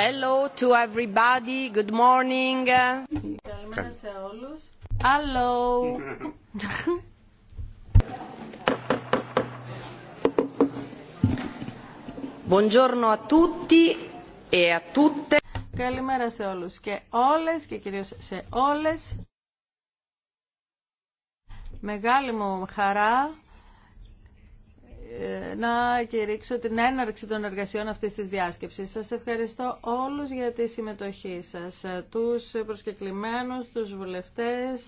Hello to everybody. Good morning. Καλημέρα σε όλους. Hello. Buongiorno a tutti e a tutte. Καλημέρα σε όλους και όλες και κυρίως σε όλες. Μεγάλη μου χαρά να κηρύξω την έναρξη των εργασιών αυτής της διάσκεψης. Σας ευχαριστώ όλους για τη συμμετοχή σας, τους προσκεκλημένους, τους βουλευτές,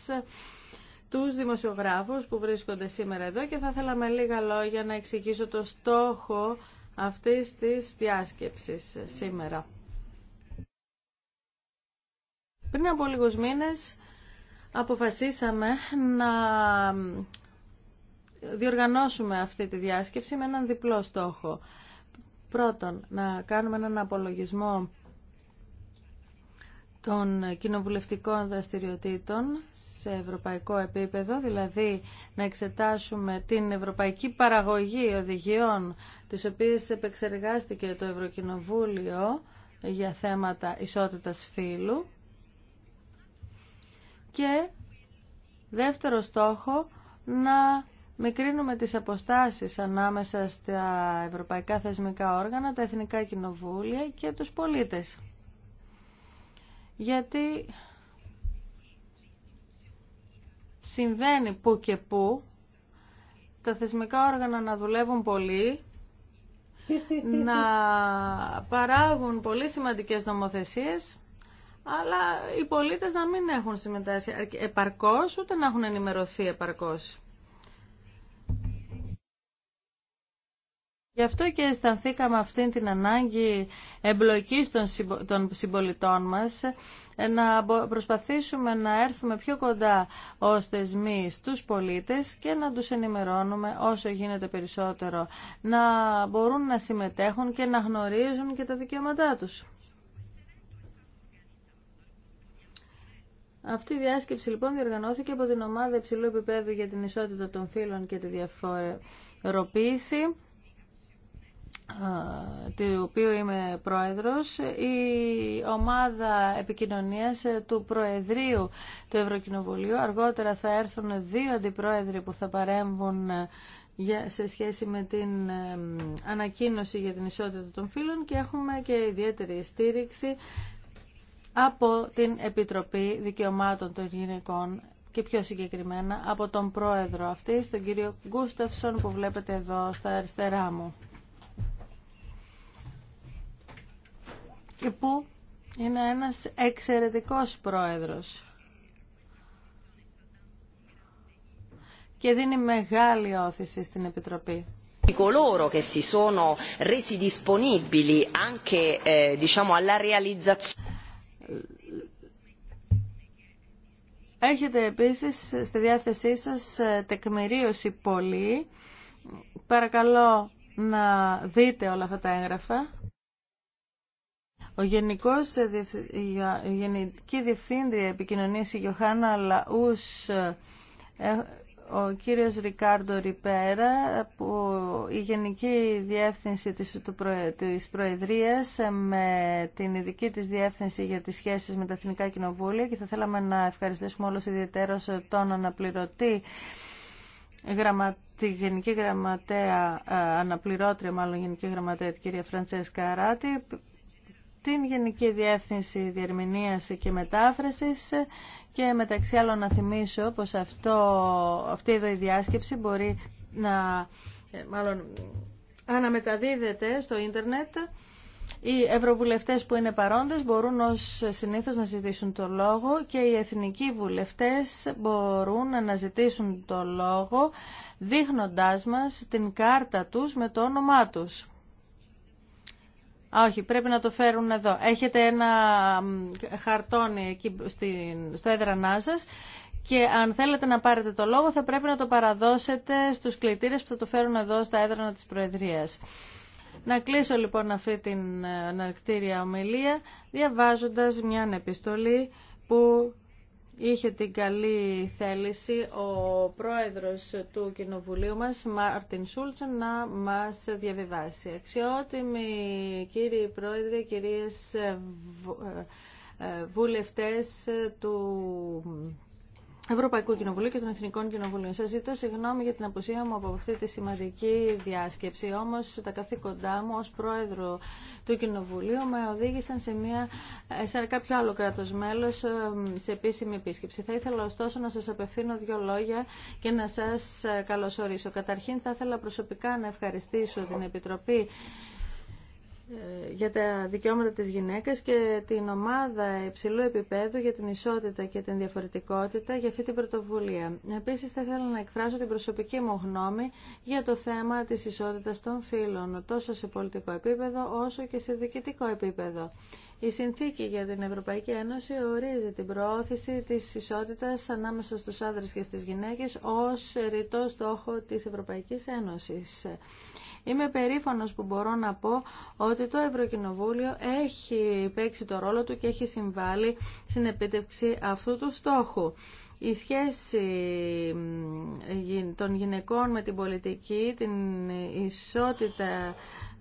τους δημοσιογράφους που βρίσκονται σήμερα εδώ και θα ήθελα λίγα λόγια να εξηγήσω το στόχο αυτής της διάσκεψης σήμερα. Πριν από λίγους μήνες αποφασίσαμε να διοργανώσουμε αυτή τη διάσκεψη με έναν διπλό στόχο. Πρώτον, να κάνουμε έναν απολογισμό των κοινοβουλευτικών δραστηριοτήτων σε ευρωπαϊκό επίπεδο, δηλαδή να εξετάσουμε την ευρωπαϊκή παραγωγή οδηγιών, τις οποίες επεξεργάστηκε το Ευρωκοινοβούλιο για θέματα ισότητας φύλου. Και δεύτερο στόχο, να Μικρύνουμε τις αποστάσεις ανάμεσα στα ευρωπαϊκά θεσμικά όργανα, τα εθνικά κοινοβούλια και τους πολίτες. Γιατί συμβαίνει που και που τα θεσμικά όργανα να δουλεύουν πολύ, να παράγουν πολύ σημαντικές νομοθεσίες, αλλά οι πολίτες να μην έχουν συμμετάσχει επαρκώς, ούτε να έχουν ενημερωθεί επαρκώς. Γι' αυτό και αισθανθήκαμε αυτή την ανάγκη εμπλοκής των συμπολιτών μας ε, να προσπαθήσουμε να έρθουμε πιο κοντά ως θεσμοί στους πολίτες και να τους ενημερώνουμε όσο γίνεται περισσότερο να μπορούν να συμμετέχουν και να γνωρίζουν και τα δικαιώματά τους. Αυτή η διάσκεψη λοιπόν διοργανώθηκε από την ομάδα υψηλού επίπεδου για την ισότητα των φύλων και τη διαφοροποίηση του οποίου είμαι πρόεδρος, η ομάδα επικοινωνίας του Προεδρείου του Ευρωκοινοβουλίου. Αργότερα θα έρθουν δύο αντιπρόεδροι που θα παρέμβουν ε, σε σχέση με την ε, ανακοίνωση για την ισότητα των φύλων και έχουμε και ιδιαίτερη στήριξη από την Επιτροπή Δικαιωμάτων των Γυναικών και πιο συγκεκριμένα από τον πρόεδρο αυτής, τον κύριο Γκούσταυσον που βλέπετε εδώ στα αριστερά μου. και που είναι ένας εξαιρετικός πρόεδρος. Και δίνει μεγάλη όθηση στην Επιτροπή coloro che si sono resi disponibili Έχετε επίσης στη διάθεσή σας ε, τεκμηρίωση πολύ. Παρακαλώ να δείτε όλα αυτά τα έγγραφα. Ο Γενικός, ε, η Γενική Διευθύντρια Επικοινωνίας η Γιωχάννα Λαούς, ε, ε, ο κύριος Ρικάρντο Ριπέρα, που η Γενική Διεύθυνση της, του, της Προεδρίας με την ειδική της Διεύθυνση για τις σχέσεις με τα Εθνικά Κοινοβούλια και θα θέλαμε να ευχαριστήσουμε όλους ιδιαιτέρως τον αναπληρωτή τη Γενική Γραμματέα, αναπληρώτρια μάλλον Γενική Γραμματέα, την κυρία Φραντσέσκα Αράτη, την Γενική Διεύθυνση Διερμηνίας και Μετάφρασης και μεταξύ άλλων να θυμίσω πως αυτό, αυτή εδώ η διάσκεψη μπορεί να ε, μάλλον αναμεταδίδεται στο ίντερνετ οι ευρωβουλευτές που είναι παρόντες μπορούν ως συνήθως να ζητήσουν το λόγο και οι εθνικοί βουλευτές μπορούν να αναζητήσουν το λόγο δείχνοντάς μας την κάρτα τους με το όνομά τους. Όχι, πρέπει να το φέρουν εδώ. Έχετε ένα χαρτόνι εκεί στην, στα έδρανά σα και αν θέλετε να πάρετε το λόγο θα πρέπει να το παραδώσετε στους κλητήρες που θα το φέρουν εδώ στα έδρανα της Προεδρίας. Να κλείσω λοιπόν αυτή την ε, αναρκτήρια ομιλία διαβάζοντας μια επιστολή που είχε την καλή θέληση ο πρόεδρος του Κοινοβουλίου μας, Μάρτιν Σούλτσα, να μας διαβιβάσει. Αξιότιμοι κύριοι πρόεδροι, κυρίες ε, ε, βουλευτές του Ευρωπαϊκού Κοινοβουλίου και των Εθνικών Κοινοβουλίων. Σα ζητώ συγγνώμη για την αποσία μου από αυτή τη σημαντική διάσκεψη. Όμω τα καθήκοντά μου ω πρόεδρο του Κοινοβουλίου με οδήγησαν σε, μια, σε κάποιο άλλο κράτο μέλο σε επίσημη επίσκεψη. Θα ήθελα ωστόσο να σα απευθύνω δύο λόγια και να σα καλωσορίσω. Καταρχήν, θα ήθελα προσωπικά να ευχαριστήσω την Επιτροπή ε, για τα δικαιώματα της γυναίκας και την ομάδα υψηλού επίπεδου για την ισότητα και την διαφορετικότητα για αυτή την πρωτοβουλία. Επίσης θα ήθελα να εκφράσω την προσωπική μου γνώμη για το θέμα της ισότητας των φύλων, τόσο σε πολιτικό επίπεδο όσο και σε διοικητικό επίπεδο. Η συνθήκη για την Ευρωπαϊκή Ένωση ορίζει την προώθηση της ισότητας ανάμεσα στους άνδρες και στις γυναίκες ως ρητό στόχο της Ευρωπαϊκής Ένωσης. Είμαι περήφανος που μπορώ να πω ότι το Ευρωκοινοβούλιο έχει παίξει το ρόλο του και έχει συμβάλει στην επίτευξη αυτού του στόχου. Η σχέση των γυναικών με την πολιτική, την ισότητα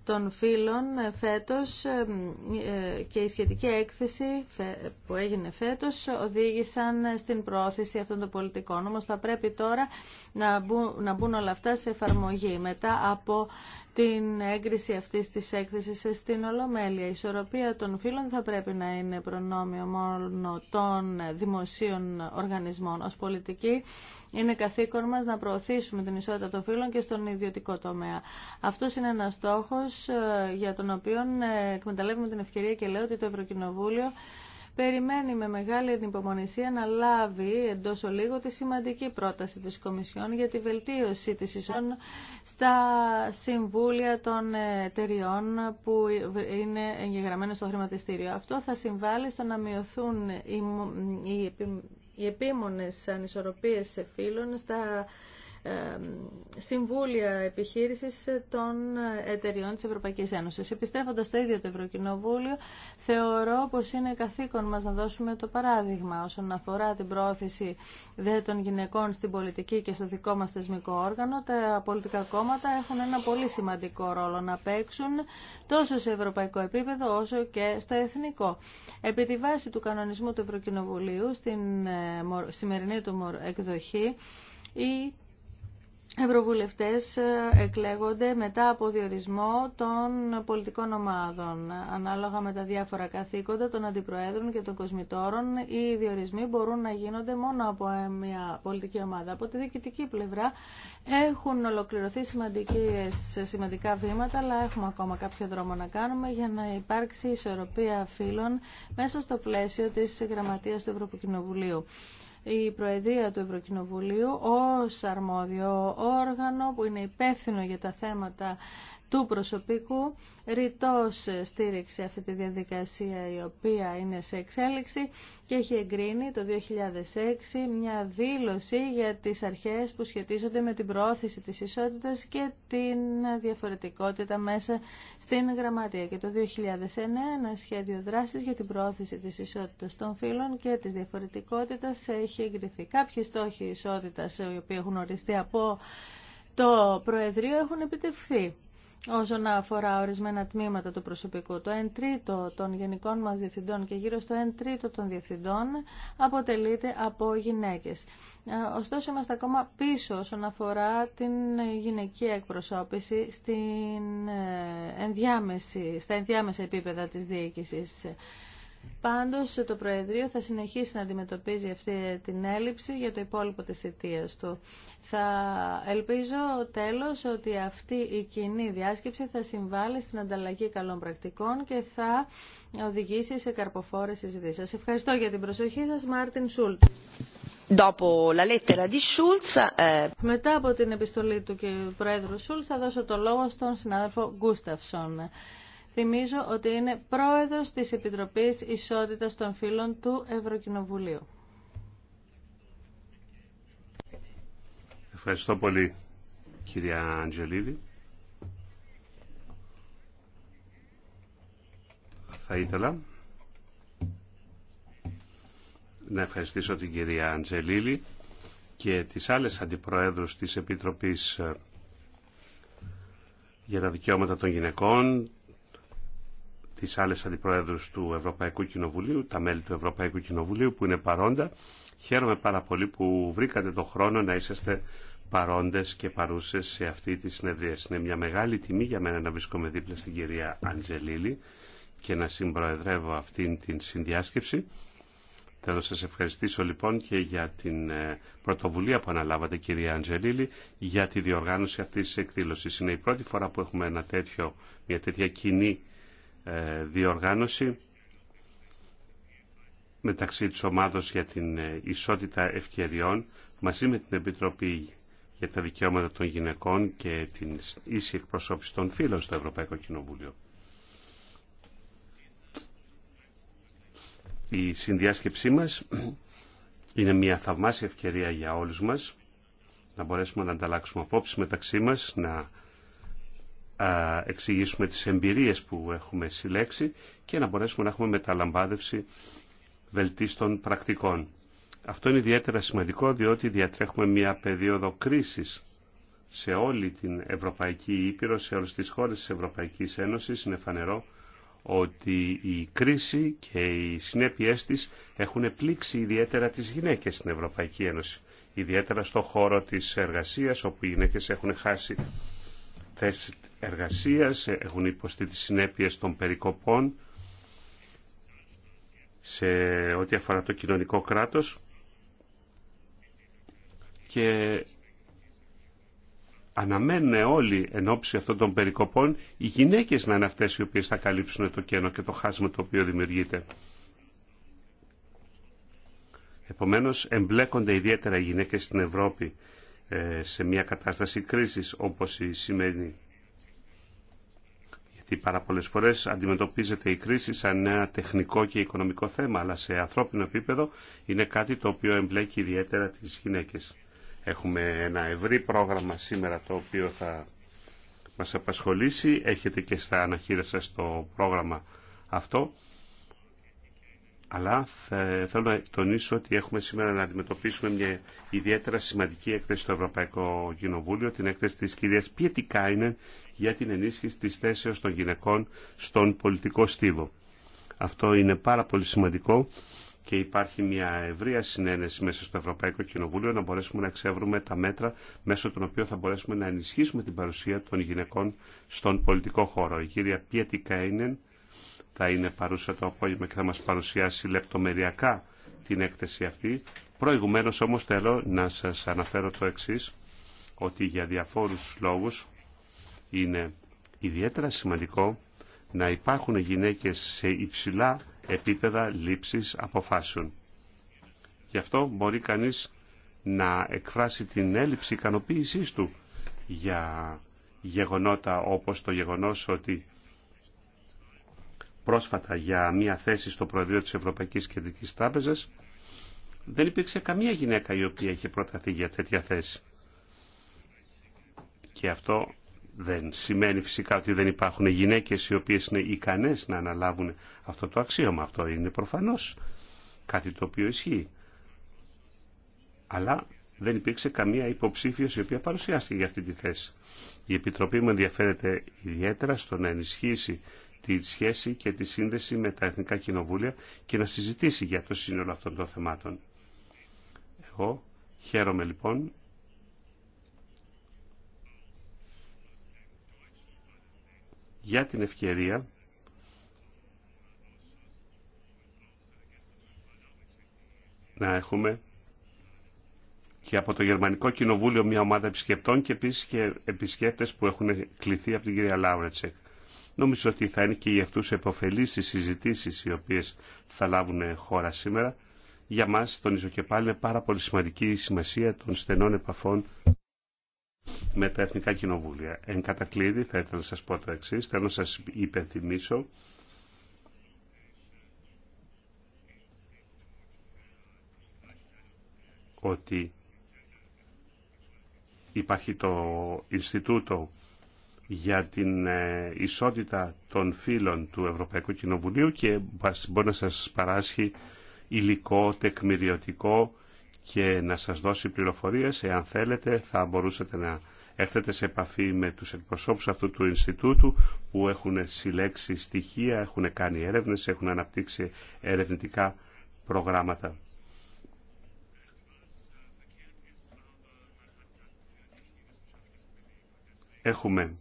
των φίλων ε, φέτος ε, ε, και η σχετική έκθεση που έγινε φέτος οδήγησαν στην πρόθεση αυτών των πολιτικών. Όμως θα πρέπει τώρα να μπουν όλα αυτά σε εφαρμογή μετά από την έγκριση αυτής της έκθεσης στην Ολομέλεια. Η ισορροπία των φύλων θα πρέπει να είναι προνόμιο μόνο των δημοσίων οργανισμών. Ως πολιτική είναι καθήκον μας να προωθήσουμε την ισότητα των φύλων και στον ιδιωτικό τομέα. Αυτό είναι ένας στόχος ε, για τον οποίο ε, εκμεταλλεύουμε την ευκαιρία και λέω ότι το Ευρωκοινοβούλιο περιμένει με μεγάλη ανυπομονησία να λάβει εντός ολίγου τη σημαντική πρόταση της Κομισιόν για τη βελτίωση της ισών στα συμβούλια των εταιριών που είναι εγγεγραμμένες στο χρηματιστήριο. Αυτό θα συμβάλλει στο να μειωθούν οι, οι, επίμονες ανισορροπίες σε φύλων στα συμβούλια επιχείρηση των εταιριών τη Ευρωπαϊκή Ένωση. Επιστρέφοντα στο ίδιο το Ευρωκοινοβούλιο, θεωρώ πω είναι καθήκον μα να δώσουμε το παράδειγμα όσον αφορά την πρόθεση δε των γυναικών στην πολιτική και στο δικό μα θεσμικό όργανο. Τα πολιτικά κόμματα έχουν ένα πολύ σημαντικό ρόλο να παίξουν τόσο σε ευρωπαϊκό επίπεδο όσο και στο εθνικό. Επί τη βάση του κανονισμού του Ευρωκοινοβουλίου, στην ε, σημερινή του εκδοχή, Ευρωβουλευτές ε, εκλέγονται μετά από διορισμό των πολιτικών ομάδων. Ανάλογα με τα διάφορα καθήκοντα των αντιπροέδρων και των κοσμητόρων, οι διορισμοί μπορούν να γίνονται μόνο από ε, μια πολιτική ομάδα. Από τη διοικητική πλευρά έχουν ολοκληρωθεί σημαντικά βήματα, αλλά έχουμε ακόμα κάποιο δρόμο να κάνουμε για να υπάρξει ισορροπία φύλων μέσα στο πλαίσιο της Γραμματείας του Ευρωκοινοβουλίου η Προεδρία του Ευρωκοινοβουλίου ως αρμόδιο όργανο που είναι υπεύθυνο για τα θέματα του προσωπικού. Ρητός στήριξε αυτή τη διαδικασία η οποία είναι σε εξέλιξη και έχει εγκρίνει το 2006 μια δήλωση για τις αρχές που σχετίζονται με την προώθηση της ισότητας και την διαφορετικότητα μέσα στην γραμματεία. Και το 2009 ένα σχέδιο δράσης για την προώθηση της ισότητας των φύλων και της διαφορετικότητας έχει εγκριθεί. Κάποιοι στόχοι ισότητας οι οποίοι έχουν οριστεί από το Προεδρείο έχουν επιτευχθεί όσον αφορά ορισμένα τμήματα του προσωπικού. Το 1 τρίτο των γενικών μας διευθυντών και γύρω στο 1 τρίτο των διευθυντών αποτελείται από γυναίκες. Ε, ωστόσο, είμαστε ακόμα πίσω όσον αφορά την γυναική εκπροσώπηση στην ε, ενδιάμεση, στα ενδιάμεσα επίπεδα της διοίκησης. Πάντως το Προεδρείο θα συνεχίσει να αντιμετωπίζει αυτή την έλλειψη για το υπόλοιπο της θητείας του. Θα ελπίζω τέλος ότι αυτή η κοινή διάσκεψη θα συμβάλλει στην ανταλλαγή καλών πρακτικών και θα οδηγήσει σε καρποφόρες συζητήσεις. Σας ευχαριστώ για την προσοχή σας, Μάρτιν Σούλτ. Ε, Μετά από την επιστολή του και Πρόεδρου Σούλτ θα δώσω το λόγο στον συνάδελφο Γκούσταυσον. Θυμίζω ότι είναι πρόεδρος της Επιτροπής Ισότητας των Φύλων του Ευρωκοινοβουλίου. Ευχαριστώ πολύ, κυρία Αντζελίδη. Θα ήθελα να ευχαριστήσω την κυρία Αντζελίλη και τις άλλες αντιπροέδρους της Επιτροπής ε, για τα Δικαιώματα των Γυναικών, τις άλλες αντιπροέδρους του Ευρωπαϊκού Κοινοβουλίου, τα μέλη του Ευρωπαϊκού Κοινοβουλίου που είναι παρόντα. Χαίρομαι πάρα πολύ που βρήκατε το χρόνο να είσαστε παρόντες και παρούσες σε αυτή τη συνεδρία. Είναι μια μεγάλη τιμή για μένα να βρίσκομαι δίπλα στην κυρία Αντζελίλη και να συμπροεδρεύω αυτήν την συνδιάσκεψη. Θέλω σας ευχαριστήσω λοιπόν και για την ε, πρωτοβουλία που αναλάβατε κυρία Αντζελίλη για τη διοργάνωση αυτής της εκδήλωσης. Είναι η πρώτη φορά που έχουμε ένα τέτοιο, μια τέτοια κοινή ε, διοργάνωση μεταξύ της ομάδος για την ε, ισότητα ευκαιριών μαζί με την Επιτροπή για τα δικαιώματα των γυναικών και την ίση εκπροσώπηση των φίλων στο Ευρωπαϊκό Κοινοβούλιο. Η συνδιάσκεψή μας είναι μια θαυμάσια ευκαιρία για όλους μας να μπορέσουμε να ανταλλάξουμε απόψεις μεταξύ μας, να εξηγήσουμε τις εμπειρίες που έχουμε συλλέξει και να μπορέσουμε να έχουμε μεταλαμπάδευση βελτίστων πρακτικών. Αυτό είναι ιδιαίτερα σημαντικό διότι διατρέχουμε μια περίοδο κρίσης σε όλη την Ευρωπαϊκή Ήπειρο, σε όλες τις χώρες της Ευρωπαϊκής Ένωσης. Είναι φανερό ότι η κρίση και οι συνέπειές της έχουν πλήξει ιδιαίτερα τις γυναίκες στην Ευρωπαϊκή Ένωση. Ιδιαίτερα στο χώρο της εργασίας όπου οι γυναίκες έχουν χάσει θέσεις εργασίας, έχουν υποστεί τις συνέπειες των περικοπών σε ό,τι αφορά το κοινωνικό κράτος και αναμένουν όλοι εν ώψη αυτών των περικοπών οι γυναίκες να είναι αυτές οι οποίες θα καλύψουν το κένο και το χάσμα το οποίο δημιουργείται. Επομένως εμπλέκονται ιδιαίτερα οι γυναίκες στην Ευρώπη ε, σε μια κατάσταση κρίσης όπως η σημερινή γιατί πάρα πολλέ φορέ αντιμετωπίζεται η κρίση σαν ένα τεχνικό και οικονομικό θέμα, αλλά σε ανθρώπινο επίπεδο είναι κάτι το οποίο εμπλέκει ιδιαίτερα τις γυναίκες. Έχουμε ένα ευρύ πρόγραμμα σήμερα το οποίο θα μας απασχολήσει. Έχετε και στα αναχείρα σα το πρόγραμμα αυτό. Αλλά θέλω να τονίσω ότι έχουμε σήμερα να αντιμετωπίσουμε μια ιδιαίτερα σημαντική έκθεση στο Ευρωπαϊκό Κοινοβούλιο, την έκθεση της κυρίας Πιετικάινεν για την ενίσχυση της θέσεως των γυναικών στον πολιτικό στίβο. Αυτό είναι πάρα πολύ σημαντικό και υπάρχει μια ευρεία συνένεση μέσα στο Ευρωπαϊκό Κοινοβούλιο να μπορέσουμε να εξεύρουμε τα μέτρα μέσω των οποίων θα μπορέσουμε να ενισχύσουμε την παρουσία των γυναικών στον πολιτικό χώρο. Η κυρία Πιετικάινεν θα είναι παρούσα το απόγευμα και θα μας παρουσιάσει λεπτομεριακά την έκθεση αυτή. Προηγουμένως όμως θέλω να σας αναφέρω το εξής, ότι για διαφόρους λόγους είναι ιδιαίτερα σημαντικό να υπάρχουν γυναίκες σε υψηλά επίπεδα λήψης αποφάσεων. Γι' αυτό μπορεί κανείς να εκφράσει την έλλειψη ικανοποίησής του για γεγονότα όπως το γεγονός ότι πρόσφατα για μια θέση στο Προεδρείο της Ευρωπαϊκής Κεντρικής Τράπεζας, δεν υπήρξε καμία γυναίκα η οποία είχε προταθεί για τέτοια θέση. Και αυτό δεν σημαίνει φυσικά ότι δεν υπάρχουν γυναίκες οι οποίες είναι ικανές να αναλάβουν αυτό το αξίωμα. Αυτό είναι προφανώς κάτι το οποίο ισχύει. Αλλά δεν υπήρξε καμία υποψήφιος η οποία παρουσιάστηκε για αυτή τη θέση. Η Επιτροπή μου ενδιαφέρεται ιδιαίτερα στο να ενισχύσει τη σχέση και τη σύνδεση με τα Εθνικά Κοινοβούλια και να συζητήσει για το σύνολο αυτών των θεμάτων. Εγώ χαίρομαι λοιπόν για την ευκαιρία να έχουμε και από το Γερμανικό Κοινοβούλιο μια ομάδα επισκεπτών και επίσης και επισκέπτες που έχουν κληθεί από την κυρία Λάουρετσεκ. Νομίζω ότι θα είναι και για αυτούς επωφελείς οι συζητήσεις οι οποίες θα λάβουν χώρα σήμερα. Για μας, τονίζω και πάλι, είναι πάρα πολύ σημαντική η σημασία των στενών επαφών με τα Εθνικά Κοινοβούλια. Εν κατακλείδη, θα ήθελα να σας πω το εξή, θέλω να σας υπενθυμίσω ότι υπάρχει το Ινστιτούτο για την ε, ισότητα των φίλων του Ευρωπαϊκού Κοινοβουλίου και μπορεί να σας παράσχει υλικό, τεκμηριωτικό και να σας δώσει πληροφορίες. Εάν θέλετε θα μπορούσατε να έρθετε σε επαφή με τους εκπροσώπους αυτού του Ινστιτούτου που έχουν συλλέξει στοιχεία, έχουν κάνει έρευνες, έχουν αναπτύξει ερευνητικά προγράμματα. Έχουμε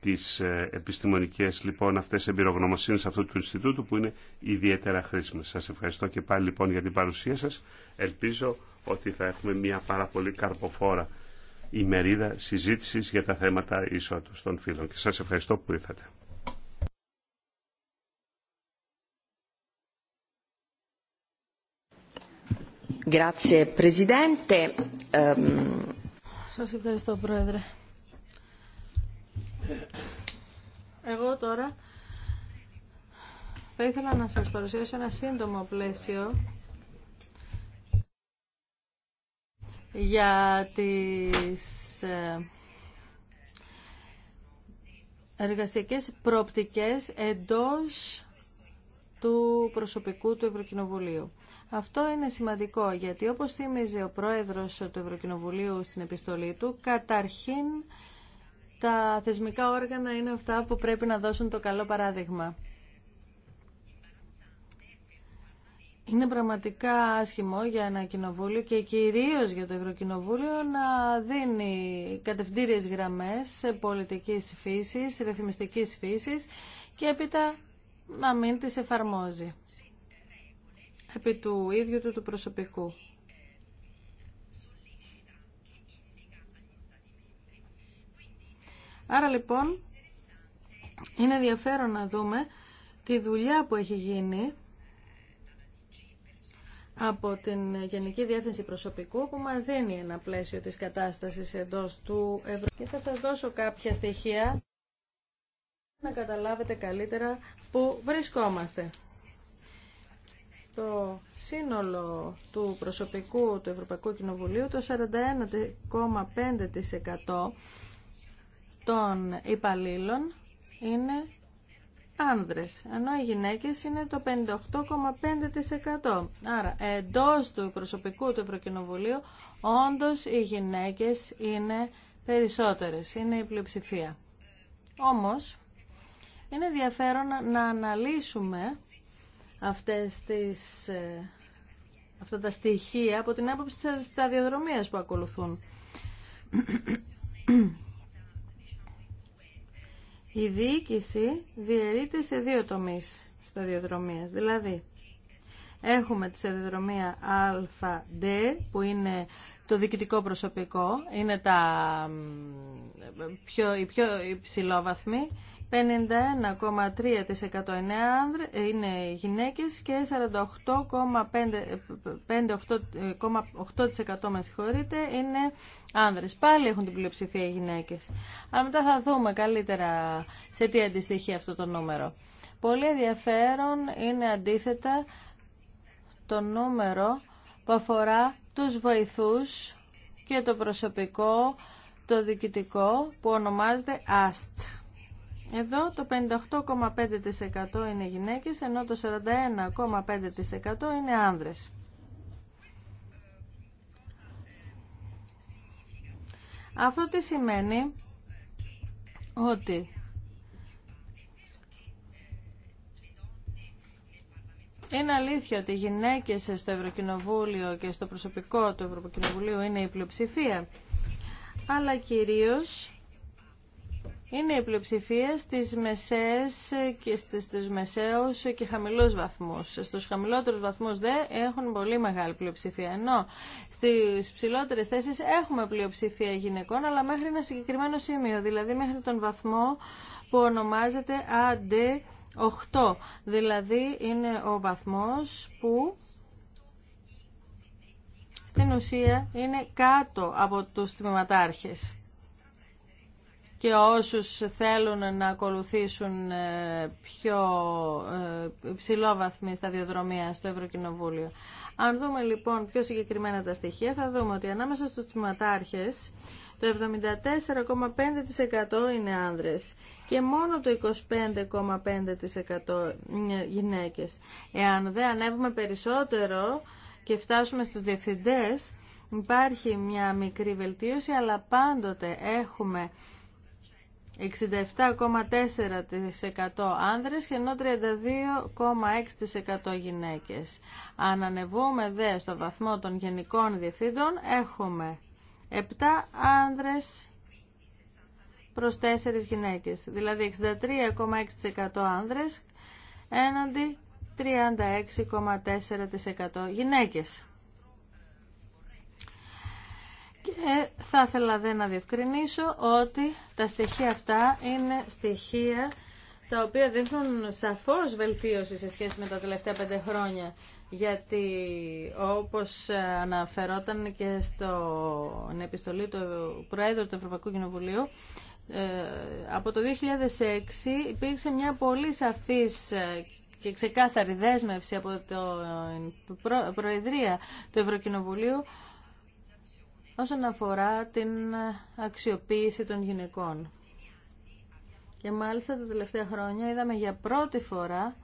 τις ε, επιστημονικές λοιπόν αυτές εμπειρογνωμοσύνες αυτού του Ινστιτούτου που είναι ιδιαίτερα χρήσιμες. Σας ευχαριστώ και πάλι λοιπόν για την παρουσία σας. Ελπίζω ότι θα έχουμε μια πάρα πολύ καρποφόρα ημερίδα συζήτησης για τα θέματα ισότητας των φίλων Και σας ευχαριστώ που ήρθατε. Grazie, ehm, Σας ευχαριστώ, Πρόεδρε. Εγώ τώρα θα ήθελα να σας παρουσιάσω ένα σύντομο πλαίσιο για τις ε, εργασιακές προοπτικές εντός του προσωπικού του Ευρωκοινοβουλίου. Αυτό είναι σημαντικό γιατί όπως θύμιζε ο πρόεδρος του Ευρωκοινοβουλίου στην επιστολή του, καταρχήν τα θεσμικά όργανα είναι αυτά που πρέπει να δώσουν το καλό παράδειγμα. Είναι πραγματικά άσχημο για ένα κοινοβούλιο και κυρίως για το Ευρωκοινοβούλιο να δίνει κατευθύντριες γραμμές πολιτικής φύσης, ρυθμιστικής φύσης και έπειτα να μην τις εφαρμόζει επί του ίδιου του, του προσωπικού. Άρα λοιπόν είναι ενδιαφέρον να δούμε τη δουλειά που έχει γίνει από την Γενική Διεύθυνση Προσωπικού που μας δίνει ένα πλαίσιο της κατάστασης εντός του ευρώ. Και θα σας δώσω κάποια στοιχεία να καταλάβετε καλύτερα που βρισκόμαστε. Το σύνολο του προσωπικού του Ευρωπαϊκού Κοινοβουλίου, το 41,5% των υπαλλήλων είναι άνδρες, ενώ οι γυναίκες είναι το 58,5%. Άρα, εντός του προσωπικού του Ευρωκοινοβουλίου, όντως οι γυναίκες είναι περισσότερες, είναι η πλειοψηφία. Όμως, είναι ενδιαφέρον να αναλύσουμε αυτές τις, ε, αυτά τα στοιχεία από την άποψη της σταδιοδρομίας που ακολουθούν. Η διοίκηση διαιρείται σε δύο τομείς σταδιοδρομίας. Δηλαδή, έχουμε τη σταδιοδρομία ΑΔ, που είναι το διοικητικό προσωπικό, είναι τα πιο, οι πιο υψηλόβαθμοι, 51,3% είναι, είναι γυναίκες και 48,8% ε, με είναι άνδρες. Πάλι έχουν την πλειοψηφία οι γυναίκες. Αλλά μετά θα δούμε καλύτερα σε τι αντιστοιχεί αυτό το νούμερο. Πολύ ενδιαφέρον είναι αντίθετα το νούμερο που αφορά τους βοηθούς και το προσωπικό, το διοικητικό που ονομάζεται AST. Εδώ το 58,5% είναι γυναίκες, ενώ το 41,5% είναι άνδρες. Αυτό τι σημαίνει ότι Είναι αλήθεια ότι οι γυναίκες στο Ευρωκοινοβούλιο και στο προσωπικό του Ευρωκοινοβουλίου είναι η πλειοψηφία, αλλά κυρίως είναι η πλειοψηφία στις μεσαίες και στους μεσαίους και χαμηλούς βαθμούς. Στους χαμηλότερους βαθμούς δε έχουν πολύ μεγάλη πλειοψηφία. Ενώ στις ψηλότερες θέσεις έχουμε πλειοψηφία γυναικών, αλλά μέχρι ένα συγκεκριμένο σημείο, δηλαδή μέχρι τον βαθμό που ονομάζεται AD8. Δηλαδή είναι ο βαθμός που στην ουσία είναι κάτω από τους τμηματάρχες και όσους θέλουν να ακολουθήσουν ε, πιο στα ε, σταδιοδρομία στο Ευρωκοινοβούλιο. Αν δούμε λοιπόν πιο συγκεκριμένα τα στοιχεία, θα δούμε ότι ανάμεσα στους τμηματάρχες το 74,5% είναι άνδρες και μόνο το 25,5% γυναίκες. Εάν δεν ανέβουμε περισσότερο και φτάσουμε στους διευθυντές, υπάρχει μια μικρή βελτίωση, αλλά πάντοτε έχουμε 67,4% άνδρες και ενώ 32,6% γυναίκες. Αν ανεβούμε δε στο βαθμό των γενικών διευθύντων έχουμε 7 άνδρες προς 4 γυναίκες, δηλαδή 63,6% άνδρες έναντι 36,4% γυναίκες. Και θα ήθελα να διευκρινίσω ότι τα στοιχεία αυτά είναι στοιχεία τα οποία δείχνουν σαφώς βελτίωση σε σχέση με τα τελευταία πέντε χρόνια. Γιατί όπως αναφερόταν και στην επιστολή του Προέδρου του Ευρωπαϊκού Κοινοβουλίου, ε, από το 2006 υπήρξε μια πολύ σαφής και ξεκάθαρη δέσμευση από την Προεδρία του Ευρωκοινοβουλίου όσον αφορά την αξιοποίηση των γυναικών. Και μάλιστα τα τελευταία χρόνια είδαμε για πρώτη φορά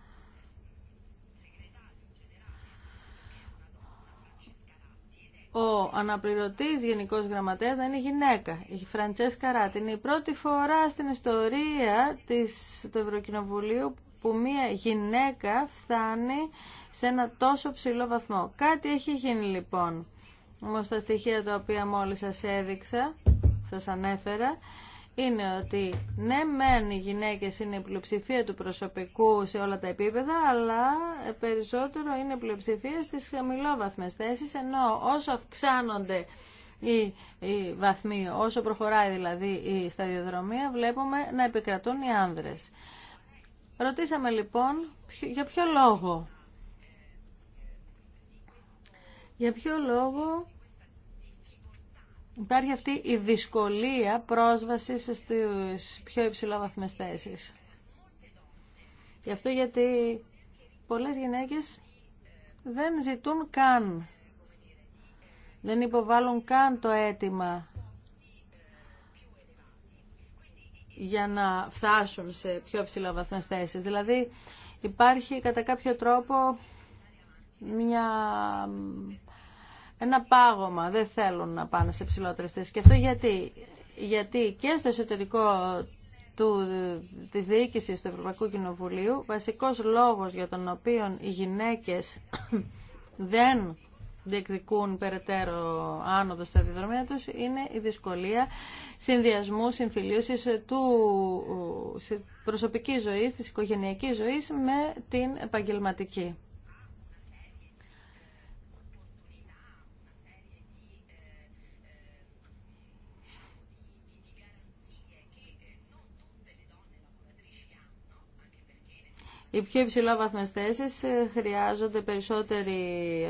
ο αναπληρωτής γενικός γραμματέας να είναι γυναίκα, η Φραντσέσκα Ράτη. Είναι η πρώτη φορά στην ιστορία της, του Ευρωκοινοβουλίου που μία γυναίκα φτάνει σε ένα τόσο ψηλό βαθμό. Κάτι έχει γίνει λοιπόν. Όμως τα στοιχεία τα οποία μόλις σας έδειξα, σας ανέφερα, είναι ότι ναι μεν οι γυναίκες είναι η πλειοψηφία του προσωπικού σε όλα τα επίπεδα, αλλά περισσότερο είναι πλειοψηφία στις χαμηλόβαθμες θέσεις, ενώ όσο αυξάνονται οι, οι βαθμοί, όσο προχωράει δηλαδή η σταδιοδρομία, βλέπουμε να επικρατούν οι άνδρες. Ρωτήσαμε λοιπόν για ποιο λόγο. Για ποιο λόγο υπάρχει αυτή η δυσκολία πρόσβασης στις πιο υψηλόβαθμες θέσεις. Γι' αυτό γιατί πολλές γυναίκες δεν ζητούν καν, δεν υποβάλλουν καν το αίτημα για να φτάσουν σε πιο υψηλόβαθμες θέσεις. Δηλαδή υπάρχει κατά κάποιο τρόπο μια ένα πάγωμα. Δεν θέλουν να πάνε σε ψηλότερες θέσει. Και αυτό γιατί, γιατί και στο εσωτερικό του, της διοίκησης του Ευρωπαϊκού Κοινοβουλίου, βασικός λόγος για τον οποίο οι γυναίκες δεν διεκδικούν περαιτέρω άνοδο στα διδρομία τους είναι η δυσκολία συνδυασμού, συμφιλίωσης του προσωπικής ζωής, της οικογενειακής ζωής με την επαγγελματική. Οι πιο υψηλόβαθμες θέσεις ε, χρειάζονται περισσότερη ε,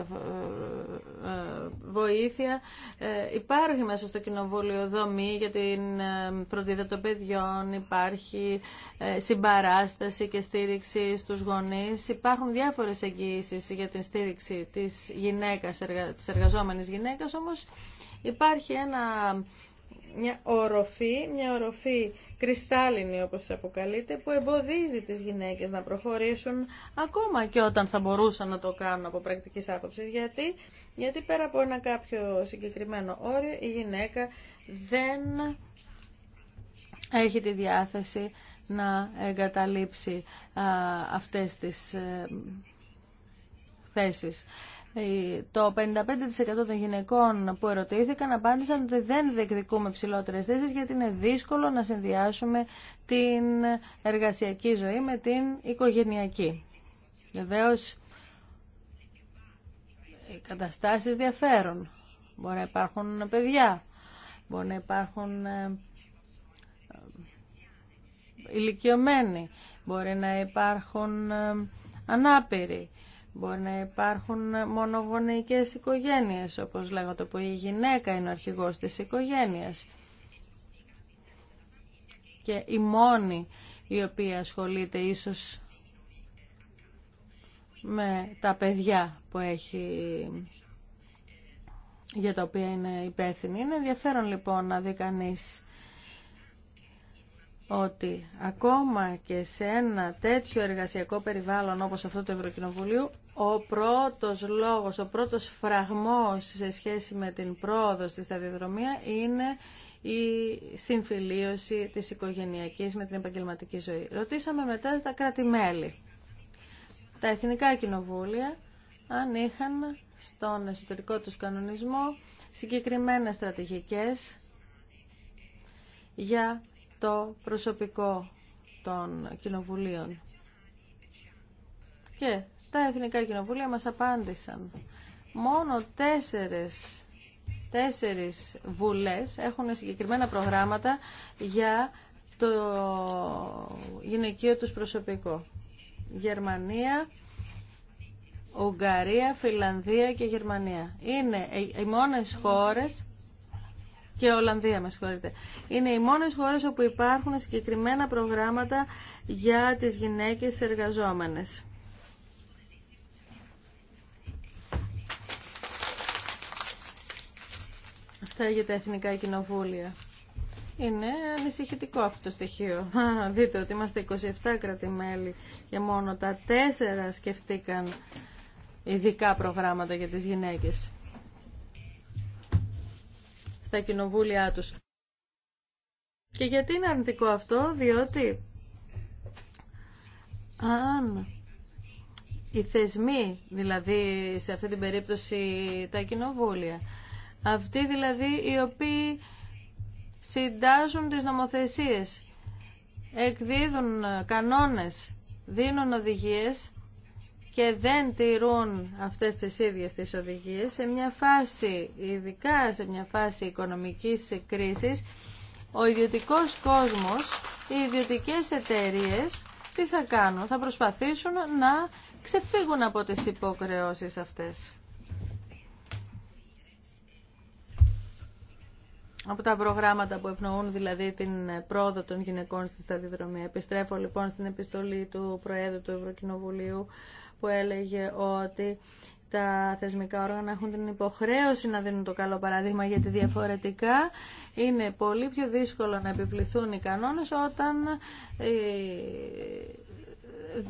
ε, βοήθεια. Υπάρχει μέσα στο κοινοβούλιο δομή για την φροντίδα των παιδιών, υπάρχει συμπαράσταση και στήριξη στους γονείς. Υπάρχουν διάφορες εγγύησει για την στήριξη της, γυναίκας, της εργαζόμενης γυναίκας, όμως υπάρχει ένα μια οροφή, μια οροφή κρυστάλλινη όπως αποκαλείται, που εμποδίζει τις γυναίκες να προχωρήσουν ακόμα και όταν θα μπορούσαν να το κάνουν από πρακτική άποψης. Γιατί, γιατί πέρα από ένα κάποιο συγκεκριμένο όριο η γυναίκα δεν έχει τη διάθεση να εγκαταλείψει αυτές τις ε, θέσεις το 55% των γυναικών που ερωτήθηκαν απάντησαν ότι δεν διεκδικούμε ψηλότερε θέσει γιατί είναι δύσκολο να συνδυάσουμε την εργασιακή ζωή με την οικογενειακή. Βεβαίω, οι καταστάσει διαφέρουν. Μπορεί να υπάρχουν παιδιά, μπορεί να υπάρχουν ε, ηλικιωμένοι, μπορεί να υπάρχουν ε, ανάπηροι. Μπορεί να υπάρχουν μονογονεϊκές οικογένειες, όπως λέγονται, που η γυναίκα είναι ο αρχηγός της οικογένειας και η μόνη η οποία ασχολείται ίσως με τα παιδιά που έχει για τα οποία είναι υπεύθυνη. Είναι ενδιαφέρον λοιπόν να δει κανείς ότι ακόμα και σε ένα τέτοιο εργασιακό περιβάλλον όπως αυτό το Ευρωκοινοβουλίου ο πρώτος λόγος, ο πρώτος φραγμός σε σχέση με την πρόοδο στη σταδιοδρομία είναι η συμφιλίωση της οικογενειακής με την επαγγελματική ζωή. Ρωτήσαμε μετά τα κράτη-μέλη, τα εθνικά κοινοβούλια, αν είχαν στον εσωτερικό τους κανονισμό συγκεκριμένες στρατηγικές για το προσωπικό των κοινοβουλίων. Και τα εθνικά κοινοβούλια μας απάντησαν. Μόνο τέσσερες, τέσσερις βουλές έχουν συγκεκριμένα προγράμματα για το γυναικείο τους προσωπικό. Γερμανία, Ουγγαρία, Φιλανδία και Γερμανία. Είναι οι μόνες χώρες και Ολλανδία, με συγχωρείτε. Είναι οι μόνες χώρες όπου υπάρχουν συγκεκριμένα προγράμματα για τις γυναίκες εργαζόμενες. αυτά για τα εθνικά κοινοβούλια. Είναι ανησυχητικό αυτό το στοιχείο. Α, δείτε ότι είμαστε 27 κράτη-μέλη και μόνο τα τέσσερα σκεφτήκαν ειδικά προγράμματα για τις γυναίκες στα κοινοβούλια τους. Και γιατί είναι αρνητικό αυτό, διότι αν οι θεσμοί, δηλαδή σε αυτή την περίπτωση τα κοινοβούλια, αυτοί δηλαδή οι οποίοι συντάζουν τις νομοθεσίες, εκδίδουν κανόνες, δίνουν οδηγίες και δεν τηρούν αυτές τις ίδιες τις οδηγίες σε μια φάση, ειδικά σε μια φάση οικονομικής κρίσης, ο ιδιωτικός κόσμος, οι ιδιωτικές εταιρείες, τι θα κάνουν, θα προσπαθήσουν να ξεφύγουν από τις υποκρεώσεις αυτές. από τα προγράμματα που ευνοούν δηλαδή την πρόοδο των γυναικών στη σταδιοδρομία. Επιστρέφω λοιπόν στην επιστολή του Προέδρου του Ευρωκοινοβουλίου που έλεγε ότι τα θεσμικά όργανα έχουν την υποχρέωση να δίνουν το καλό παράδειγμα γιατί διαφορετικά είναι πολύ πιο δύσκολο να επιβληθούν οι κανόνες όταν ε,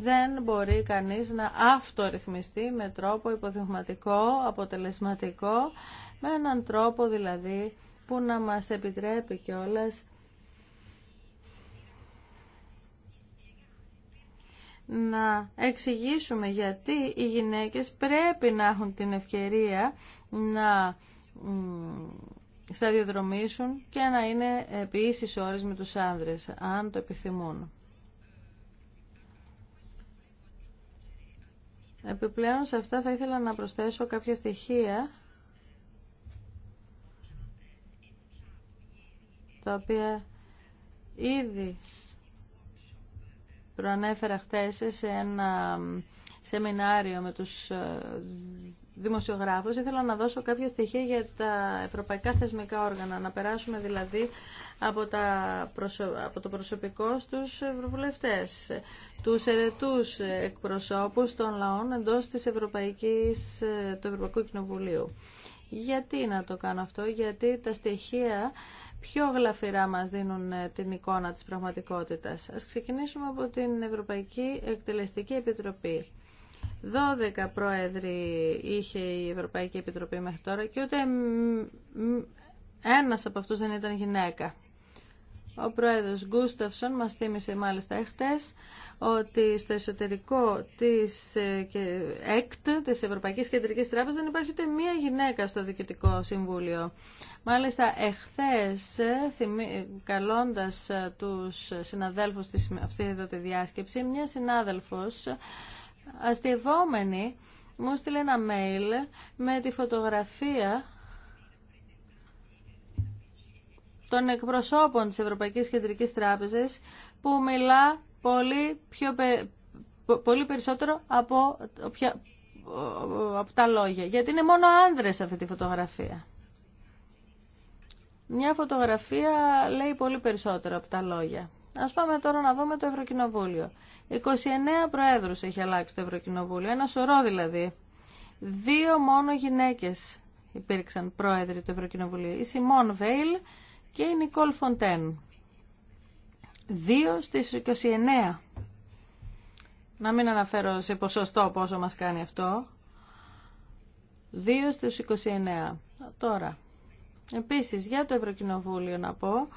δεν μπορεί κανείς να αυτορυθμιστεί με τρόπο υποδειγματικό, αποτελεσματικό, με έναν τρόπο δηλαδή που να μας επιτρέπει όλες να εξηγήσουμε γιατί οι γυναίκες πρέπει να έχουν την ευκαιρία να σταδιοδρομήσουν και να είναι επίσης ώρες με τους άνδρες, αν το επιθυμούν. Επιπλέον σε αυτά θα ήθελα να προσθέσω κάποια στοιχεία τα οποία ήδη προανέφερα χτες σε ένα σεμινάριο με τους ε, δημοσιογράφους. Ήθελα να δώσω κάποια στοιχεία για τα ευρωπαϊκά θεσμικά όργανα, να περάσουμε δηλαδή από, από το προσωπικό στους ευρωβουλευτές, τους ερετούς εκπροσώπους των λαών εντός της Ευρωπαϊκής, ε, του Ευρωπαϊκού Κοινοβουλίου. Γιατί να το κάνω αυτό, γιατί τα στοιχεία πιο γλαφυρά μας δίνουν ε, την εικόνα της πραγματικότητας. Ας ξεκινήσουμε από την Ευρωπαϊκή Εκτελεστική Επιτροπή. 12 πρόεδροι είχε η Ευρωπαϊκή Επιτροπή μέχρι τώρα και ούτε ένας από αυτούς δεν ήταν γυναίκα. Ο πρόεδρος Γκούσταυσον μας θύμισε μάλιστα εχθές ότι στο εσωτερικό της ε, ΕΚΤ, της Ευρωπαϊκής Κεντρικής Τράπεζας, δεν υπάρχει ούτε μία γυναίκα στο Διοικητικό Συμβούλιο. Μάλιστα εχθές, ε, ε, καλώντας τους συναδέλφους της αυτή εδώ τη διάσκεψη, μια συνάδελφος αστευόμενη μου στείλε ένα mail με τη φωτογραφία των εκπροσώπων της Ευρωπαϊκής Κεντρικής Τράπεζας που μιλά πολύ, πιο, πολύ περισσότερο από, από τα λόγια. Γιατί είναι μόνο άνδρες αυτή τη φωτογραφία. Μια φωτογραφία λέει πολύ περισσότερο από τα λόγια. Ας πάμε τώρα να δούμε το Ευρωκοινοβούλιο. 29 προέδρους έχει αλλάξει το Ευρωκοινοβούλιο, ένα σωρό δηλαδή. Δύο μόνο γυναίκες υπήρξαν πρόεδροι του Ευρωκοινοβουλίου. Η Σιμών Βέιλ και η Νικόλ Φοντέν. 2 στις 29. Να μην αναφέρω σε ποσοστό πόσο μας κάνει αυτό. 2 στις 29. Τώρα, επίσης για το Ευρωκοινοβούλιο να πω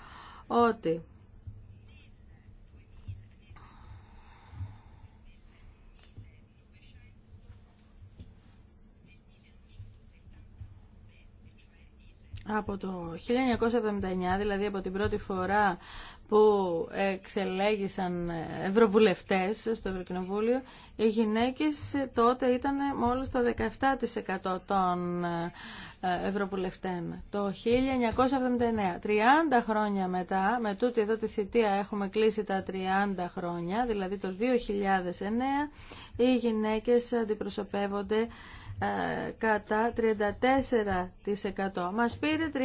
ότι Από το 1979, δηλαδή από την πρώτη φορά που εξελέγησαν ευρωβουλευτές στο Ευρωκοινοβούλιο, οι γυναίκες τότε ήταν μόλις το 17% των ε, ευρωβουλευτών. Το 1979, 30 χρόνια μετά, με τούτη εδώ τη θητεία έχουμε κλείσει τα 30 χρόνια, δηλαδή το 2009, οι γυναίκες αντιπροσωπεύονται ε, κατά 34%. Μας πήρε 30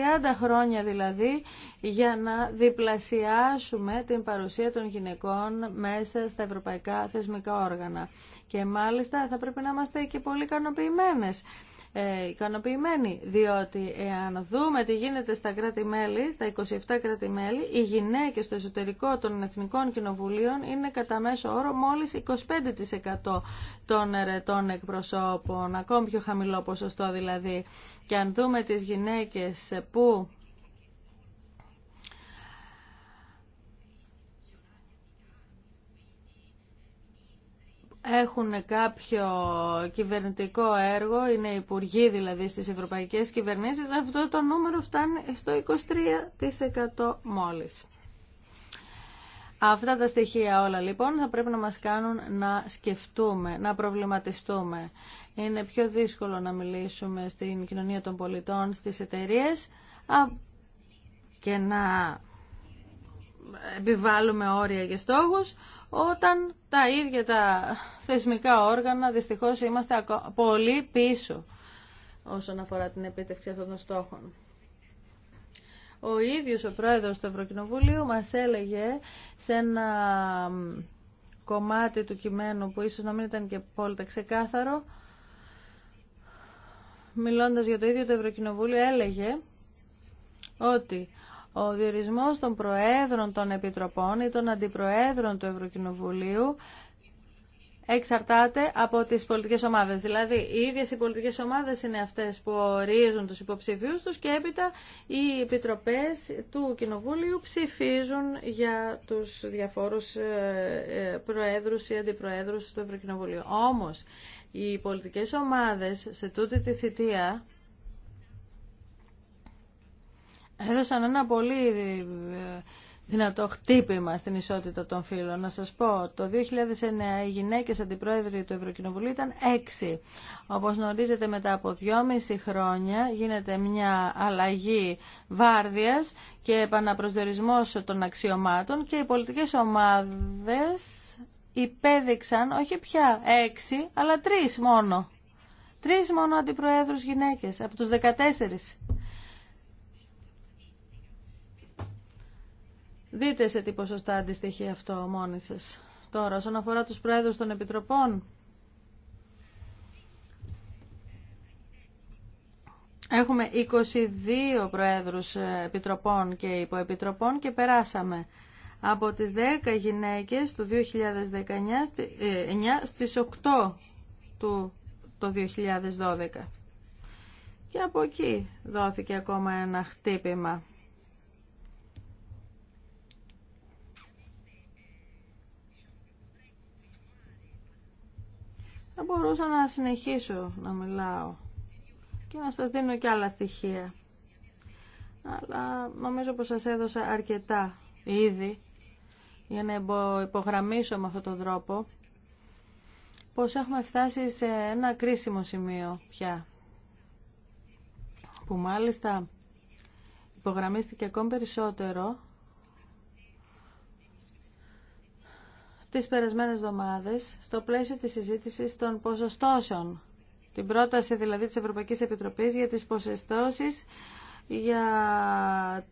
χρόνια δηλαδή για να διπλασιάσουμε την παρουσία των γυναικών μέσα στα ευρωπαϊκά θεσμικά όργανα. Και μάλιστα θα πρέπει να είμαστε και πολύ ικανοποιημένες. Ε, ικανοποιημένοι, διότι εάν δούμε τι γίνεται στα κράτη-μέλη, στα 27 κράτη-μέλη, οι γυναίκες στο εσωτερικό των Εθνικών Κοινοβουλίων είναι κατά μέσο όρο μόλις 25% των ερετών εκπροσώπων, ακόμη πιο χαμηλό ποσοστό δηλαδή. Και αν δούμε τις γυναίκες που έχουν κάποιο κυβερνητικό έργο, είναι υπουργοί δηλαδή στις ευρωπαϊκές κυβερνήσεις, αυτό το νούμερο φτάνει στο 23% μόλις. Αυτά τα στοιχεία όλα λοιπόν θα πρέπει να μας κάνουν να σκεφτούμε, να προβληματιστούμε. Είναι πιο δύσκολο να μιλήσουμε στην κοινωνία των πολιτών, στις εταιρείες και να επιβάλλουμε όρια και στόχους όταν τα ίδια τα θεσμικά όργανα δυστυχώς είμαστε πολύ πίσω όσον αφορά την επίτευξη αυτών των στόχων. Ο ίδιος ο πρόεδρος του Ευρωκοινοβουλίου μας έλεγε σε ένα κομμάτι του κειμένου που ίσως να μην ήταν και απόλυτα ξεκάθαρο, μιλώντας για το ίδιο το Ευρωκοινοβούλιο, έλεγε ότι ο διορισμός των προέδρων των επιτροπών ή των αντιπροέδρων του Ευρωκοινοβουλίου εξαρτάται από τις πολιτικές ομάδες. Δηλαδή, οι ίδιες οι πολιτικές ομάδες είναι αυτές που ορίζουν τους υποψηφίους τους και έπειτα οι επιτροπές του Κοινοβούλιου ψηφίζουν για τους διαφόρους ε, ε, προέδρους ή αντιπροέδρους του Ευρωκοινοβουλίου. Όμως, οι πολιτικές ομάδες σε τούτη τη θητεία έδωσαν ένα πολύ ε, δυνατό χτύπημα στην ισότητα των φύλων. Να σας πω, το 2009 οι γυναίκες αντιπρόεδροι του Ευρωκοινοβουλίου ήταν έξι. Όπως γνωρίζετε μετά από δυόμιση χρόνια γίνεται μια αλλαγή βάρδιας και επαναπροσδιορισμός των αξιωμάτων και οι πολιτικές ομάδες υπέδειξαν όχι πια έξι, αλλά τρεις μόνο. Τρεις μόνο αντιπροέδρους γυναίκες από τους 14. Δείτε σε τι ποσοστά αντιστοιχεί αυτό μόνοι σας. Τώρα, όσον αφορά τους πρόεδρους των επιτροπών, Έχουμε 22 προέδρους ε, επιτροπών και υποεπιτροπών και περάσαμε από τις 10 γυναίκες του 2019 ε, στις 8 του το 2012. Και από εκεί δόθηκε ακόμα ένα χτύπημα. Θα μπορούσα να συνεχίσω να μιλάω και να σας δίνω και άλλα στοιχεία. Αλλά νομίζω πως σας έδωσα αρκετά ήδη για να υπογραμμίσω με αυτόν τον τρόπο πως έχουμε φτάσει σε ένα κρίσιμο σημείο πια που μάλιστα υπογραμμίστηκε ακόμη περισσότερο τις περασμένες εβδομάδες στο πλαίσιο της συζήτησης των ποσοστώσεων. Την πρόταση δηλαδή της Ευρωπαϊκής Επιτροπής για τις ποσοστώσεις για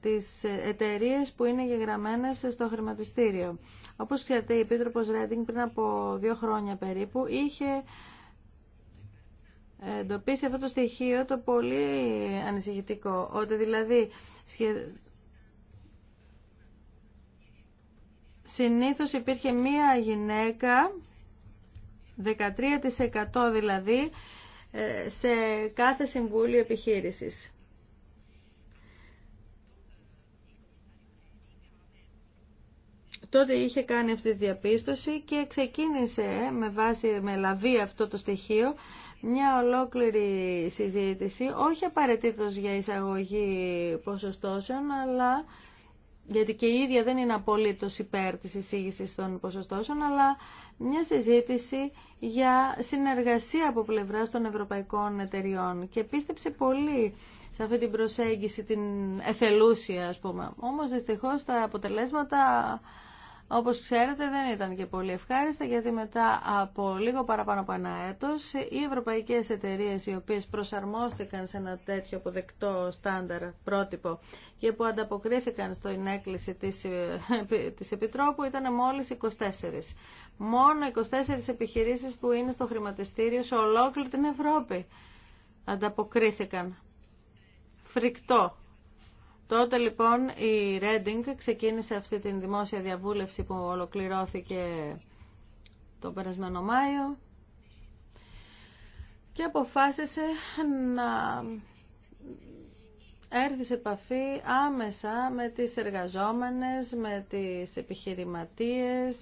τις εταιρείε που είναι γεγραμμένες στο χρηματιστήριο. Όπως ξέρετε, η Επίτροπος Ρέντινγκ πριν από δύο χρόνια περίπου είχε εντοπίσει αυτό το στοιχείο το πολύ ανησυχητικό, ότι δηλαδή συνήθως υπήρχε μία γυναίκα, 13% δηλαδή, ε, σε κάθε συμβούλιο επιχείρησης. τότε είχε κάνει αυτή τη διαπίστωση και ξεκίνησε με βάση με λαβή αυτό το στοιχείο μια ολόκληρη συζήτηση, όχι στοιχειο μια ολοκληρη συζητηση οχι απαραιτητος για εισαγωγή ποσοστώσεων, αλλά γιατί και η ίδια δεν είναι απολύτω υπέρ τη εισήγηση των ποσοστώσεων, αλλά μια συζήτηση για συνεργασία από πλευρά των ευρωπαϊκών εταιριών. Και πίστεψε πολύ σε αυτή την προσέγγιση, την εθελούσια, α πούμε. Όμως, δυστυχώς, τα αποτελέσματα όπως ξέρετε δεν ήταν και πολύ ευχάριστα γιατί μετά από λίγο παραπάνω από ένα έτος οι ευρωπαϊκές εταιρείες οι οποίες προσαρμόστηκαν σε ένα τέτοιο αποδεκτό στάνταρ πρότυπο και που ανταποκρίθηκαν στην έκκληση της, ε, της Επιτρόπου ήταν μόλις 24. Μόνο 24 επιχειρήσεις που είναι στο χρηματιστήριο σε ολόκληρη την Ευρώπη ανταποκρίθηκαν. Φρικτό Τότε λοιπόν η Reading ξεκίνησε αυτή την δημόσια διαβούλευση που ολοκληρώθηκε το περασμένο Μάιο και αποφάσισε να έρθει σε επαφή άμεσα με τις εργαζόμενες, με τις επιχειρηματίες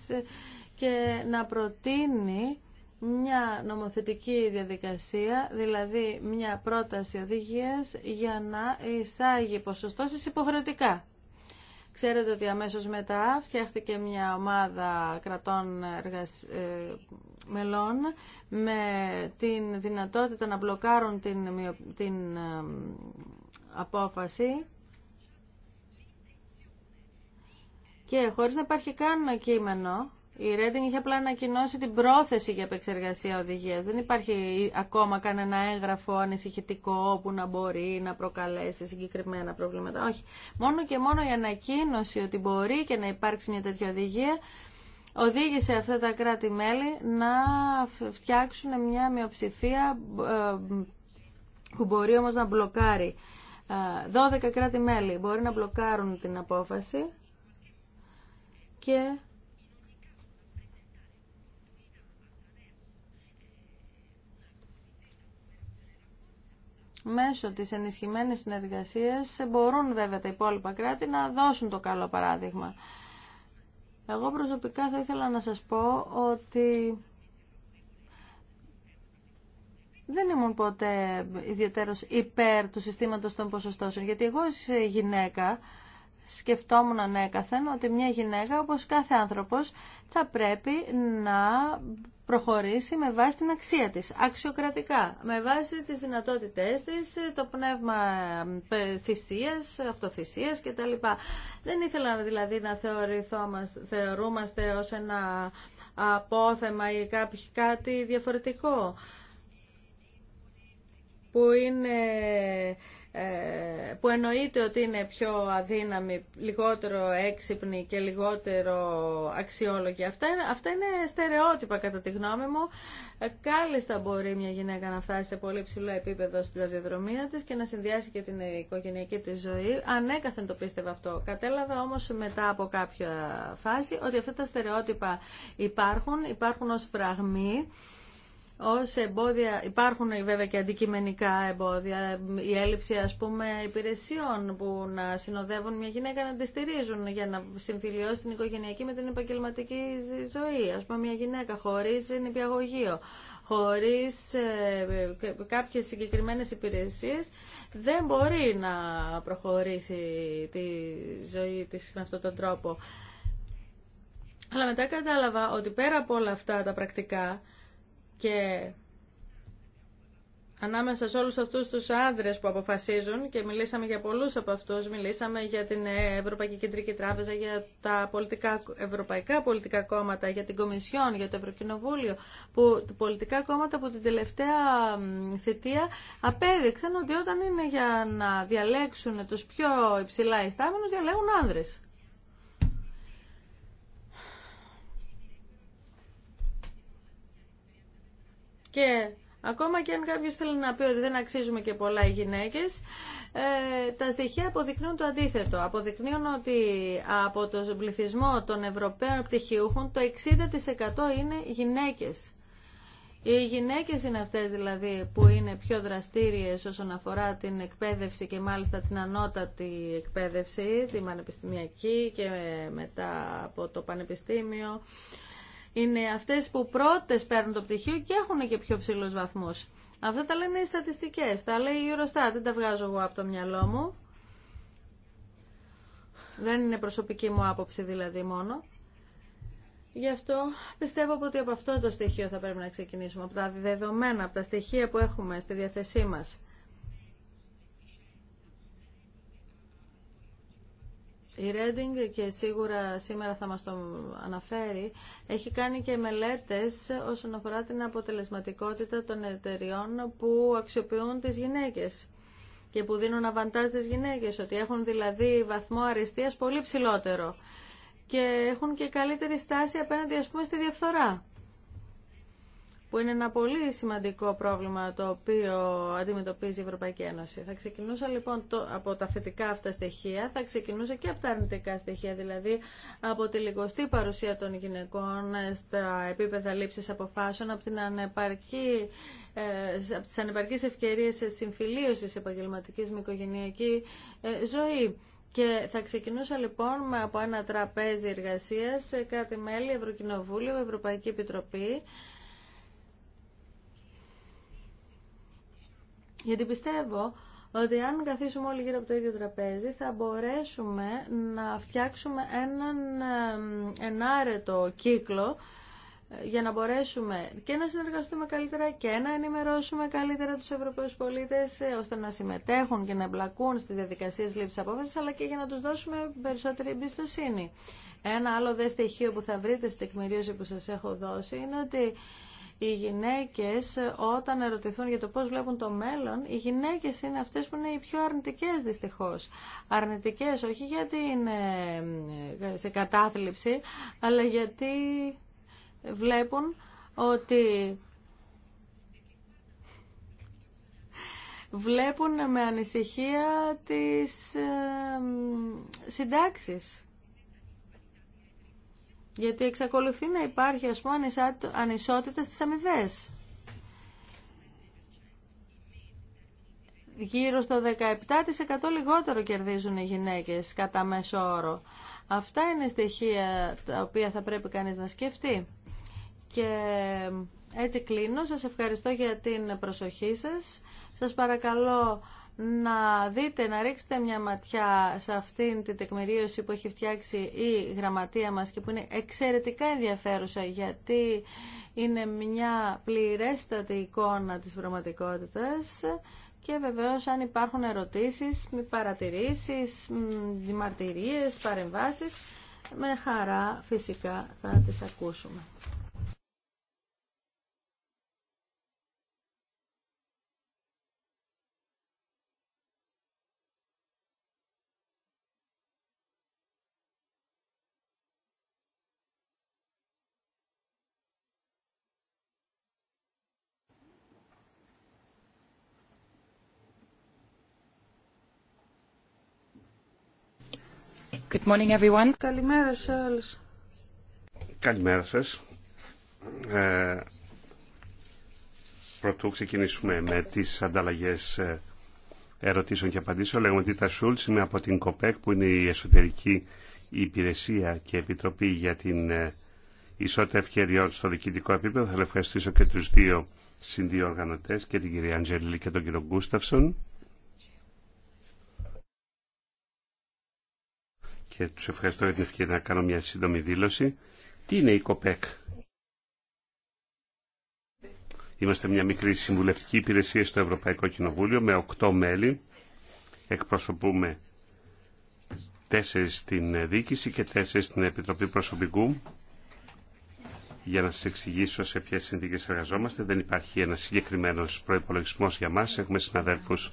και να προτείνει μια νομοθετική διαδικασία, δηλαδή μια πρόταση οδηγίας για να εισάγει ποσοστώσεις υποχρεωτικά. Ξέρετε ότι αμέσως μετά φτιάχτηκε μια ομάδα κρατών εργασ... Ε, μελών με την δυνατότητα να μπλοκάρουν την, ε, απόφαση και χωρίς να υπάρχει καν κείμενο η Ρέντινγκ είχε απλά ανακοινώσει την πρόθεση για επεξεργασία οδηγία. Δεν υπάρχει ακόμα κανένα έγγραφο ανησυχητικό που να μπορεί να προκαλέσει συγκεκριμένα προβλήματα. Όχι. Μόνο και μόνο η ανακοίνωση ότι μπορεί και να υπάρξει μια τέτοια οδηγία οδήγησε αυτά τα κράτη-μέλη να φτιάξουν μια μειοψηφία ε, που μπορεί όμως να μπλοκάρει. 12 ε, κράτη-μέλη μπορεί να μπλοκάρουν την απόφαση και μέσω της ενισχυμένης συνεργασίας μπορούν βέβαια τα υπόλοιπα κράτη να δώσουν το καλό παράδειγμα. Εγώ προσωπικά θα ήθελα να σας πω ότι δεν ήμουν ποτέ ιδιαίτερος υπέρ του συστήματος των ποσοστώσεων, γιατί εγώ είμαι γυναίκα σκεφτόμουν ανέκαθεν ναι, ότι μια γυναίκα, όπως κάθε άνθρωπος, θα πρέπει να προχωρήσει με βάση την αξία της, αξιοκρατικά, με βάση τις δυνατότητές της, το πνεύμα θυσίας, αυτοθυσίας κτλ. Δεν ήθελα δηλαδή να θεωρούμαστε ως ένα απόθεμα ή κάτι διαφορετικό που είναι ε, που εννοείται ότι είναι πιο αδύναμη, λιγότερο έξυπνη και λιγότερο αξιόλογη. Αυτά, αυτά είναι στερεότυπα κατά τη γνώμη μου. Ε, κάλλιστα μπορεί μια γυναίκα να φτάσει σε πολύ ψηλό επίπεδο στη διαδρομία της και να συνδυάσει και την οικογενειακή της ζωή. Ανέκαθεν το πίστευα αυτό. Κατέλαβα όμως μετά από κάποια φάση ότι αυτά τα στερεότυπα υπάρχουν, υπάρχουν ως φραγμοί ως εμπόδια, υπάρχουν βέβαια και αντικειμενικά εμπόδια, η έλλειψη ας πούμε υπηρεσιών που να συνοδεύουν μια γυναίκα να τη στηρίζουν για να συμφιλιώσει την οικογενειακή με την επαγγελματική ζωή. Ας πούμε μια γυναίκα χωρίς νηπιαγωγείο, χωρίς ε, κάποιες συγκεκριμένες υπηρεσίες δεν μπορεί να προχωρήσει τη ζωή της με αυτόν τον τρόπο. Αλλά μετά κατάλαβα ότι πέρα από όλα αυτά τα πρακτικά, και ανάμεσα σε όλους αυτούς τους άντρες που αποφασίζουν και μιλήσαμε για πολλούς από αυτούς, μιλήσαμε για την Ευρωπαϊκή Κεντρική Τράπεζα, για τα πολιτικά, ευρωπαϊκά πολιτικά κόμματα, για την Κομισιόν, για το Ευρωκοινοβούλιο, που πολιτικά κόμματα που την τελευταία θητεία απέδειξαν ότι όταν είναι για να διαλέξουν τους πιο υψηλά ιστάμενους, διαλέγουν άνδρες. Και ακόμα και αν κάποιος θέλει να πει ότι δεν αξίζουμε και πολλά οι γυναίκες, ε, τα στοιχεία αποδεικνύουν το αντίθετο. Αποδεικνύουν ότι από τον πληθυσμό των Ευρωπαίων πτυχιούχων το 60% είναι γυναίκες. Οι γυναίκες είναι αυτές δηλαδή που είναι πιο δραστήριες όσον αφορά την εκπαίδευση και μάλιστα την ανώτατη εκπαίδευση, την πανεπιστημιακή και μετά από το πανεπιστήμιο είναι αυτές που πρώτες παίρνουν το πτυχίο και έχουν και πιο ψηλούς βαθμούς. Αυτά τα λένε οι στατιστικές, τα λέει η Eurostat, δεν τα βγάζω εγώ από το μυαλό μου. Δεν είναι προσωπική μου άποψη δηλαδή μόνο. Γι' αυτό πιστεύω ότι από αυτό το στοιχείο θα πρέπει να ξεκινήσουμε, από τα δεδομένα, από τα στοιχεία που έχουμε στη διαθεσή μας. Η Reading και σίγουρα σήμερα θα μας το αναφέρει, έχει κάνει και μελέτες όσον αφορά την αποτελεσματικότητα των εταιριών που αξιοποιούν τις γυναίκες και που δίνουν αβαντάζ στις γυναίκες, ότι έχουν δηλαδή βαθμό αριστείας πολύ ψηλότερο και έχουν και καλύτερη στάση απέναντι ας πούμε στη διαφθορά που είναι ένα πολύ σημαντικό πρόβλημα το οποίο αντιμετωπίζει η Ευρωπαϊκή Ένωση. Θα ξεκινούσα λοιπόν από τα θετικά αυτά στοιχεία, θα ξεκινούσα και από τα αρνητικά στοιχεία, δηλαδή από τη λιγοστή παρουσία των γυναικών στα επίπεδα λήψης αποφάσεων, από, την ανεπαρκή, ε, από τις ανεπαρκείς ευκαιρίες συμφιλίωσης επαγγελματικής με οικογενειακή ε, ζωή. Και θα ξεκινούσα λοιπόν από ένα τραπέζι εργασίας, ε, κάτι μέλη, Ευρωκοινοβούλιο, Ευρωπαϊκή Επιτροπή, Γιατί πιστεύω ότι αν καθίσουμε όλοι γύρω από το ίδιο τραπέζι θα μπορέσουμε να φτιάξουμε έναν ενάρετο κύκλο ε, για να μπορέσουμε και να συνεργαστούμε καλύτερα και να ενημερώσουμε καλύτερα τους Ευρωπαίους πολίτες ε, ώστε να συμμετέχουν και να εμπλακούν στις διαδικασίες λήψης απόφασης αλλά και για να τους δώσουμε περισσότερη εμπιστοσύνη. Ένα άλλο δε στοιχείο που θα βρείτε στην τεκμηρίωση που σας έχω δώσει είναι ότι οι γυναίκες όταν ερωτηθούν για το πώς βλέπουν το μέλλον, οι γυναίκες είναι αυτές που είναι οι πιο αρνητικές δυστυχώς. Αρνητικές όχι γιατί είναι ε, σε κατάθλιψη, αλλά γιατί βλέπουν ότι βλέπουν με ανησυχία τις ε, συντάξεις γιατί εξακολουθεί να υπάρχει ας πούμε ανισότητα στις αμοιβέ. Γύρω στο 17% λιγότερο κερδίζουν οι γυναίκες κατά μέσο όρο. Αυτά είναι στοιχεία τα οποία θα πρέπει κανείς να σκεφτεί. Και έτσι κλείνω. Σας ευχαριστώ για την προσοχή σας. Σας παρακαλώ να δείτε, να ρίξετε μια ματιά σε αυτήν την τεκμηρίωση που έχει φτιάξει η γραμματεία μας και που είναι εξαιρετικά ενδιαφέρουσα γιατί είναι μια πληρέστατη εικόνα της πραγματικότητας και βεβαίως αν υπάρχουν ερωτήσεις, παρατηρήσεις, μαρτυρίες, παρεμβάσεις, με χαρά φυσικά θα τις ακούσουμε. Good morning everyone. Καλημέρα σε όλους. Καλημέρα σας. Ε, πρωτού ξεκινήσουμε με τις ανταλλαγές ε, ερωτήσεων και απαντήσεων. Λέγομαι Τίτα Σούλτς, είμαι από την ΚΟΠΕΚ που είναι η εσωτερική υπηρεσία και επιτροπή για την ε, ισότητα ευκαιριών στο διοικητικό επίπεδο. Θα ευχαριστήσω και τους δύο συνδιοργανωτές και την κυρία Αντζελίλη και τον κύριο Γκούσταυσον. και τους ευχαριστώ για την ευκαιρία να κάνω μια σύντομη δήλωση. Τι είναι η ΚΟΠΕΚ. Είμαστε μια μικρή συμβουλευτική υπηρεσία στο Ευρωπαϊκό Κοινοβούλιο με οκτώ μέλη. Εκπροσωπούμε τέσσερις στην δίκηση και τέσσερις στην Επιτροπή Προσωπικού. Για να σας εξηγήσω σε ποιες συνθήκες εργαζόμαστε, δεν υπάρχει ένα συγκεκριμένος προϋπολογισμός για μας. Έχουμε συναδέλφους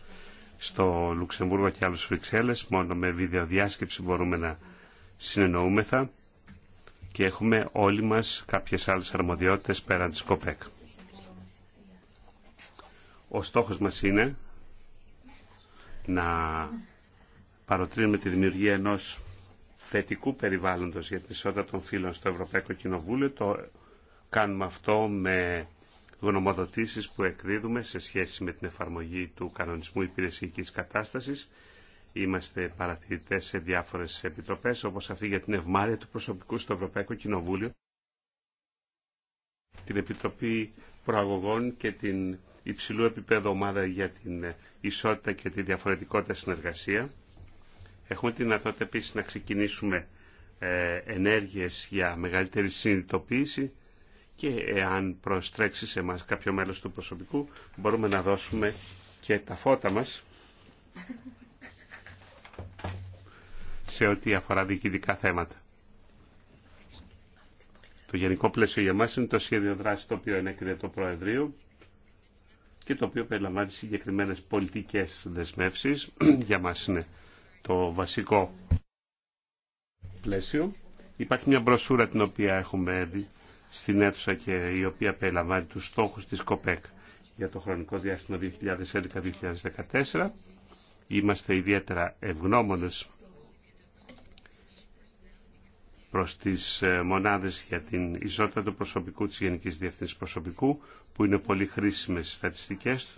στο Λουξεμβούργο και άλλους Φρυξέλλες. Μόνο με βιντεοδιάσκεψη μπορούμε να συνεννοούμεθα και έχουμε όλοι μας κάποιες άλλες αρμοδιότητες πέραν της ΚΟΠΕΚ. Ο στόχος μας είναι να παροτρύνουμε τη δημιουργία ενός θετικού περιβάλλοντος για την ισότητα των φύλων στο Ευρωπαϊκό Κοινοβούλιο. Το κάνουμε αυτό με γνωμοδοτήσεις που εκδίδουμε σε σχέση με την εφαρμογή του κανονισμού υπηρεσιακής κατάστασης. Είμαστε παρατηρητές σε διάφορες επιτροπές, όπως αυτή για την ευμάρεια του προσωπικού στο Ευρωπαϊκό Κοινοβούλιο, την Επιτροπή Προαγωγών και την υψηλού επίπεδο ομάδα για την ισότητα και τη διαφορετικότητα συνεργασία. Έχουμε τη δυνατότητα επίσης να ξεκινήσουμε ε, ενέργειες για μεγαλύτερη συνειδητοποίηση και εάν προστρέξει σε μας κάποιο μέλος του προσωπικού μπορούμε να δώσουμε και τα φώτα μας σε ό,τι αφορά διοικητικά θέματα. Το γενικό πλαίσιο για μας είναι το σχέδιο δράσης το οποίο ενέκρινε το Προεδρείο και το οποίο περιλαμβάνει συγκεκριμένες πολιτικές δεσμεύσεις. για μας είναι το βασικό πλαίσιο. Υπάρχει μια μπροσούρα την οποία έχουμε στην αίθουσα και η οποία περιλαμβάνει τους στόχους της ΚΟΠΕΚ για το χρονικό διάστημα 2011-2014. Είμαστε ιδιαίτερα ευγνώμονες προς τις ε, μονάδες για την ισότητα του προσωπικού της Γενικής Διευθύνσης Προσωπικού, που είναι πολύ χρήσιμες στατιστικές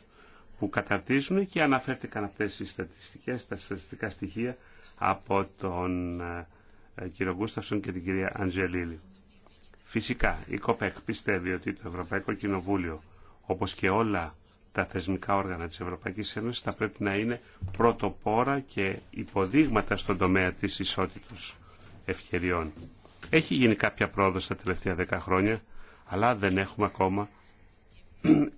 που καταρτίζουν και αναφέρθηκαν αυτές οι στατιστικές, τα στατιστικά στοιχεία από τον ε, ε, κύριο Γκούσταυσον και την κυρία Αντζελίλη. Φυσικά, η ΚΟΠΕΚ πιστεύει ότι το Ευρωπαϊκό Κοινοβούλιο, όπως και όλα τα θεσμικά όργανα της Ευρωπαϊκής Ένωσης, θα πρέπει να είναι πρωτοπόρα και υποδείγματα στον τομέα της ισότητας ευκαιριών. Έχει γίνει κάποια πρόοδος τα τελευταία δέκα χρόνια, αλλά δεν έχουμε ακόμα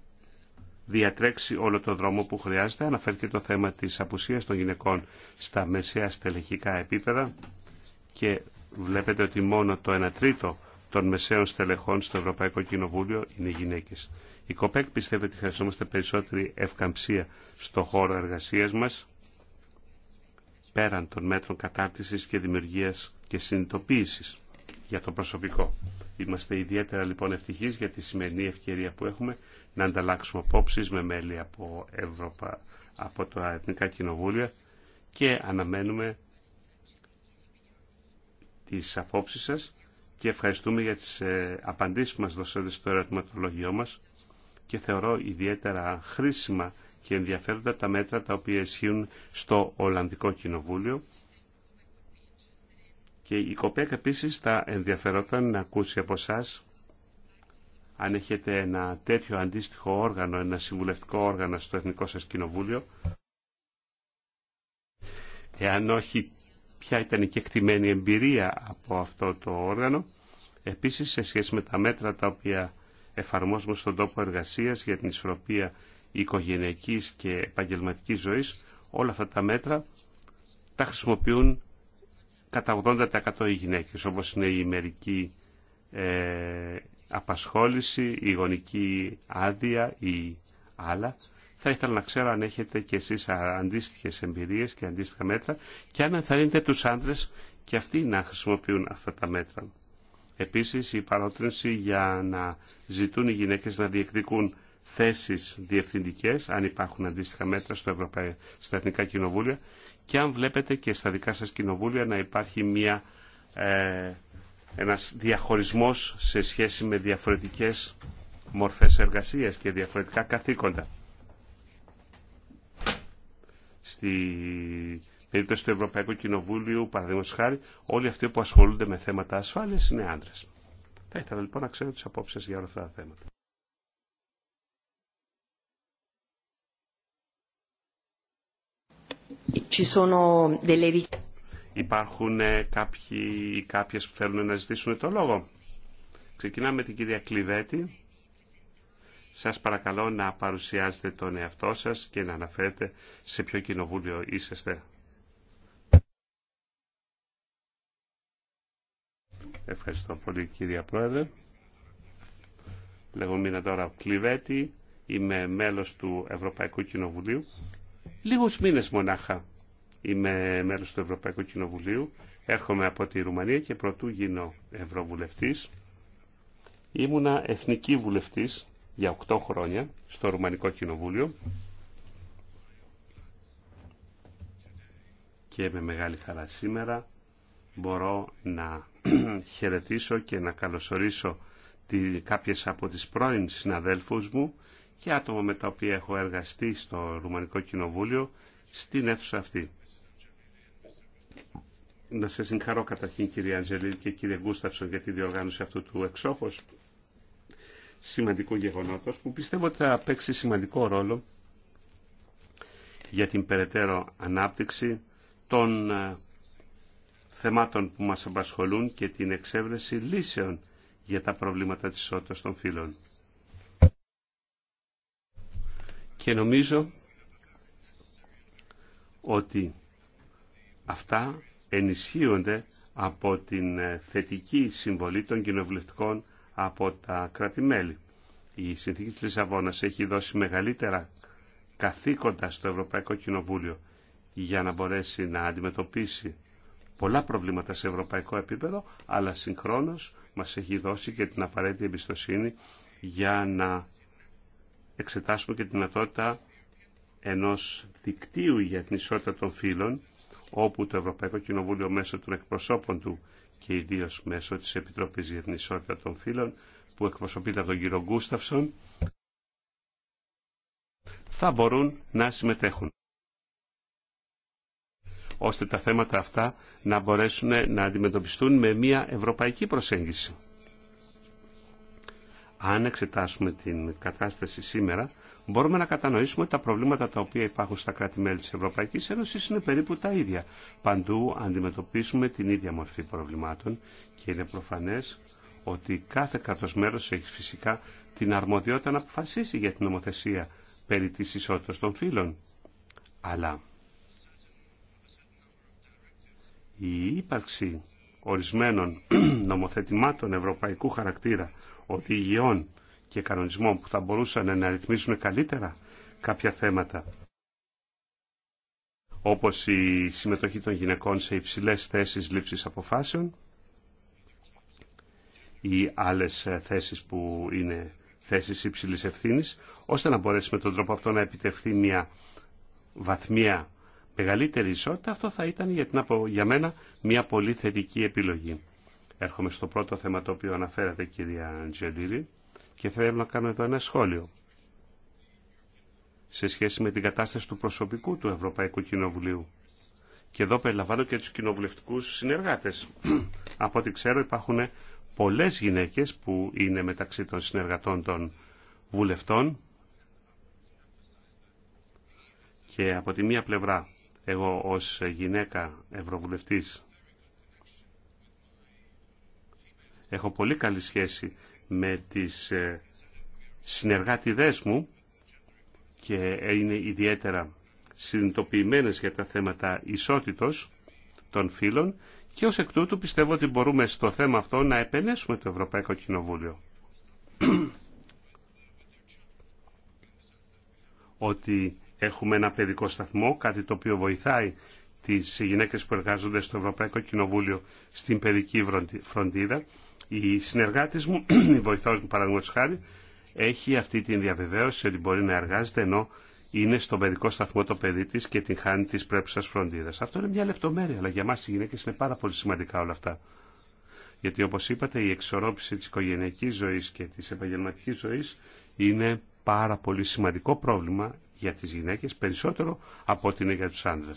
διατρέξει όλο το δρόμο που χρειάζεται. Αναφέρθηκε το θέμα της απουσίας των γυναικών στα μεσαία στελεχικά επίπεδα και βλέπετε ότι μόνο το 1 τρίτο των μεσαίων στελεχών στο Ευρωπαϊκό Κοινοβούλιο είναι γυναίκε. Η ΚΟΠΕΚ πιστεύει ότι χρειαζόμαστε περισσότερη ευκαμψία στο χώρο εργασία μα πέραν των μέτρων κατάρτιση και δημιουργίας και συνειδητοποίηση για το προσωπικό. Είμαστε ιδιαίτερα λοιπόν ευτυχείς για τη σημερινή ευκαιρία που έχουμε να ανταλλάξουμε απόψει με μέλη από, Ευρωπα, από τα Εθνικά Κοινοβούλια και αναμένουμε τις απόψεις σας και ευχαριστούμε για τις ε, απαντήσεις που μας δώσατε στο ερωτηματολογιό μας και θεωρώ ιδιαίτερα χρήσιμα και ενδιαφέροντα τα μέτρα τα οποία ισχύουν στο Ολλανδικό Κοινοβούλιο και η Κοπέκ επίσης θα ενδιαφερόταν να ακούσει από εσά αν έχετε ένα τέτοιο αντίστοιχο όργανο, ένα συμβουλευτικό όργανο στο Εθνικό σας Κοινοβούλιο. Εάν όχι ποια ήταν η κεκτημένη εμπειρία από αυτό το όργανο. Επίσης, σε σχέση με τα μέτρα τα οποία εφαρμόζουμε στον τόπο εργασίας για την ισορροπία οικογενειακής και επαγγελματικής ζωής, όλα αυτά τα μέτρα τα χρησιμοποιούν κατά 80% οι γυναίκες, όπως είναι η ημερική ε, απασχόληση, η γονική άδεια ή άλλα. Θα ήθελα να ξέρω αν έχετε και εσείς αντίστοιχες εμπειρίες και αντίστοιχα μέτρα και αν ενθαρρύνετε τους άντρες και αυτοί να χρησιμοποιούν αυτά τα μέτρα. Επίσης η παρότρινση για να ζητούν οι γυναίκες να διεκδικούν θέσεις διευθυντικές, αν υπάρχουν αντίστοιχα μέτρα στο Ευρωπαϊκό, στα Εθνικά Κοινοβούλια και αν βλέπετε και στα δικά σας κοινοβούλια να υπάρχει μια, ε, ένας διαχωρισμός σε σχέση με διαφορετικές μορφές εργασίας και διαφορετικά καθήκοντα στη περίπτωση του Ευρωπαϊκού Κοινοβούλιο, παραδείγματο χάρη, όλοι αυτοί που ασχολούνται με θέματα ασφάλεια είναι άντρε. Θα ήθελα λοιπόν να ξέρω τι απόψει για όλα αυτά τα θέματα. Υπάρχουν ε, κάποιοι ή κάποιες που θέλουν να ζητήσουν το λόγο. Ξεκινάμε με την κυρία Κλειδέτη. Σας παρακαλώ να παρουσιάζετε τον εαυτό σας και να αναφέρετε σε ποιο κοινοβούλιο είσαστε. Ευχαριστώ πολύ κυρία Πρόεδρε. Λέγομαι τώρα Κλειβέτη, είμαι μέλος του Ευρωπαϊκού Κοινοβουλίου. Λίγους μήνες μονάχα είμαι μέλος του Ευρωπαϊκού Κοινοβουλίου. Έρχομαι από τη Ρουμανία και πρωτού γίνω Ευρωβουλευτής. Ήμουνα εθνική βουλευτής για 8 χρόνια στο Ρουμανικό Κοινοβούλιο και με μεγάλη χαρά σήμερα μπορώ να χαιρετήσω και να καλωσορίσω κάποιες από τις πρώην συναδέλφους μου και άτομα με τα οποία έχω εργαστεί στο Ρουμανικό Κοινοβούλιο στην αίθουσα αυτή. Να σας συγχαρώ καταρχήν κύριε Αντζελίλ και κύριε Γκούσταυσον για τη διοργάνωση αυτού του εξόχου σημαντικού γεγονότος που πιστεύω ότι θα παίξει σημαντικό ρόλο για την περαιτέρω ανάπτυξη των ε, θεμάτων που μας απασχολούν και την εξέβρεση λύσεων για τα προβλήματα της ισότητας των φύλων. Και νομίζω ότι αυτά ενισχύονται από την ε, θετική συμβολή των κοινοβουλευτικών από τα κράτη-μέλη. Η συνθήκη της Λισαβόνας έχει δώσει μεγαλύτερα καθήκοντα στο Ευρωπαϊκό Κοινοβούλιο για να μπορέσει να αντιμετωπίσει πολλά προβλήματα σε ευρωπαϊκό επίπεδο, αλλά συγχρόνως μας έχει δώσει και την απαραίτητη εμπιστοσύνη για να εξετάσουμε και τη δυνατότητα ενός δικτύου για την ισότητα των φύλων, όπου το Ευρωπαϊκό Κοινοβούλιο μέσω των εκπροσώπων του και ιδίω μέσω της Επιτροπή για την Ισότητα των Φύλων που εκπροσωπείται από τον κύριο Γκούσταυσον θα μπορούν να συμμετέχουν ώστε τα θέματα αυτά να μπορέσουν να αντιμετωπιστούν με μια ευρωπαϊκή προσέγγιση. Αν εξετάσουμε την κατάσταση σήμερα, μπορούμε να κατανοήσουμε ότι τα προβλήματα τα οποία υπάρχουν στα κράτη-μέλη της Ευρωπαϊκής Ένωσης είναι περίπου τα ίδια. Παντού αντιμετωπίσουμε την ίδια μορφή προβλημάτων και είναι προφανές ότι κάθε κράτος έχει φυσικά την αρμοδιότητα να αποφασίσει για την νομοθεσία περί της ισότητας των φύλων. Αλλά η ύπαρξη ορισμένων νομοθετημάτων ευρωπαϊκού χαρακτήρα, οδηγιών και κανονισμών που θα μπορούσαν να ρυθμίσουν καλύτερα κάποια θέματα όπως η συμμετοχή των γυναικών σε υψηλές θέσεις λήψης αποφάσεων ή άλλες ε, θέσεις που είναι θέσεις υψηλής ευθύνης, ώστε να μπορέσει με τον τρόπο αυτό να επιτευχθεί μια βαθμία μεγαλύτερη ισότητα, αυτό θα ήταν για, την, για μένα μια πολύ θετική επιλογή. Έρχομαι στο πρώτο θέμα το οποίο αναφέρατε κυρία Αντζελίδη. Και θέλω να κάνω εδώ ένα σχόλιο σε σχέση με την κατάσταση του προσωπικού του Ευρωπαϊκού Κοινοβουλίου. Και εδώ περιλαμβάνω και τους κοινοβουλευτικούς συνεργάτες. Από ό,τι ξέρω υπάρχουν πολλές γυναίκες που είναι μεταξύ των συνεργατών των βουλευτών και από τη μία πλευρά εγώ ως γυναίκα ευρωβουλευτής έχω πολύ καλή σχέση με τις ε, συνεργάτιδές μου και είναι ιδιαίτερα συνειδητοποιημένες για τα θέματα ισότητος των φίλων και ως εκ τούτου πιστεύω ότι μπορούμε στο θέμα αυτό να επενέσουμε το Ευρωπαϊκό Κοινοβούλιο. ότι έχουμε ένα παιδικό σταθμό, κάτι το οποίο βοηθάει τις γυναίκες που εργάζονται στο Ευρωπαϊκό Κοινοβούλιο στην παιδική φροντίδα οι συνεργάτες μου, η βοηθό μου παραδείγματο χάρη, έχει αυτή την διαβεβαίωση ότι μπορεί να εργάζεται ενώ είναι στον παιδικό σταθμό το παιδί τη και την χάνει της πρέπουσα φροντίδα. Αυτό είναι μια λεπτομέρεια, αλλά για εμά οι γυναίκε είναι πάρα πολύ σημαντικά όλα αυτά. Γιατί όπω είπατε η εξορρόπηση τη οικογένειακή ζωή και τη επαγγελματική ζωή είναι πάρα πολύ σημαντικό πρόβλημα για τι γυναίκε, περισσότερο από ότι είναι για του άντρε.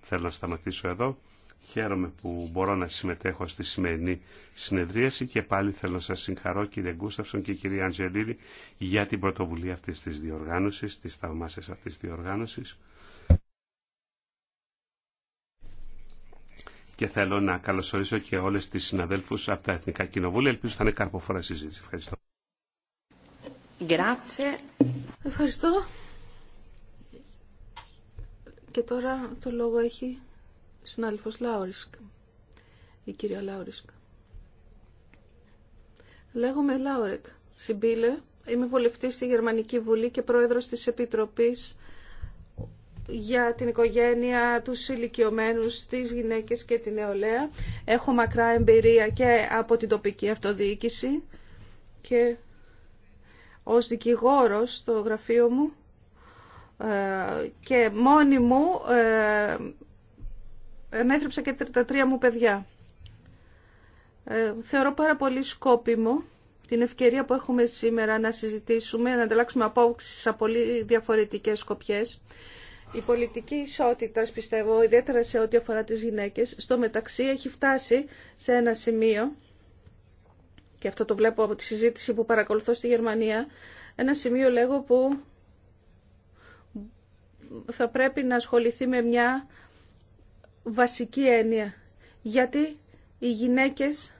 Θέλω να σταματήσω εδώ Χαίρομαι που μπορώ να συμμετέχω στη σημερινή συνεδρίαση και πάλι θέλω να σας συγχαρώ κύριε Γκούσταυσον και κύριε Αντζελίδη για την πρωτοβουλία αυτής της διοργάνωσης, της θαυμάσιας αυτής της διοργάνωσης. Και θέλω να καλωσορίσω και όλες τις συναδέλφους από τα Εθνικά Κοινοβούλια. Ελπίζω θα είναι καρποφόρα συζήτηση. Ευχαριστώ. Ευχαριστώ. Και τώρα το λόγο έχει συνάδελφος Λάουρισκ, η κυρία Λάουρισκ. Λέγομαι Λάουρεκ Σιμπίλε, είμαι βουλευτής στη Γερμανική Βουλή και πρόεδρος της Επιτροπής για την οικογένεια, τους ηλικιωμένου τις γυναίκες και την νεολαία. Έχω μακρά εμπειρία και από την τοπική αυτοδιοίκηση και ως δικηγόρος στο γραφείο μου ε, και μόνη μου ε, Ανέθρεψα και τα τρία μου παιδιά. Ε, θεωρώ πάρα πολύ σκόπιμο την ευκαιρία που έχουμε σήμερα να συζητήσουμε, να ανταλλάξουμε απόψεις από πολύ διαφορετικές σκοπιές. Η πολιτική ισότητα, πιστεύω, ιδιαίτερα σε ό,τι αφορά τις γυναίκες, στο μεταξύ έχει φτάσει σε ένα σημείο, και αυτό το βλέπω από τη συζήτηση που παρακολουθώ στη Γερμανία, ένα σημείο λέγω που θα πρέπει να ασχοληθεί με μια βασική έννοια. Γιατί οι γυναίκες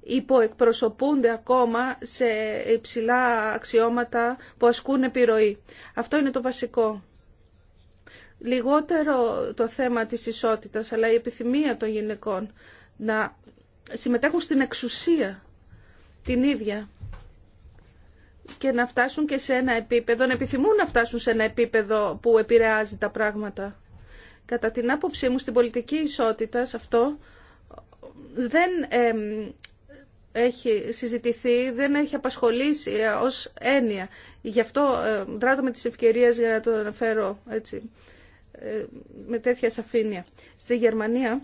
υποεκπροσωπούνται ακόμα σε υψηλά αξιώματα που ασκούν επιρροή. Αυτό είναι το βασικό. Λιγότερο το θέμα της ισότητας, αλλά η επιθυμία των γυναικών να συμμετέχουν στην εξουσία την ίδια και να φτάσουν και σε ένα επίπεδο, να επιθυμούν να φτάσουν σε ένα επίπεδο που επηρεάζει τα πράγματα. Κατά την άποψή μου στην πολιτική ισότητα αυτό δεν έχει συζητηθεί, δεν έχει απασχολήσει ως έννοια. Γι' αυτό δράτω με τις ευκαιρίες για να το αναφέρω έτσι, ε, με τέτοια σαφήνεια. Στη Γερμανία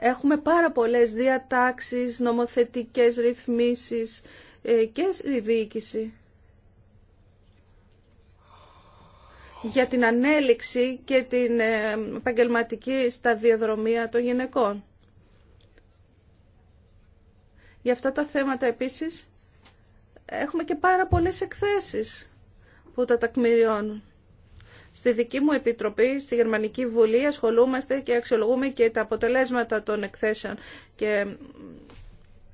έχουμε πάρα πολλές διατάξεις, νομοθετικές ρυθμίσεις ε, και στη διοίκηση για την ανέλυξη και την ε, επαγγελματική σταδιοδρομία των γυναικών. Για αυτά τα θέματα επίσης έχουμε και πάρα πολλές εκθέσεις που τα τακμηριώνουν. Στη δική μου επιτροπή, στη Γερμανική Βουλή, ασχολούμαστε και αξιολογούμε και τα αποτελέσματα των εκθέσεων και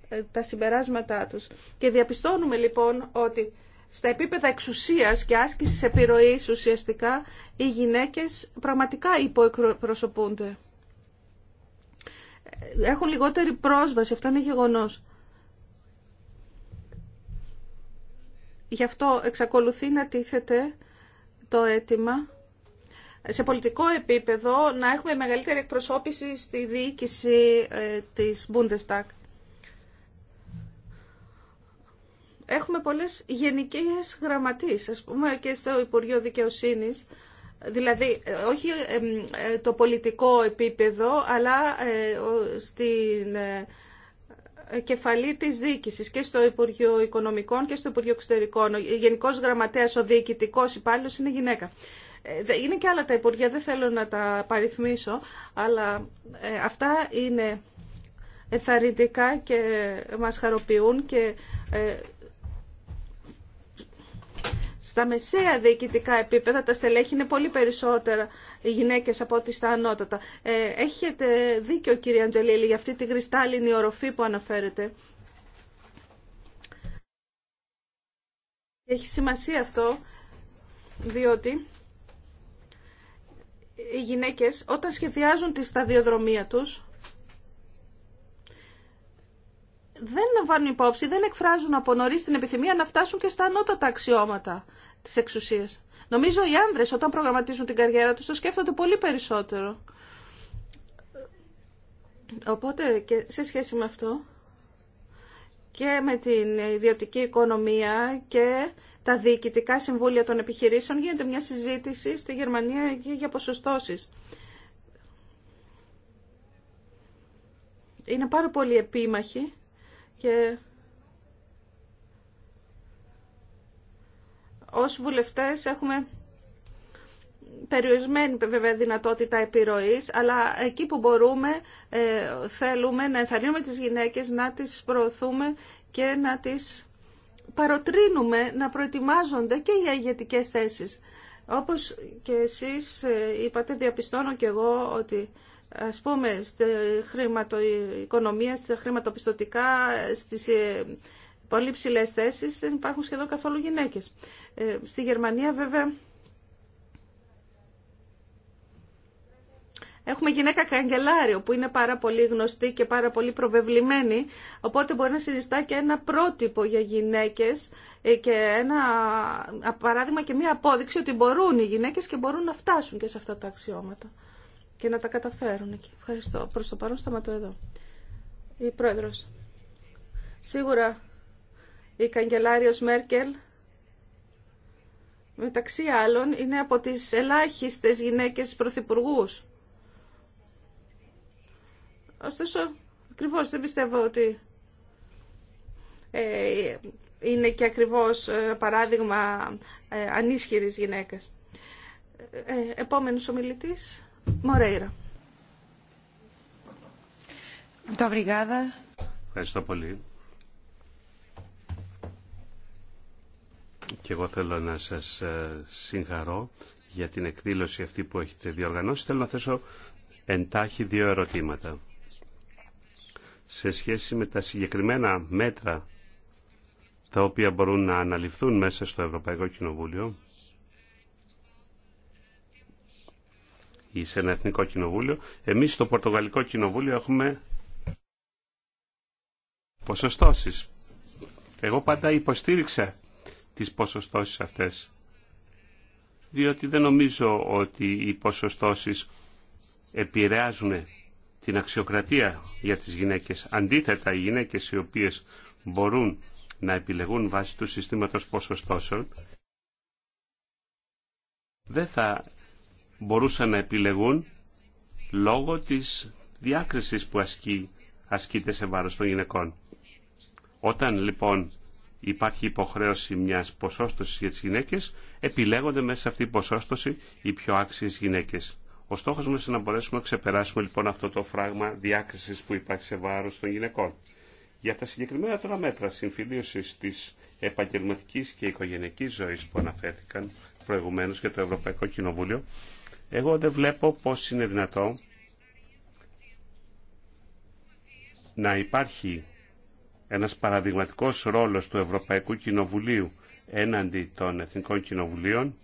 ε, τα συμπεράσματά τους. Και διαπιστώνουμε λοιπόν ότι στα επίπεδα εξουσίας και άσκησης επιρροής ουσιαστικά οι γυναίκες πραγματικά υποεκπροσωπούνται. Έχουν λιγότερη πρόσβαση, αυτό είναι γεγονός. Γι' αυτό εξακολουθεί να τίθεται το αίτημα σε πολιτικό επίπεδο να έχουμε μεγαλύτερη εκπροσώπηση στη διοίκηση ε, της Bundestag. έχουμε πολλές γενικές γραμματείς, ας πούμε και στο Υπουργείο Δικαιοσύνης, δηλαδή όχι ε, το πολιτικό επίπεδο, αλλά ε, στην ε, κεφαλή της διοίκησης και στο Υπουργείο Οικονομικών και στο Υπουργείο Εξωτερικών. Ο Γενικός Γραμματέας, ο Διοικητικός Υπάλληλος είναι γυναίκα. Είναι και άλλα τα Υπουργεία, δεν θέλω να τα παριθμίσω, αλλά αυτά είναι ενθαρρυντικά και μας χαροποιούν και στα μεσαία διοικητικά επίπεδα τα στελέχη είναι πολύ περισσότερα οι γυναίκες από ό,τι στα ανώτατα. Ε, έχετε δίκιο κύριε Αντζελίλη για αυτή τη κρυστάλλινη οροφή που αναφέρετε. Έχει σημασία αυτό διότι οι γυναίκες όταν σχεδιάζουν τη σταδιοδρομία τους δεν λαμβάνουν υπόψη, δεν εκφράζουν από νωρί την επιθυμία να φτάσουν και στα ανώτατα αξιώματα. Τη εξουσία. Νομίζω οι άνδρες όταν προγραμματίζουν την καριέρα τους το σκέφτονται πολύ περισσότερο. Οπότε και σε σχέση με αυτό και με την ιδιωτική οικονομία και τα διοικητικά συμβούλια των επιχειρήσεων γίνεται μια συζήτηση στη Γερμανία για ποσοστώσεις. Είναι πάρα πολύ επίμαχη και ως βουλευτές έχουμε περιορισμένη βέβαια δυνατότητα επιρροής, αλλά εκεί που μπορούμε ε, θέλουμε να ενθαρρύνουμε τις γυναίκες, να τις προωθούμε και να τις παροτρύνουμε να προετοιμάζονται και για ηγετικές θέσεις. Όπως και εσείς ε, είπατε, διαπιστώνω και εγώ ότι ας πούμε στη χρηματοοικονομία, στη χρηματοπιστωτικά, στις ε, πολύ ψηλέ θέσει δεν υπάρχουν σχεδόν καθόλου γυναίκε. Ε, στη Γερμανία, βέβαια, Έχουμε γυναίκα καγκελάριο που είναι πάρα πολύ γνωστή και πάρα πολύ προβεβλημένη, οπότε μπορεί να συνιστά και ένα πρότυπο για γυναίκες ε, και ένα παράδειγμα και μία απόδειξη ότι μπορούν οι γυναίκες και μπορούν να φτάσουν και σε αυτά τα αξιώματα και να τα καταφέρουν. Ευχαριστώ. Προς το παρόν σταματώ εδώ. Η Πρόεδρος. Σίγουρα η καγκελάριος Μέρκελ μεταξύ άλλων είναι από τις ελάχιστες γυναίκες Πρωθυπουργού. Ωστόσο, ακριβώς δεν πιστεύω ότι ε, είναι και ακριβώς ε, παράδειγμα ε, ανίσχυρης γυναίκας. Επόμενος ομιλητής, Μορέιρα. Ευχαριστώ πολύ. και εγώ θέλω να σας ε, συγχαρώ για την εκδήλωση αυτή που έχετε διοργανώσει. Θέλω να θέσω εντάχει δύο ερωτήματα. Σε σχέση με τα συγκεκριμένα μέτρα τα οποία μπορούν να αναλυφθούν μέσα στο Ευρωπαϊκό Κοινοβούλιο ή σε ένα Εθνικό Κοινοβούλιο, εμείς στο Πορτογαλικό Κοινοβούλιο έχουμε ποσοστώσεις. Εγώ πάντα υποστήριξα τις ποσοστώσεις αυτές. Διότι δεν νομίζω ότι οι ποσοστώσεις επηρεάζουν την αξιοκρατία για τις γυναίκες. Αντίθετα, οι γυναίκες οι οποίες μπορούν να επιλεγούν βάσει του συστήματος ποσοστώσεων δεν θα μπορούσαν να επιλεγούν λόγω της διάκρισης που ασκεί, ασκείται σε βάρος των γυναικών. Όταν λοιπόν υπάρχει υποχρέωση μιας ποσόστοσης για τις γυναίκες, επιλέγονται μέσα σε αυτή την ποσόστοση οι πιο άξιες γυναίκες. Ο στόχος μας είναι να μπορέσουμε να ξεπεράσουμε λοιπόν αυτό το φράγμα διάκρισης που υπάρχει σε βάρος των γυναικών. Για τα συγκεκριμένα τώρα μέτρα συμφιλίωσης της επαγγελματικής και οικογενειακής ζωής που αναφέρθηκαν προηγουμένως και το Ευρωπαϊκό Κοινοβούλιο, εγώ δεν βλέπω πώς είναι δυνατό να υπάρχει ένας παραδειγματικός ρόλος του Ευρωπαϊκού Κοινοβουλίου έναντι των Εθνικών Κοινοβουλίων,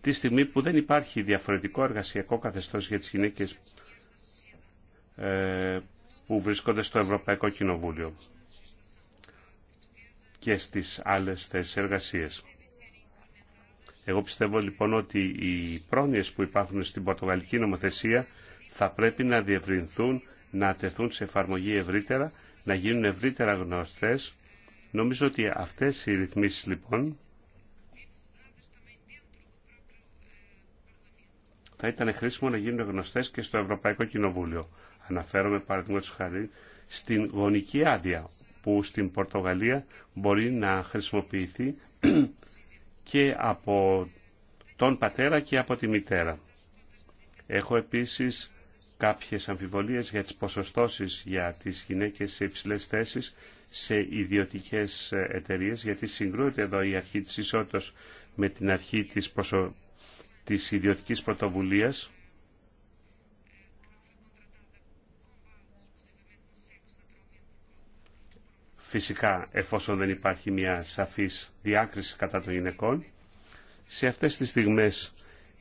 τη στιγμή που δεν υπάρχει διαφορετικό εργασιακό καθεστώς για τις γυναίκες ε, που βρίσκονται στο Ευρωπαϊκό Κοινοβούλιο και στις άλλες θέσεις εργασίες. Εγώ πιστεύω λοιπόν ότι οι πρόνοιες που υπάρχουν στην πορτογαλική νομοθεσία θα πρέπει να διευρυνθούν, να τεθούν σε εφαρμογή ευρύτερα να γίνουν ευρύτερα γνώστες. Νομίζω ότι αυτές οι ρυθμίσεις λοιπόν θα ήταν χρήσιμο να γίνουν γνωστές και στο Ευρωπαϊκό Κοινοβούλιο. Αναφέρομαι παραδείγματος χάρη στην γονική άδεια που στην Πορτογαλία μπορεί να χρησιμοποιηθεί και από τον πατέρα και από τη μητέρα. Έχω επίσης κάποιες αμφιβολίες για τις ποσοστώσεις για τις γυναίκες σε υψηλές θέσεις σε ιδιωτικές εταιρείες, γιατί συγκρούεται εδώ η αρχή της ισότητας με την αρχή της, ποσο... της ιδιωτικής πρωτοβουλίας. Φυσικά, εφόσον δεν υπάρχει μια σαφής διάκριση κατά των γυναικών, σε αυτές τις στιγμές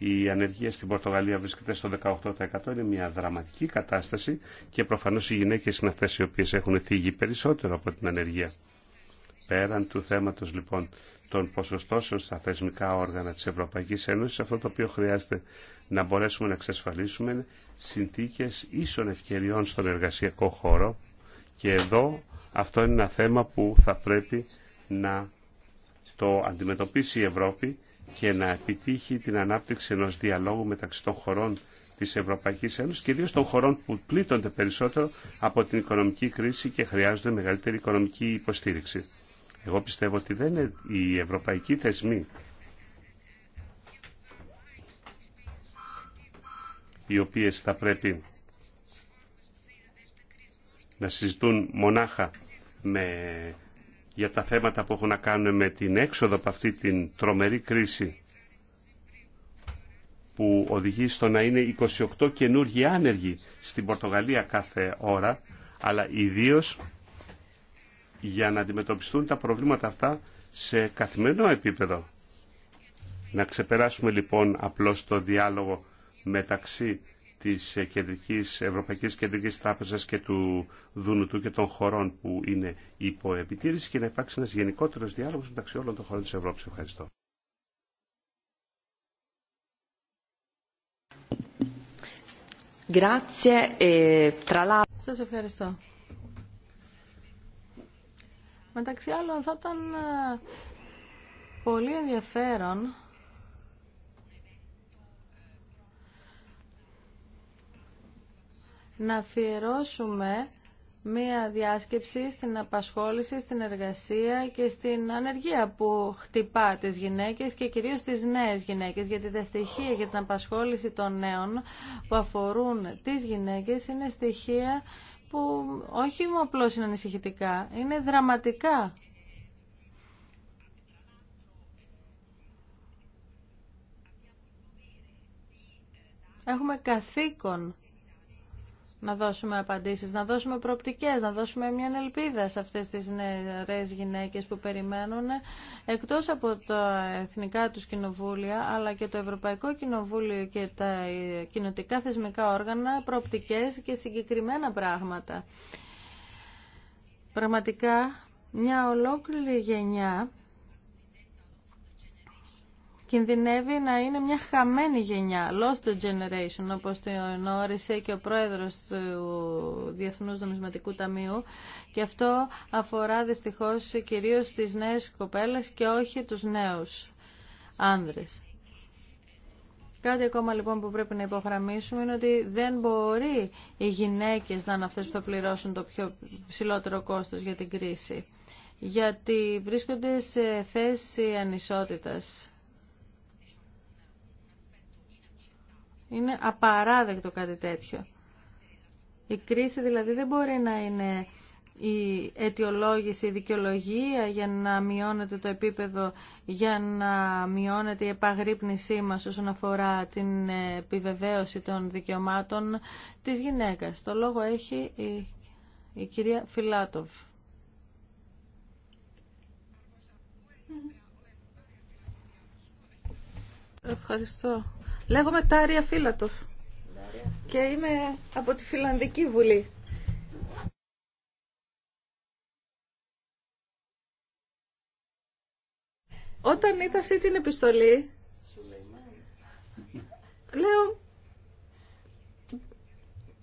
η ανεργία στην Πορτογαλία βρίσκεται στο 18%. Είναι μια δραματική κατάσταση και προφανώ οι γυναίκε είναι αυτέ οι οποίε έχουν θίγει περισσότερο από την ανεργία. Πέραν του θέματο λοιπόν των ποσοστώσεων στα θεσμικά όργανα της Ευρωπαϊκής Ένωσης, αυτό το οποίο χρειάζεται να μπορέσουμε να εξασφαλίσουμε είναι συνθήκες ίσων ευκαιριών στον εργασιακό χώρο και εδώ αυτό είναι ένα θέμα που θα πρέπει να το αντιμετωπίσει η Ευρώπη και να επιτύχει την ανάπτυξη ενός διαλόγου μεταξύ των χωρών της Ευρωπαϊκής Ένωσης, κυρίως των χωρών που πλήττονται περισσότερο από την οικονομική κρίση και χρειάζονται μεγαλύτερη οικονομική υποστήριξη. Εγώ πιστεύω ότι δεν είναι οι ευρωπαϊκοί θεσμοί οι οποίες θα πρέπει να συζητούν μονάχα με για τα θέματα που έχουν να κάνουν με την έξοδο από αυτή την τρομερή κρίση που οδηγεί στο να είναι 28 καινούργιοι άνεργοι στην Πορτογαλία κάθε ώρα, αλλά ιδίως για να αντιμετωπιστούν τα προβλήματα αυτά σε καθημερινό επίπεδο. Να ξεπεράσουμε λοιπόν απλώς το διάλογο μεταξύ της Κεντρικής, Ευρωπαϊκής Κεντρικής Τράπεζας και του Δουνουτού και των χωρών που είναι υπό επιτήρηση και να υπάρξει ένας γενικότερος διάλογος μεταξύ όλων των χωρών της Ευρώπης. Ευχαριστώ. Ε, Σας ευχαριστώ. Μεταξύ άλλων θα ήταν ε, πολύ ενδιαφέρον να αφιερώσουμε μία διάσκεψη στην απασχόληση, στην εργασία και στην ανεργία που χτυπά τις γυναίκες και κυρίως τις νέες γυναίκες γιατί τα στοιχεία για την απασχόληση των νέων που αφορούν τις γυναίκες είναι στοιχεία που όχι μόνο απλώ είναι ανησυχητικά, είναι δραματικά. Έχουμε καθήκον να δώσουμε απαντήσεις, να δώσουμε προοπτικές, να δώσουμε μια ελπίδα σε αυτές τις νεαρές γυναίκες που περιμένουν εκτός από τα εθνικά τους κοινοβούλια αλλά και το Ευρωπαϊκό Κοινοβούλιο και τα κοινοτικά θεσμικά όργανα προοπτικές και συγκεκριμένα πράγματα. Πραγματικά μια ολόκληρη γενιά κινδυνεύει να είναι μια χαμένη γενιά, lost generation, όπως την όρισε και ο πρόεδρος του Διεθνούς Νομισματικού Ταμείου και αυτό αφορά δυστυχώς κυρίως τις νέες κοπέλες και όχι τους νέους άνδρες. Κάτι ακόμα λοιπόν που πρέπει να υπογραμμίσουμε είναι ότι δεν μπορεί οι γυναίκες να είναι αυτές που θα πληρώσουν το πιο ψηλότερο κόστος για την κρίση γιατί βρίσκονται σε θέση ανισότητας. Είναι απαράδεκτο κάτι τέτοιο. Η κρίση δηλαδή δεν μπορεί να είναι η αιτιολόγηση, η δικαιολογία για να μειώνεται το επίπεδο, για να μειώνεται η επαγρύπνησή μας όσον αφορά την επιβεβαίωση των δικαιωμάτων της γυναίκας. Το λόγο έχει η, η κυρία Φιλάτοβ. Ευχαριστώ. Λέγομαι Τάρια Φίλατοφ και είμαι από τη Φιλανδική Βουλή. Όταν είδα αυτή την επιστολή, λέω,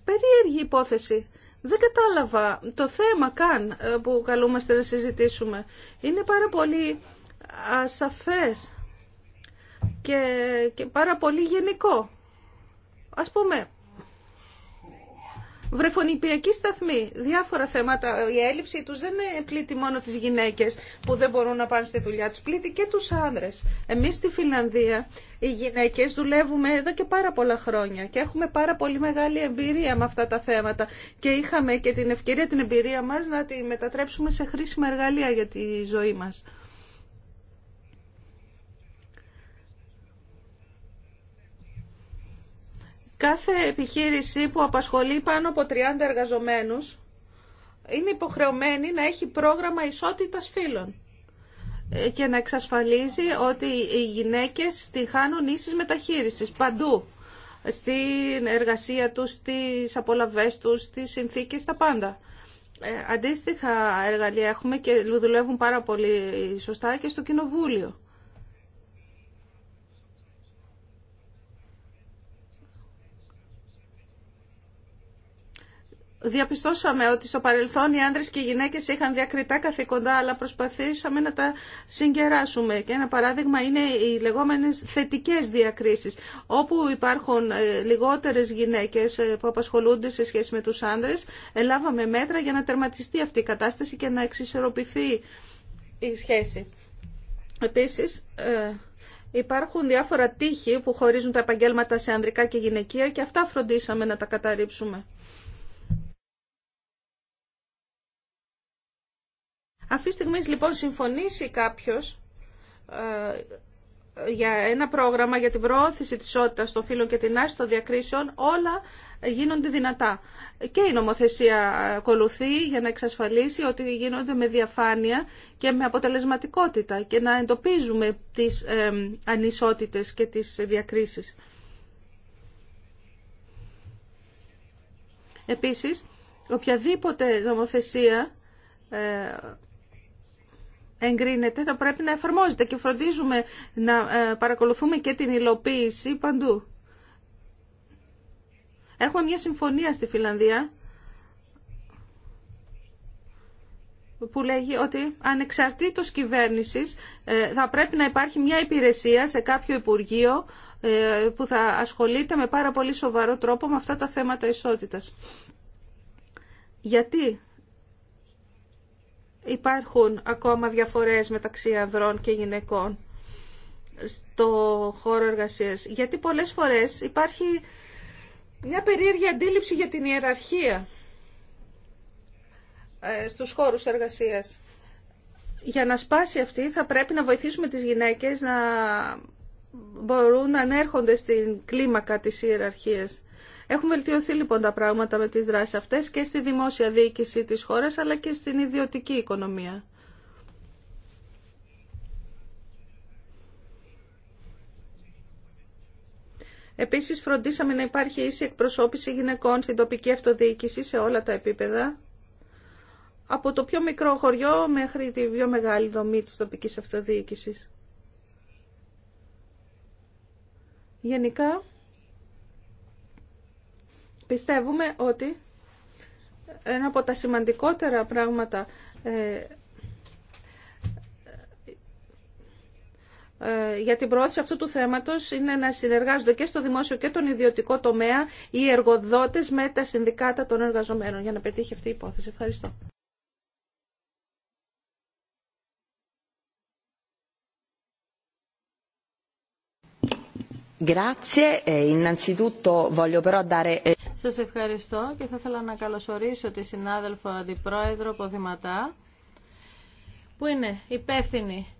περίεργη υπόθεση. Δεν κατάλαβα το θέμα καν ε, που καλούμαστε να συζητήσουμε. Είναι πάρα πολύ ασαφές και, και πάρα πολύ γενικό. Ας πούμε, βρεφονιπιακή σταθμή, διάφορα θέματα. Η έλλειψη τους δεν πλήττει μόνο τις γυναίκες που δεν μπορούν να πάνε στη δουλειά τους, πλήττει και τους άνδρες. Εμείς στη Φιλανδία οι γυναίκες δουλεύουμε εδώ και πάρα πολλά χρόνια και έχουμε πάρα πολύ μεγάλη εμπειρία με αυτά τα θέματα και είχαμε και την ευκαιρία την εμπειρία μας να τη μετατρέψουμε σε χρήσιμα εργαλεία για τη ζωή μας. Κάθε επιχείρηση που απασχολεί πάνω από 30 εργαζομένους είναι υποχρεωμένη να έχει πρόγραμμα ισότητας φύλων ε, και να εξασφαλίζει ότι οι γυναίκες τη χάνουν ίσης μεταχείρισης παντού στην εργασία τους, στις απολαβές τους, στις συνθήκες, τα πάντα. Ε, αντίστοιχα εργαλεία έχουμε και δουλεύουν πάρα πολύ σωστά και στο Κοινοβούλιο. διαπιστώσαμε ότι στο παρελθόν οι άντρες και οι γυναίκες είχαν διακριτά καθήκοντα, αλλά προσπαθήσαμε να τα συγκεράσουμε. Και ένα παράδειγμα είναι οι λεγόμενες θετικές διακρίσεις, όπου υπάρχουν ε, λιγότερες γυναίκες ε, που απασχολούνται σε σχέση με τους άντρες. Ελάβαμε μέτρα για να τερματιστεί αυτή η κατάσταση και να εξισορροπηθεί η σχέση. Επίσης, ε, Υπάρχουν διάφορα τείχη που χωρίζουν τα επαγγέλματα σε ανδρικά και γυναικεία και αυτά φροντίσαμε να τα καταρρύψουμε. Αυτή τη στιγμή λοιπόν συμφωνήσει κάποιος ε, για ένα πρόγραμμα για την προώθηση της ισότητας των φύλων και την άρση των διακρίσεων, όλα γίνονται δυνατά. Και η νομοθεσία ακολουθεί για να εξασφαλίσει ότι γίνονται με διαφάνεια και με αποτελεσματικότητα και να εντοπίζουμε τις ε, ανισότητες και τις διακρίσεις. Επίσης, οποιαδήποτε νομοθεσία ε, εγκρίνεται θα πρέπει να εφαρμόζεται και φροντίζουμε να ε, παρακολουθούμε και την υλοποίηση παντού. Έχουμε μια συμφωνία στη Φιλανδία που λέγει ότι ανεξαρτήτως κυβέρνησης ε, θα πρέπει να υπάρχει μια υπηρεσία σε κάποιο Υπουργείο ε, που θα ασχολείται με πάρα πολύ σοβαρό τρόπο με αυτά τα θέματα ισότητας. Γιατί υπάρχουν ακόμα διαφορές μεταξύ ανδρών και γυναικών στο χώρο εργασίας. Γιατί πολλές φορές υπάρχει μια περίεργη αντίληψη για την ιεραρχία ε, στους χώρους εργασίας. Για να σπάσει αυτή θα πρέπει να βοηθήσουμε τις γυναίκες να μπορούν να ανέρχονται στην κλίμακα της ιεραρχίας. Έχουν βελτιωθεί λοιπόν τα πράγματα με τις δράσεις αυτές και στη δημόσια διοίκηση της χώρας αλλά και στην ιδιωτική οικονομία. Επίσης φροντίσαμε να υπάρχει ίση εκπροσώπηση γυναικών στην τοπική αυτοδιοίκηση σε όλα τα επίπεδα. Από το πιο μικρό χωριό μέχρι τη πιο μεγάλη δομή της τοπικής αυτοδιοίκησης. Γενικά, Πιστεύουμε ότι ένα από τα σημαντικότερα πράγματα ε, ε, για την προώθηση αυτού του θέματος είναι να συνεργάζονται και στο δημόσιο και τον ιδιωτικό τομέα οι εργοδότες με τα συνδικάτα των εργαζομένων για να πετύχει αυτή η υπόθεση. Ευχαριστώ. E eh, Σας ευχαριστώ και θα ήθελα να καλωσορίσω τη συνάδελφο Αντιπρόεδρο Ποδηματά που είναι υπεύθυνη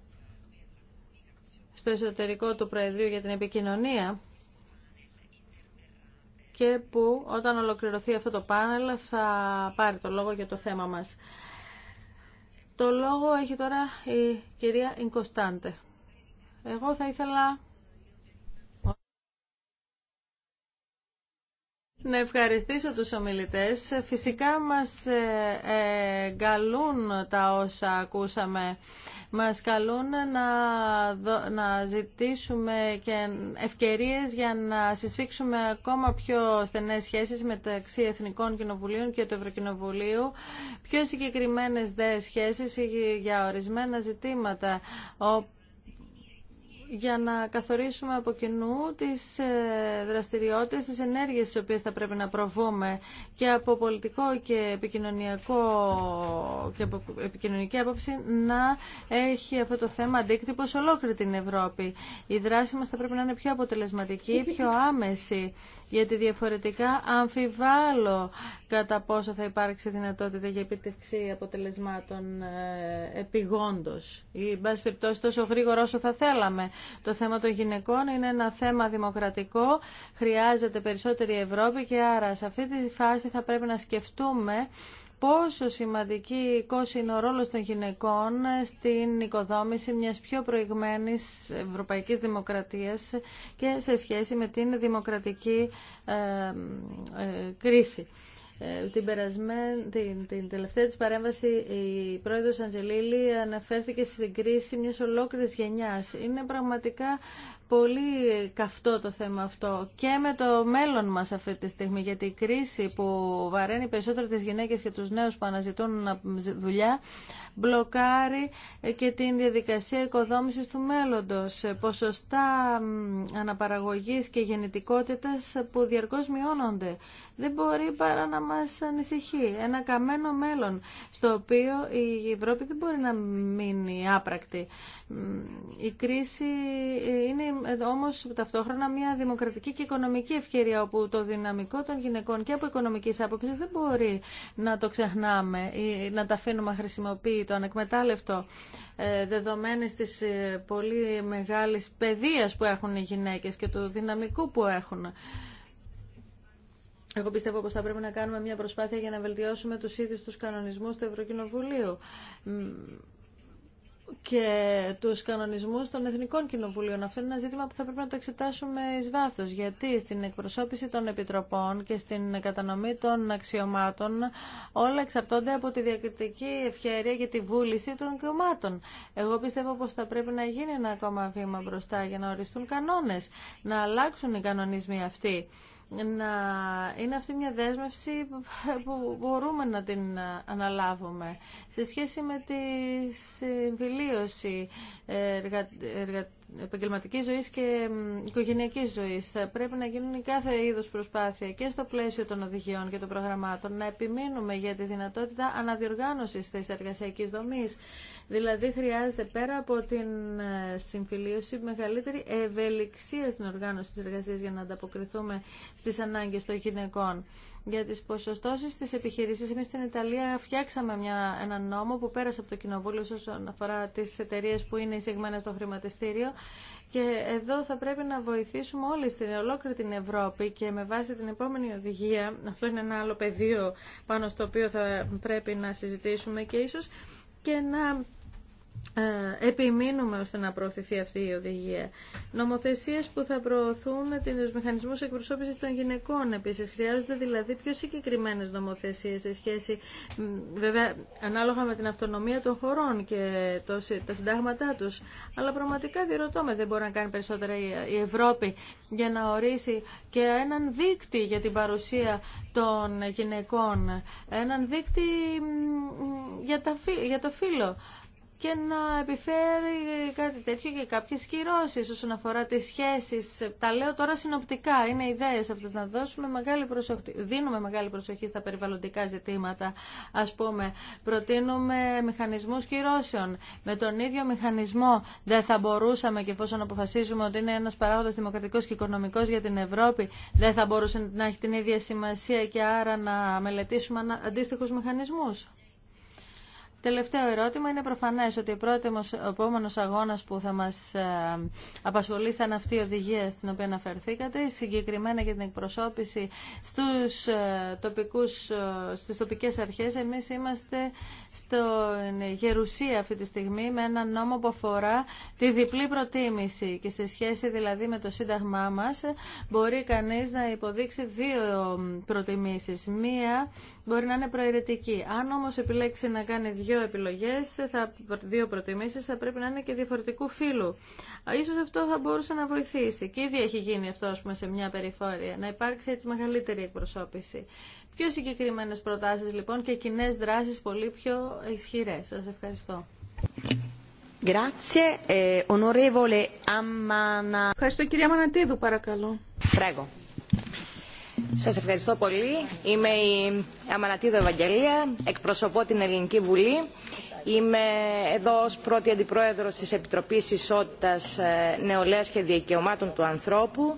στο εσωτερικό του Προεδρείου για την επικοινωνία και που όταν ολοκληρωθεί αυτό το πάνελ θα πάρει το λόγο για το θέμα μας. Το λόγο έχει τώρα η κυρία Ινκοστάντε. Εγώ θα ήθελα Να ευχαριστήσω τους ομιλητές. Φυσικά μας ε, ε, καλούν τα όσα ακούσαμε. Μας καλούν να, να ζητήσουμε και ευκαιρίες για να συσφίξουμε ακόμα πιο στενές σχέσεις μεταξύ Εθνικών Κοινοβουλίων και του Ευρωκοινοβουλίου. Πιο συγκεκριμένες δε σχέσεις για ορισμένα ζητήματα, για να καθορίσουμε από κοινού τις ε, δραστηριότητες, τις ενέργειες τις οποίες θα πρέπει να προβούμε και από πολιτικό και επικοινωνιακό και από επικοινωνική άποψη να έχει αυτό το θέμα αντίκτυπο σε ολόκληρη την Ευρώπη. Η δράση μας θα πρέπει να είναι πιο αποτελεσματική, πιο άμεση, γιατί διαφορετικά αμφιβάλλω κατά πόσο θα υπάρξει δυνατότητα για επιτευξή αποτελεσμάτων ε, επιγόντως ή, εν περιπτώσει, τόσο γρήγορα όσο θα θέλαμε. Το θέμα των γυναικών είναι ένα θέμα δημοκρατικό, χρειάζεται περισσότερη Ευρώπη και άρα σε αυτή τη φάση θα πρέπει να σκεφτούμε πόσο σημαντικό είναι ο ρόλος των γυναικών στην οικοδόμηση μιας πιο προηγμένης ευρωπαϊκής δημοκρατίας και σε σχέση με την δημοκρατική ε, ε, κρίση. Ε, την, περασμένη, την, την τελευταία της παρέμβαση η πρόεδρος Αντζελίλη αναφέρθηκε στην κρίση μιας ολόκληρης γενιάς. Είναι πραγματικά πολύ καυτό το θέμα αυτό και με το μέλλον μας αυτή τη στιγμή γιατί η κρίση που βαραίνει περισσότερο τις γυναίκες και τους νέους που αναζητούν δουλειά μπλοκάρει και την διαδικασία οικοδόμησης του μέλλοντος ποσοστά αναπαραγωγής και γεννητικότητας που διαρκώς μειώνονται δεν μπορεί παρά να μας ανησυχεί ένα καμένο μέλλον στο οποίο η Ευρώπη δεν μπορεί να μείνει άπρακτη η κρίση ε, είναι όμως ταυτόχρονα μια δημοκρατική και οικονομική ευκαιρία όπου το δυναμικό των γυναικών και από οικονομικής άποψης δεν μπορεί να το ξεχνάμε ή να τα αφήνουμε χρησιμοποιητό, ανεκμετάλλευτο ε, δεδομένε της ε, πολύ μεγάλης παιδείας που έχουν οι γυναίκες και του δυναμικού που έχουν. Εγώ πιστεύω πως θα πρέπει να κάνουμε μια προσπάθεια για να βελτιώσουμε τους ίδιους τους κανονισμούς του Ευρωκοινοβουλίου και του κανονισμού των Εθνικών Κοινοβουλίων. Αυτό είναι ένα ζήτημα που θα πρέπει να το εξετάσουμε ει βάθο. γιατί στην εκπροσώπηση των επιτροπών και στην κατανομή των αξιωμάτων όλα εξαρτώνται από τη διακριτική ευχαίρεια για τη βούληση των κομμάτων. Εγώ πιστεύω πω θα πρέπει να γίνει ένα ακόμα βήμα μπροστά για να οριστούν κανόνε, να αλλάξουν οι κανονισμοί αυτοί να είναι αυτή μια δέσμευση που μπορούμε να την αναλάβουμε. Σε σχέση με τη συμβιλίωση ε, εργα επαγγελματικής ζωής και οικογενειακής ζωής. Θα πρέπει να γίνουν κάθε είδους προσπάθεια και στο πλαίσιο των οδηγιών και των προγραμμάτων να επιμείνουμε για τη δυνατότητα αναδιοργάνωσης της εργασιακής δομής. Δηλαδή χρειάζεται πέρα από την ε, συμφιλίωση μεγαλύτερη ευελιξία στην οργάνωση της εργασίας για να ανταποκριθούμε στις ανάγκες των γυναικών για τις ποσοστώσεις της επιχειρήσης. Εμείς στην Ιταλία φτιάξαμε μια, ένα νόμο που πέρασε από το Κοινοβούλιο όσον αφορά τις εταιρείε που είναι εισηγμένε στο χρηματιστήριο και εδώ θα πρέπει να βοηθήσουμε όλοι στην ολόκληρη την Ευρώπη και με βάση την επόμενη οδηγία, αυτό είναι ένα άλλο πεδίο πάνω στο οποίο θα πρέπει να συζητήσουμε και ίσως και να ε, επιμείνουμε ώστε να προωθηθεί αυτή η οδηγία. Νομοθεσίες που θα προωθούν του μηχανισμούς εκπροσώπησης των γυναικών Επίση. Χρειάζονται δηλαδή πιο συγκεκριμένες νομοθεσίες σε σχέση, βέβαια, ανάλογα με την αυτονομία των χωρών και τα συντάγματά τους. Αλλά πραγματικά διερωτώ δεν μπορεί να κάνει περισσότερα η Ευρώπη για να ορίσει και έναν δείκτη για την παρουσία των γυναικών, έναν δείκτη για, τα, για το φύλλο και να επιφέρει κάτι τέτοιο και κάποιες κυρώσεις όσον αφορά τις σχέσεις. Τα λέω τώρα συνοπτικά, είναι ιδέες αυτές να δώσουμε μεγάλη προσοχή. Δίνουμε μεγάλη προσοχή στα περιβαλλοντικά ζητήματα, ας πούμε. Προτείνουμε μηχανισμούς κυρώσεων. Με τον ίδιο μηχανισμό δεν θα μπορούσαμε και εφόσον αποφασίζουμε ότι είναι ένας παράγοντας δημοκρατικός και οικονομικός για την Ευρώπη, δεν θα μπορούσε να έχει την ίδια σημασία και άρα να μελετήσουμε αντίστοιχους μηχανισμούς. Τελευταίο ερώτημα. Είναι προφανέ ότι ο πρώτο επόμενο αγώνα που θα μα ε, απασχολεί σαν αυτή η οδηγία στην οποία αναφερθήκατε, συγκεκριμένα για την εκπροσώπηση στι ε, τοπικέ ε, στις τοπικές αρχές. Εμείς είμαστε στο Γερουσία αυτή τη στιγμή με ένα νόμο που αφορά τη διπλή προτίμηση και σε σχέση δηλαδή με το Σύνταγμά μα μπορεί κανεί να υποδείξει δύο προτιμήσει. Μία μπορεί να είναι προαιρετική. Αν όμω επιλέξει να κάνει δύο δύο επιλογές, δύο προτιμήσεις θα πρέπει να είναι και διαφορετικού φύλου. Ίσως αυτό θα μπορούσε να βοηθήσει και ήδη έχει γίνει αυτό ας πούμε, σε μια περιφόρεια, να υπάρξει έτσι μεγαλύτερη εκπροσώπηση. Πιο συγκεκριμένε προτάσεις λοιπόν και κοινέ δράσεις πολύ πιο ισχυρέ. Σας ευχαριστώ. Grazie, eh, Ευχαριστώ κυρία Μανατίδου παρακαλώ. Prego. Σας ευχαριστώ πολύ. Είμαι η Αμανατίδο Ευαγγελία, εκπροσωπώ την Ελληνική Βουλή. Είμαι εδώ ως πρώτη αντιπρόεδρος της Επιτροπής Ισότητας ε, Νεολαίας και Δικαιωμάτων του Ανθρώπου.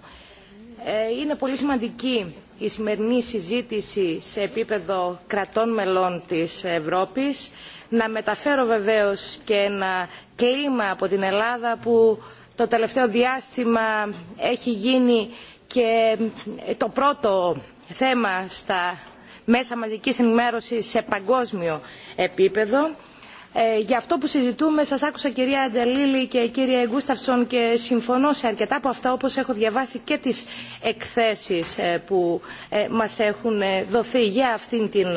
Ε, είναι πολύ σημαντική η σημερινή συζήτηση σε επίπεδο κρατών μελών της Ευρώπης. Να μεταφέρω βεβαίως και ένα κλίμα από την Ελλάδα που το τελευταίο διάστημα έχει γίνει και ε, το πρώτο θέμα στα μέσα μαζικής ενημέρωσης σε παγκόσμιο επίπεδο ε, για αυτό που συζητούμε, σας άκουσα κυρία Αντελήλη και κύριε Γκούσταυσον και συμφωνώ σε αρκετά από αυτά όπως έχω διαβάσει και τις εκθέσεις ε, που ε, μας έχουν δοθεί για αυτήν την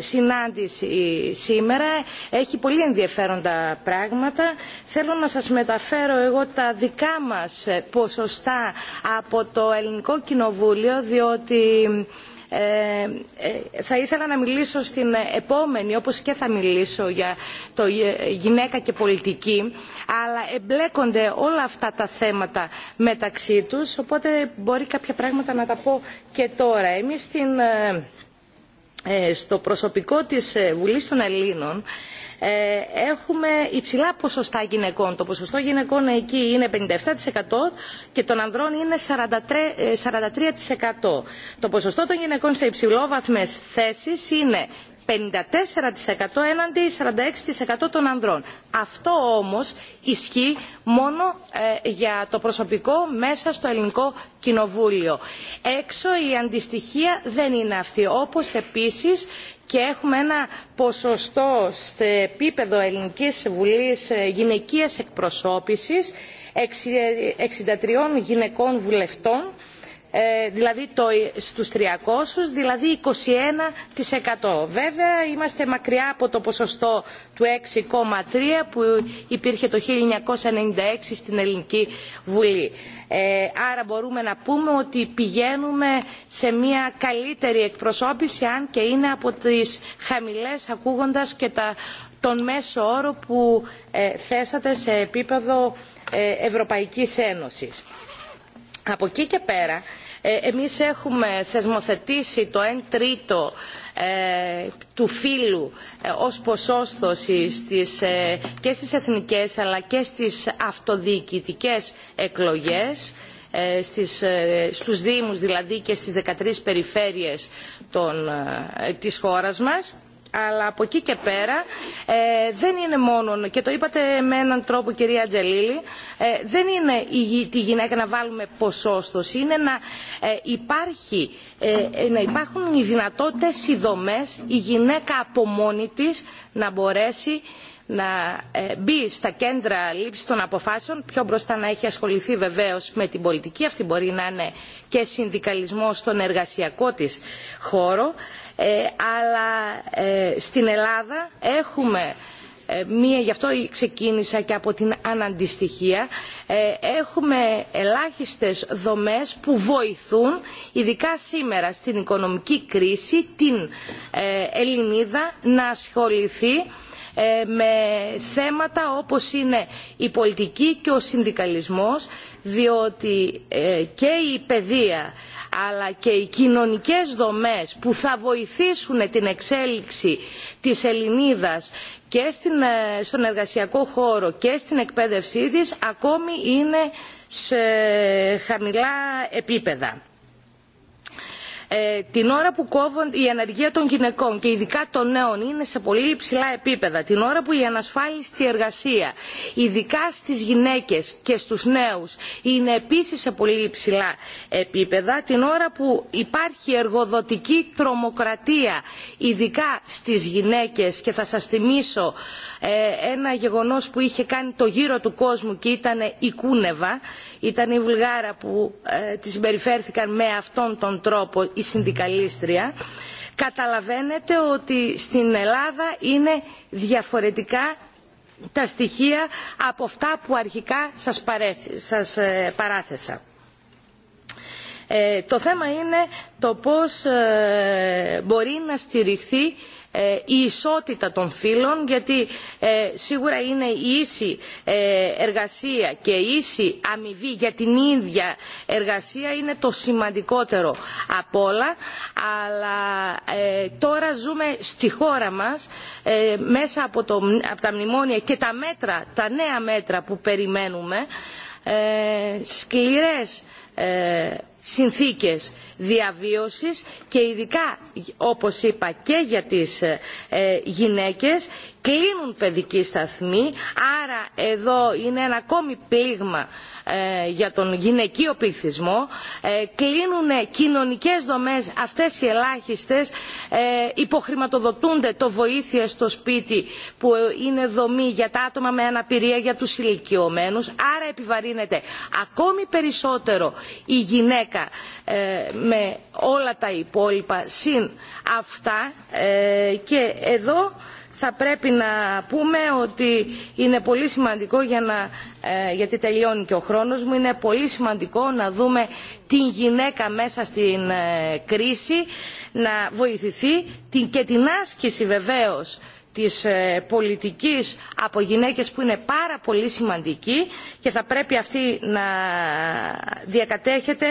συνάντηση σήμερα. Έχει πολύ ενδιαφέροντα πράγματα. Θέλω να σας μεταφέρω εγώ τα δικά μας ποσοστά από το Ελληνικό Κοινοβούλιο, διότι ε, ε, θα ήθελα να μιλήσω στην επόμενη, όπως και θα μιλήσω για το γυναίκα και πολιτική, αλλά εμπλέκονται όλα αυτά τα θέματα μεταξύ τους, οπότε μπορεί κάποια πράγματα να τα πω και τώρα. Εμείς στην ε, ε, στο προσωπικό της ε, Βουλής των Ελλήνων ε, έχουμε υψηλά ποσοστά γυναικών. Το ποσοστό γυναικών εκεί είναι 57% και των ανδρών είναι 43%. Το ποσοστό των γυναικών σε υψηλόβαθμες θέσεις είναι 54% έναντι 46% των ανδρών. Αυτό όμως ισχύει μόνο για το προσωπικό μέσα στο ελληνικό κοινοβούλιο. Έξω η αντιστοιχία δεν είναι αυτή. Όπως επίσης και έχουμε ένα ποσοστό σε επίπεδο ελληνικής βουλής γυναικείας εκπροσώπησης 63 γυναικών βουλευτών ε, δηλαδή το, στους 300, δηλαδή 21%. Βέβαια είμαστε μακριά από το ποσοστό του 6,3 που υπήρχε το 1996 στην Ελληνική Βουλή. Ε, άρα μπορούμε να πούμε ότι πηγαίνουμε σε μια καλύτερη εκπροσώπηση αν και είναι από τις χαμηλές ακούγοντας και τον μέσο όρο που ε, θέσατε σε επίπεδο ε, Ευρωπαϊκής Ένωσης. Από εκεί και πέρα ε, εμείς έχουμε θεσμοθετήσει το 1 τρίτο ε, του φύλου ε, ως ποσόστοση στις, και στις εθνικές αλλά και στις αυτοδιοικητικές εκλογές στις, στους Δήμους δηλαδή και στις 13 περιφέρειες των, της χώρας μας αλλά από εκεί και πέρα ε, δεν είναι μόνο, και το είπατε με έναν τρόπο κυρία Τζελίλη ε, δεν είναι η, τη γυναίκα να βάλουμε ποσόστοση, είναι να, ε, υπάρχει, να υπάρχουν οι δυνατότητες, οι δομές, η γυναίκα από μόνη της να μπορέσει να μπει στα κέντρα λήψη των αποφάσεων, πιο μπροστά να έχει ασχοληθεί βεβαίως με την πολιτική, αυτή μπορεί να είναι και συνδικαλισμό στον εργασιακό της χώρο, ε, αλλά ε, στην Ελλάδα έχουμε ε, μία, γι' αυτό ξεκίνησα και από την αναντιστοιχία, έχουμε ελάχιστες δομές που βοηθούν, ειδικά σήμερα στην οικονομική κρίση, την Ελληνίδα να ασχοληθεί με θέματα όπως είναι η πολιτική και ο συνδικαλισμός διότι και η παιδεία αλλά και οι κοινωνικές δομές που θα βοηθήσουν την εξέλιξη της Ελληνίδας και ε, στον εργασιακό χώρο και στην εκπαίδευσή της ακόμη είναι σε χαμηλά επίπεδα. Ε, την ώρα που κόβουν η ανεργία των γυναικών και ειδικά των νέων είναι σε πολύ υψηλά επίπεδα, την ώρα που η ανασφάλιστη εργασία ειδικά στις γυναίκες και στους νέους είναι επίσης σε πολύ υψηλά επίπεδα, την ώρα που υπάρχει εργοδοτική τρομοκρατία ειδικά στις γυναίκες και θα σας θυμίσω ε, ένα γεγονός που είχε κάνει το γύρο του κόσμου και ήταν η Κούνεβα ήταν η Βουλγάρα που ε, τη συμπεριφέρθηκαν με αυτόν τον τρόπο η συνδικαλίστρια καταλαβαίνετε ότι στην Ελλάδα είναι διαφορετικά τα στοιχεία από αυτά που αρχικά σας, ε, παράθεσα. Ε, το θέμα είναι το πώς μπορεί να στηριχθεί ε, η ισότητα των φύλων γιατί ε, σίγουρα είναι η ίση ε, εργασία και η ίση αμοιβή για την ίδια εργασία είναι το σημαντικότερο από όλα αλλά τώρα ζούμε στη χώρα μας μέσα από, από τα μνημόνια και τα μέτρα, τα νέα μέτρα που περιμένουμε σκληρές συνθήκες διαβίωσης και ειδικά όπως είπα και για τις ε, ε γυναίκες κλείνουν παιδική σταθμή άρα εδώ είναι ένα ακόμη πλήγμα ε, για τον γυναικείο πληθυσμό ε, κλείνουν κοινωνικές δομές αυτές οι ελάχιστες ε, υποχρηματοδοτούνται το βοήθεια στο σπίτι που είναι δομή για τα άτομα με αναπηρία για τους ηλικιωμένους άρα επιβαρύνεται ακόμη περισσότερο η γυναίκα με όλα τα υπόλοιπα συν αυτά και εδώ θα πρέπει να πούμε ότι είναι πολύ σημαντικό για να, ε, γιατί τελειώνει και ο χρόνος μου, είναι πολύ σημαντικό να δούμε την γυναίκα μέσα στην ε, κρίση, να βοηθηθεί την, και την άσκηση βεβαίως της ε, πολιτικής από γυναίκες που είναι πάρα πολύ σημαντική και θα πρέπει αυτή να διακατέχεται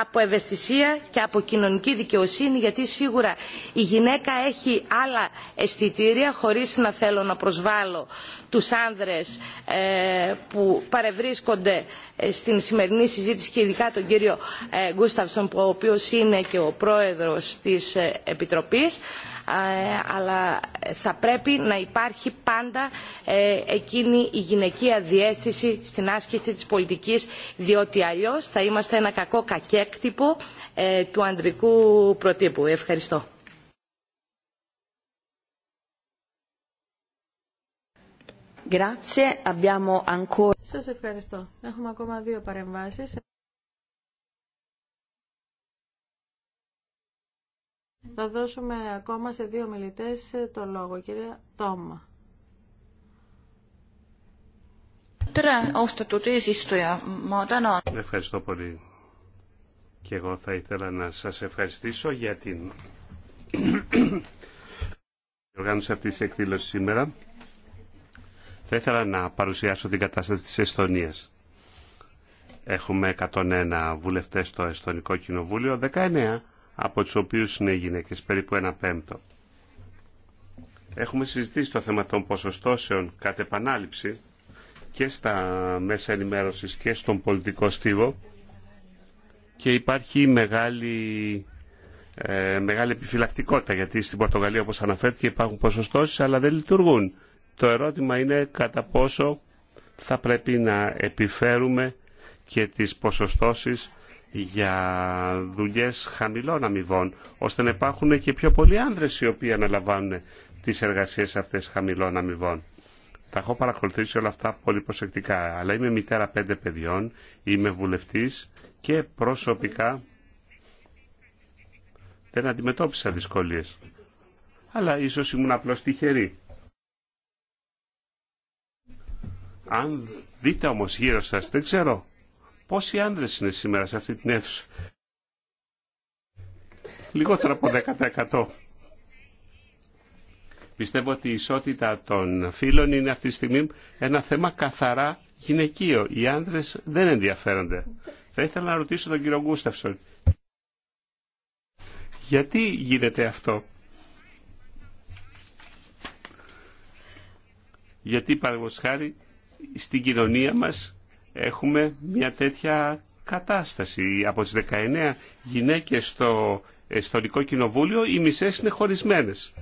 από ευαισθησία και από κοινωνική δικαιοσύνη γιατί σίγουρα η γυναίκα έχει άλλα αισθητήρια χωρίς να θέλω να προσβάλλω τους άνδρες ε, που παρευρίσκονται ε, στην σημερινή συζήτηση και ειδικά τον κύριο Γκούσταυσον ο οποίος είναι και ο πρόεδρος της Επιτροπής ε, αλλά θα πρέπει να υπάρχει πάντα ε, εκείνη η γυναικεία διέστηση στην άσκηση της πολιτικής διότι αλλιώς θα είμαστε ένα κακό κακέκτυπο ε, του αντρικού προτύπου. Ευχαριστώ. Σας ευχαριστώ. Έχουμε ακόμα δύο παρεμβάσεις. Θα δώσουμε ακόμα σε δύο μιλητές ε, το λόγο. Κυρία Τόμα. Ευχαριστώ πολύ. Και εγώ θα ήθελα να σας ευχαριστήσω για την οργάνωση αυτής της εκδήλωσης σήμερα. Θα ήθελα να παρουσιάσω την κατάσταση της Εστονίας. Έχουμε 101 βουλευτές στο Εστονικό Κοινοβούλιο, 19 από τους οποίους είναι οι γυναίκες, περίπου ένα πέμπτο. Έχουμε συζητήσει το θέμα των ποσοστώσεων κατ' επανάληψη και στα μέσα ενημέρωσης και στον πολιτικό στίβο και υπάρχει μεγάλη, ε, μεγάλη επιφυλακτικότητα γιατί στην Πορτογαλία όπως αναφέρθηκε υπάρχουν ποσοστώσεις αλλά δεν λειτουργούν. Το ερώτημα είναι κατά πόσο θα πρέπει να επιφέρουμε και τις ποσοστώσεις για δουλειές χαμηλών αμοιβών, ώστε να υπάρχουν και πιο πολλοί άνδρες οι οποίοι αναλαμβάνουν τις εργασίες αυτές χαμηλών αμοιβών. Τα έχω παρακολουθήσει όλα αυτά πολύ προσεκτικά, αλλά είμαι μητέρα πέντε παιδιών, είμαι βουλευτής και προσωπικά δεν αντιμετώπισα δυσκολίες. Αλλά ίσως ήμουν απλώς τυχερή. Αν δείτε όμως γύρω σας, δεν ξέρω Πόσοι άντρες είναι σήμερα σε αυτή την αίθουσα. Λιγότερο από 10%. Πιστεύω ότι η ισότητα των φίλων είναι αυτή τη στιγμή ένα θέμα καθαρά γυναικείο. Οι άντρες δεν ενδιαφέρονται. Θα ήθελα να ρωτήσω τον κύριο Γκούσταυσον. Γιατί γίνεται αυτό. Γιατί παραγωγικά στην κοινωνία μας έχουμε μια τέτοια κατάσταση. Από τις 19 γυναίκες στο Ιστορικό Κοινοβούλιο οι μισές είναι χωρισμένες.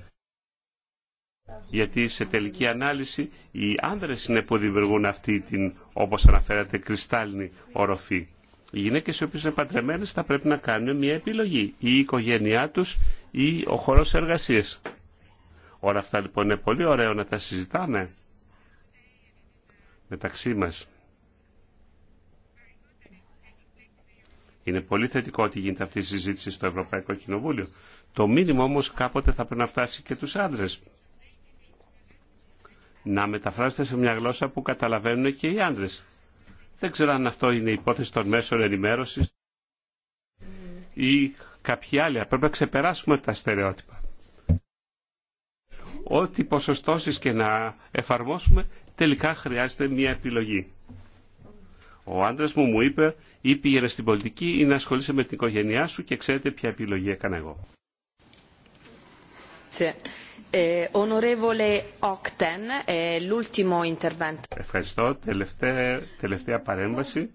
Γιατί σε τελική ανάλυση οι άνδρες είναι που δημιουργούν αυτή την, όπως αναφέρατε, κρυστάλλινη οροφή. Οι γυναίκες οι οποίες είναι παντρεμένες θα πρέπει να κάνουν μια επιλογή. Η οικογένειά τους ή ο χώρος εργασίας. Όλα αυτά λοιπόν είναι πολύ ωραίο να τα συζητάμε μεταξύ μας. Είναι πολύ θετικό ότι γίνεται αυτή η συζήτηση στο Ευρωπαϊκό Κοινοβούλιο. Το μήνυμα όμως κάποτε θα πρέπει να φτάσει και τους άντρες. Να μεταφράσετε σε μια γλώσσα που καταλαβαίνουν και οι άντρες. Δεν ξέρω αν αυτό είναι η υπόθεση των μέσων ενημέρωσης ή κάποια άλλοι. Πρέπει να ξεπεράσουμε τα στερεότυπα. Ό,τι ποσοστώσεις και να εφαρμόσουμε, τελικά χρειάζεται μια επιλογή. Ο άντρα μου μου είπε, ή πήγαινε στην πολιτική ή να ασχολείσαι με την οικογένειά σου και ξέρετε ποια επιλογή έκανα εγώ. Ε, ε, Ευχαριστώ. Τελευταία, τελευταία παρέμβαση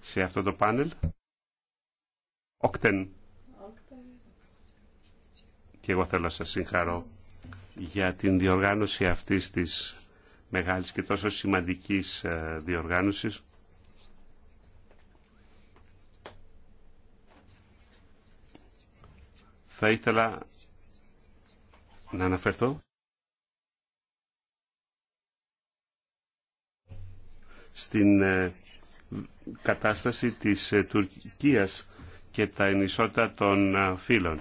σε αυτό το πάνελ. Οκτεν. Και εγώ θέλω να σας συγχαρώ για την διοργάνωση αυτής της μεγάλης και τόσο σημαντικής ε, διοργάνωσης Θα ήθελα να αναφερθώ στην ε, κατάσταση της ε, Τουρκίας και τα ενισότητα των ε, φύλων.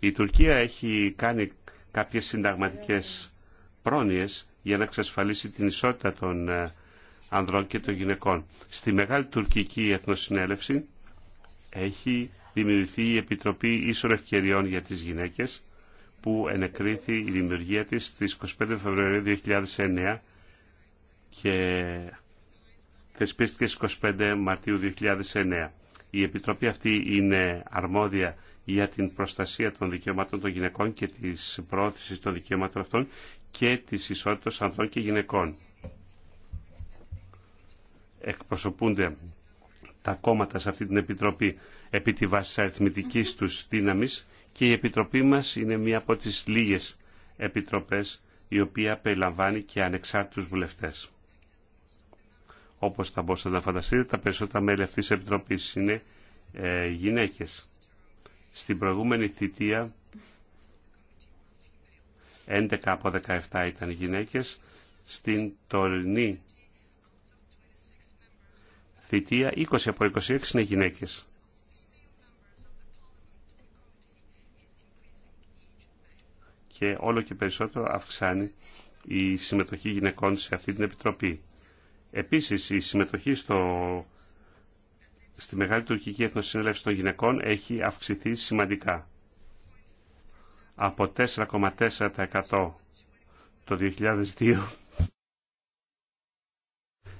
Η Τουρκία έχει κάνει κάποιες συνταγματικές πρόνοιες για να εξασφαλίσει την ισότητα των ανδρών και των γυναικών. Στη Μεγάλη Τουρκική Εθνοσυνέλευση έχει δημιουργηθεί η Επιτροπή Ίσων Ευκαιριών για τις Γυναίκες που ενεκρίθη η δημιουργία της στις 25 Φεβρουαρίου 2009 και θεσπίστηκε στις 25 Μαρτίου 2009. Η Επιτροπή αυτή είναι αρμόδια για την προστασία των δικαιωμάτων των γυναικών και της πρόθεσης των δικαιωμάτων αυτών και της ισότητας ανθρώπων και γυναικών. Εκπροσωπούνται τα κόμματα σε αυτή την Επιτροπή επί τη βάση αριθμητικής τους δύναμης και η Επιτροπή μας είναι μία από τις λίγες επιτροπές η οποία περιλαμβάνει και ανεξάρτητους βουλευτές. Όπως θα μπορούσατε να φανταστείτε, τα περισσότερα μέλη αυτής της Επιτροπής είναι ε, γυναίκες. Στην προηγούμενη θητεία 11 από 17 ήταν γυναίκες. Στην τωρινή θητεία 20 από 26 είναι γυναίκες. και όλο και περισσότερο αυξάνει η συμμετοχή γυναικών σε αυτή την επιτροπή. Επίσης, η συμμετοχή στο, στη Μεγάλη Τουρκική Εθνοσυνέλευση των Γυναικών έχει αυξηθεί σημαντικά. Από 4,4% το 2002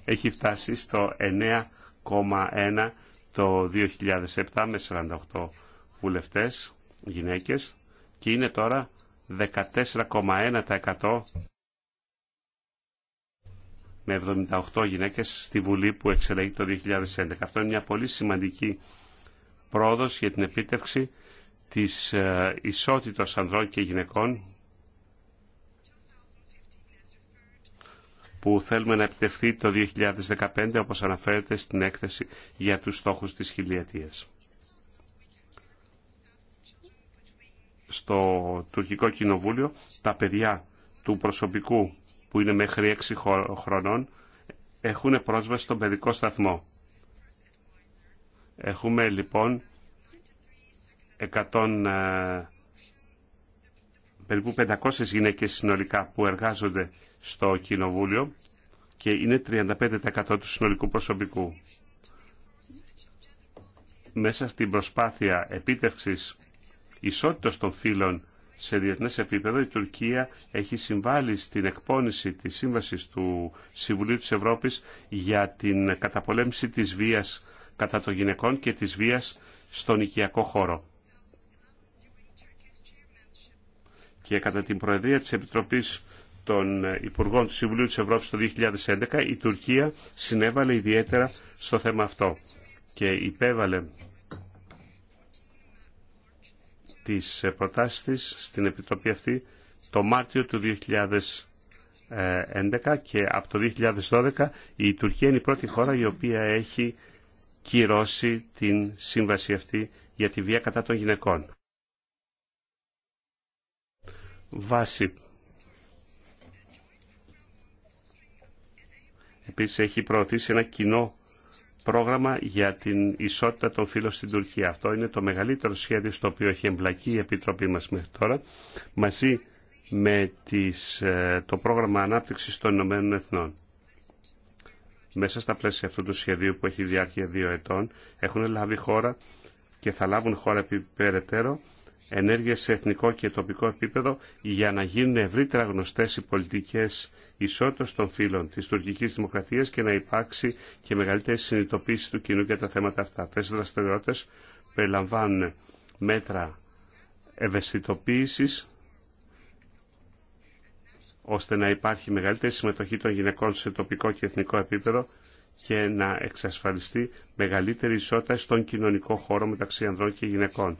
έχει φτάσει στο 9,1% το 2007 με 48 βουλευτές γυναίκες και είναι τώρα 14,1% με 78 γυναίκες στη Βουλή που εξελέγει το 2011. Αυτό είναι μια πολύ σημαντική πρόοδος για την επίτευξη της ε, ισότητας ανδρών και γυναικών που θέλουμε να επιτευχθεί το 2015 όπως αναφέρεται στην έκθεση για τους στόχους της χιλιετίας. στο τουρκικό κοινοβούλιο τα παιδιά του προσωπικού που είναι μέχρι 6 χρονών έχουν πρόσβαση στον παιδικό σταθμό. Έχουμε λοιπόν 100, ε, περίπου 500 γυναίκες συνολικά που εργάζονται στο κοινοβούλιο και είναι 35% του συνολικού προσωπικού. Μέσα στην προσπάθεια επίτευξης ισότητα των φύλων σε διεθνέ επίπεδο, η Τουρκία έχει συμβάλει στην εκπόνηση τη σύμβαση του Συμβουλίου τη Ευρώπη για την καταπολέμηση τη βία κατά των γυναικών και τη βία στον οικιακό χώρο. Και κατά την Προεδρία της Επιτροπής των Υπουργών του Συμβουλίου της Ευρώπης το 2011, η Τουρκία συνέβαλε ιδιαίτερα στο θέμα αυτό και υπέβαλε τις ε, προτάσεις της στην Επιτροπή αυτή το Μάρτιο του 2011 ε, και από το 2012 η Τουρκία είναι η πρώτη χώρα η οποία έχει κυρώσει την σύμβαση αυτή για τη βία κατά των γυναικών. Βάση. Επίσης έχει προωθήσει ένα κοινό πρόγραμμα για την ισότητα των φύλων στην Τουρκία. Αυτό είναι το μεγαλύτερο σχέδιο στο οποίο έχει εμπλακεί η Επιτροπή μας μέχρι τώρα, μαζί με τις, ε, το πρόγραμμα ανάπτυξης των Ηνωμένων Εθνών. Μέσα στα πλαίσια αυτού του σχεδίου που έχει διάρκεια δύο ετών έχουν λάβει χώρα και θα λάβουν χώρα περαιτέρω ενέργειες σε εθνικό και τοπικό επίπεδο για να γίνουν ευρύτερα γνωστές οι πολιτικές ισότητε των φύλων της τουρκικής δημοκρατίας και να υπάρξει και μεγαλύτερη συνειδητοποίηση του κοινού για τα θέματα αυτά. Αυτές οι δραστηριότητες περιλαμβάνουν μέτρα ευαισθητοποίησης ώστε να υπάρχει μεγαλύτερη συμμετοχή των γυναικών σε τοπικό και εθνικό επίπεδο και να εξασφαλιστεί μεγαλύτερη ισότητα στον κοινωνικό χώρο μεταξύ ανδρών και γυναικών.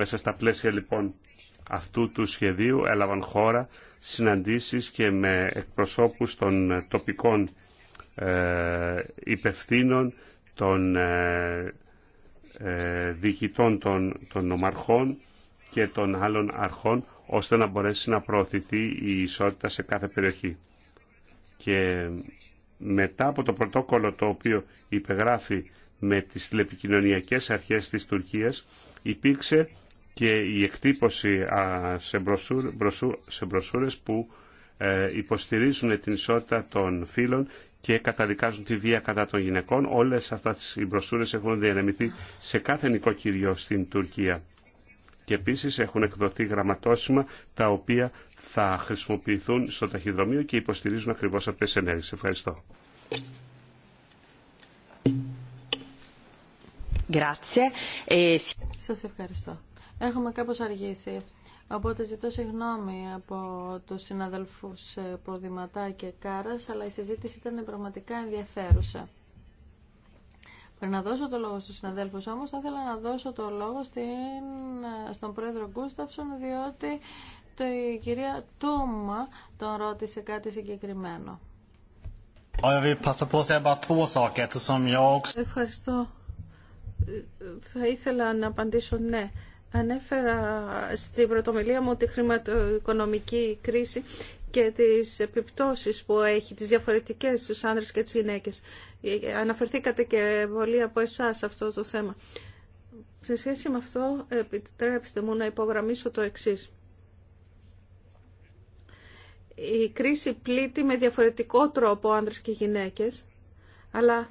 Μέσα στα πλαίσια λοιπόν αυτού του σχεδίου έλαβαν χώρα συναντήσεις και με εκπροσώπους των τοπικών ε, υπευθύνων, των ε, ε, διοικητών των, των νομαρχών και των άλλων αρχών, ώστε να μπορέσει να προωθηθεί η ισότητα σε κάθε περιοχή. Και μετά από το πρωτόκολλο το οποίο υπεγράφει με τις τηλεπικοινωνιακές αρχές της Τουρκίας, υπήρξε και η εκτύπωση σε, μπροσούρ, μπροσούρες που ε, υποστηρίζουν την ισότητα των φύλων και καταδικάζουν τη βία κατά των γυναικών. Όλες αυτές οι μπροσούρες έχουν διανεμηθεί σε κάθε νοικοκυριό στην Τουρκία. Και επίσης έχουν εκδοθεί γραμματόσημα τα οποία θα χρησιμοποιηθούν στο ταχυδρομείο και υποστηρίζουν ακριβώς αυτές τις ενέργειες. Ευχαριστώ. Ε, Σας ευχαριστώ. Έχουμε κάπως αργήσει. Οπότε ζητώ συγγνώμη από τους συναδελφούς ε, Ποδηματά και Κάρας, αλλά η συζήτηση ήταν πραγματικά ενδιαφέρουσα. Πριν να δώσω το λόγο στους συναδέλφους όμως, θα ήθελα να δώσω το λόγο στην, ε, στον πρόεδρο Γκούσταυσον, διότι το, η κυρία Τούμα τον ρώτησε κάτι συγκεκριμένο. Ευχαριστώ. Θα ήθελα να απαντήσω ναι. Ανέφερα στην πρωτομιλία μου τη χρηματοοικονομική κρίση και τις επιπτώσεις που έχει, τις διαφορετικές στους άνδρες και τις γυναίκες. Αναφερθήκατε και πολλοί από εσάς αυτό το θέμα. Σε σχέση με αυτό, επιτρέψτε μου να υπογραμμίσω το εξής. Η κρίση πλήττει με διαφορετικό τρόπο άνδρες και γυναίκες, αλλά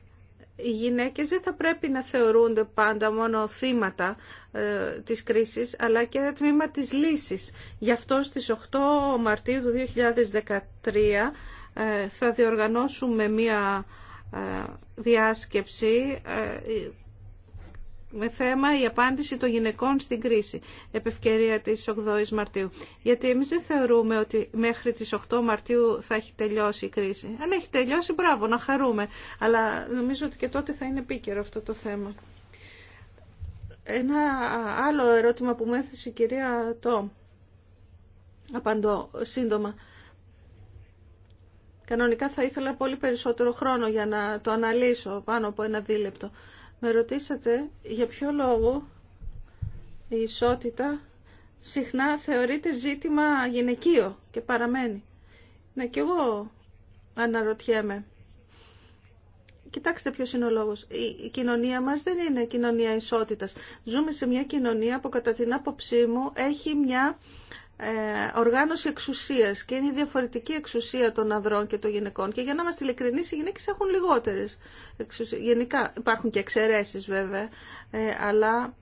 οι γυναίκες δεν θα πρέπει να θεωρούνται πάντα μόνο θύματα ε, της κρίσης, αλλά και ένα τμήμα της λύσης. Γι' αυτό στις 8 Μαρτίου του 2013 ε, θα διοργανώσουμε μία ε, διάσκεψη με θέμα η απάντηση των γυναικών στην κρίση, επευκαιρία της 8ης Μαρτίου. Γιατί εμείς δεν θεωρούμε ότι μέχρι τις 8 Μαρτίου θα έχει τελειώσει η κρίση. Αν έχει τελειώσει, μπράβο, να χαρούμε. Αλλά νομίζω ότι και τότε θα είναι επίκαιρο αυτό το θέμα. Ένα άλλο ερώτημα που μου έθεσε η κυρία το Απαντώ σύντομα. Κανονικά θα ήθελα πολύ περισσότερο χρόνο για να το αναλύσω πάνω από ένα δίλεπτο. Με ρωτήσατε για ποιο λόγο η ισότητα συχνά θεωρείται ζήτημα γυναικείο και παραμένει. Ναι, και εγώ αναρωτιέμαι. Κοιτάξτε ποιος είναι ο λόγος. Η, κοινωνία μας δεν είναι κοινωνία ισότητας. Ζούμε σε μια κοινωνία που κατά την άποψή μου έχει μια ε, οργάνωση εξουσίας και είναι η διαφορετική εξουσία των ανδρών και των γυναικών και για να είμαστε ειλικρινεί, οι γυναίκες έχουν λιγότερες εξουσίε. Γενικά υπάρχουν και εξαιρέσει, βέβαια, ε, αλλά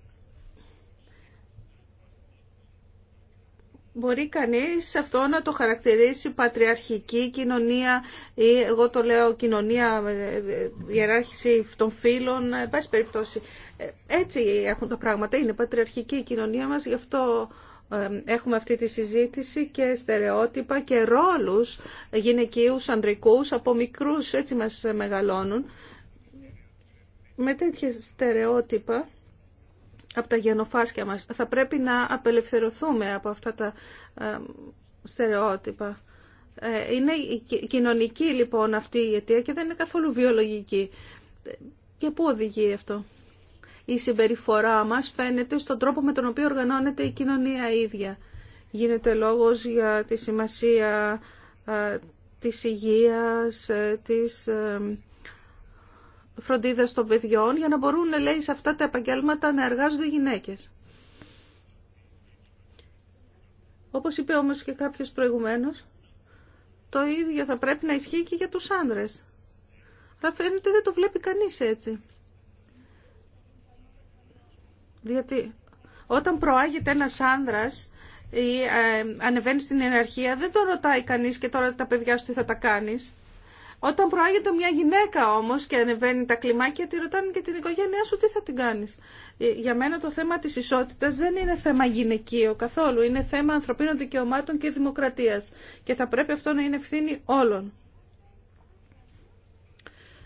μπορεί κανείς αυτό να το χαρακτηρίσει πατριαρχική κοινωνία ή εγώ το λέω κοινωνία διεράρχηση ε, των φίλων, εν πάση περιπτώσει. Έτσι έχουν τα πράγματα, είναι πατριαρχική η κοινωνία μας, γι' αυτό ε, έχουμε αυτή τη συζήτηση και στερεότυπα και ρόλους γυναικείους, ανδρικούς, από μικρούς έτσι μας μεγαλώνουν. Με τέτοια στερεότυπα από τα γενοφάσκια μας θα πρέπει να απελευθερωθούμε από αυτά τα ε, στερεότυπα. Ε, είναι κοινωνική λοιπόν αυτή η αιτία και δεν είναι καθόλου βιολογική. Και πού οδηγεί αυτό η συμπεριφορά μας φαίνεται στον τρόπο με τον οποίο οργανώνεται η κοινωνία ίδια. Γίνεται λόγος για τη σημασία ε, της υγείας, ε, της ε, φροντίδας των παιδιών, για να μπορούν, λέει, σε αυτά τα επαγγέλματα να εργάζονται γυναίκες. Όπως είπε όμως και κάποιος προηγουμένως, το ίδιο θα πρέπει να ισχύει και για τους άνδρες. Αλλά φαίνεται δεν το βλέπει κανείς έτσι. Διότι όταν προάγεται ένα άνδρας ή ε, ανεβαίνει στην ιεραρχία, δεν τον ρωτάει κανείς και τώρα τα παιδιά σου τι θα τα κάνεις. Όταν προάγεται μια γυναίκα όμω και ανεβαίνει τα κλιμάκια, τη ρωτάνε και την οικογένειά σου τι θα την κάνεις. Ε, για μένα το θέμα της ισότητας δεν είναι θέμα γυναικείο καθόλου, είναι θέμα ανθρωπίνων δικαιωμάτων και δημοκρατία. και θα πρέπει αυτό να είναι ευθύνη όλων.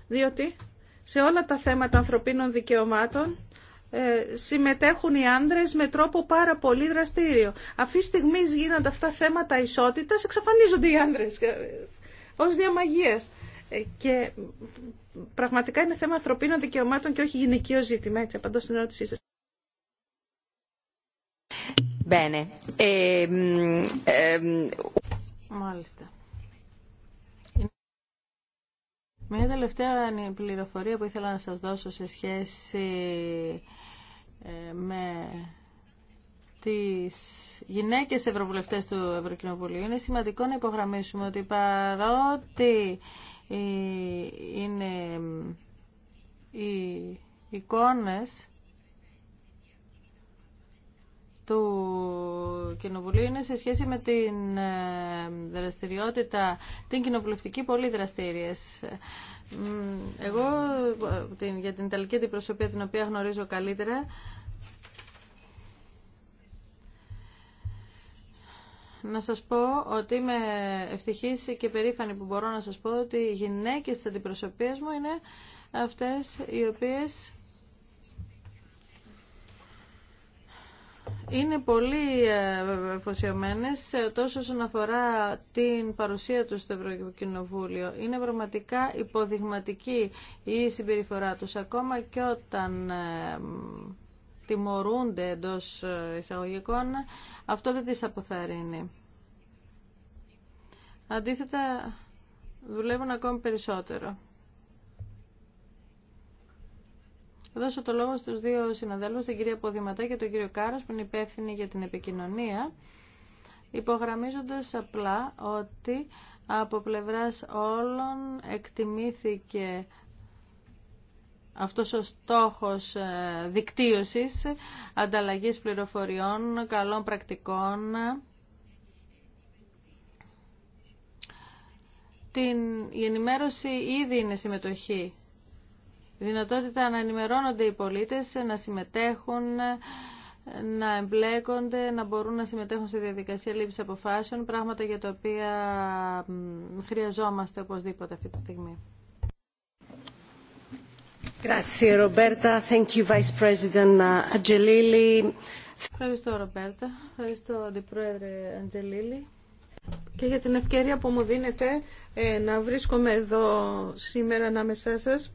Διότι σε όλα τα θέματα ανθρωπίνων δικαιωμάτων ε, συμμετέχουν οι άνδρες με τρόπο πάρα πολύ δραστήριο. Αυτή τη στιγμή γίνονται αυτά θέματα ισότητας, εξαφανίζονται οι άνδρες ε, ως διαμαγείας. Ε, και πραγματικά είναι θέμα ανθρωπίνων δικαιωμάτων και όχι γυναικείο ζήτημα. Έτσι, απαντώ στην ερώτησή σας. Bene. Μάλιστα. Μια τελευταία πληροφορία που ήθελα να σας δώσω σε σχέση ε, με τις γυναίκες ευρωβουλευτές του Ευρωκοινοβουλίου είναι σημαντικό να υπογραμμίσουμε ότι παρότι είναι οι εικόνες του Κοινοβουλίου είναι σε σχέση με την ε, δραστηριότητα, την κοινοβουλευτική πολύ δραστήριες. Εγώ ε, για την Ιταλική αντιπροσωπία την οποία γνωρίζω καλύτερα να σας πω ότι είμαι ευτυχής και περήφανη που μπορώ να σας πω ότι οι γυναίκες της αντιπροσωπείας μου είναι αυτές οι οποίες είναι πολύ εφοσιωμένε ε, τόσο όσον αφορά την παρουσία του στο Ευρωκοινοβούλιο. Είναι πραγματικά υποδειγματική η συμπεριφορά τους, ακόμα και όταν ε, τιμωρούνται εντό ε, εισαγωγικών, αυτό δεν τι αποθαρρύνει. Αντίθετα, δουλεύουν ακόμη περισσότερο. δώσω το λόγο στους δύο συναδέλφους, την κυρία Ποδηματά και τον κύριο Κάρας, που είναι υπεύθυνοι για την επικοινωνία, υπογραμμίζοντας απλά ότι από πλευράς όλων εκτιμήθηκε αυτός ο στόχος ε, δικτύωσης, ανταλλαγής πληροφοριών, καλών πρακτικών, την, η ενημέρωση ήδη είναι συμμετοχή δυνατότητα να ενημερώνονται οι πολίτες, να συμμετέχουν, να εμπλέκονται, να μπορούν να συμμετέχουν στη διαδικασία λήψης αποφάσεων, πράγματα για τα οποία χρειαζόμαστε οπωσδήποτε αυτή τη στιγμή. Uh, Ευχαριστώ, Ρομπέρτα. Ευχαριστώ, Αντιπρόεδρε Αντζελίλη. Και για την ευκαιρία που μου δίνετε ε, να βρίσκομαι εδώ σήμερα ανάμεσά σας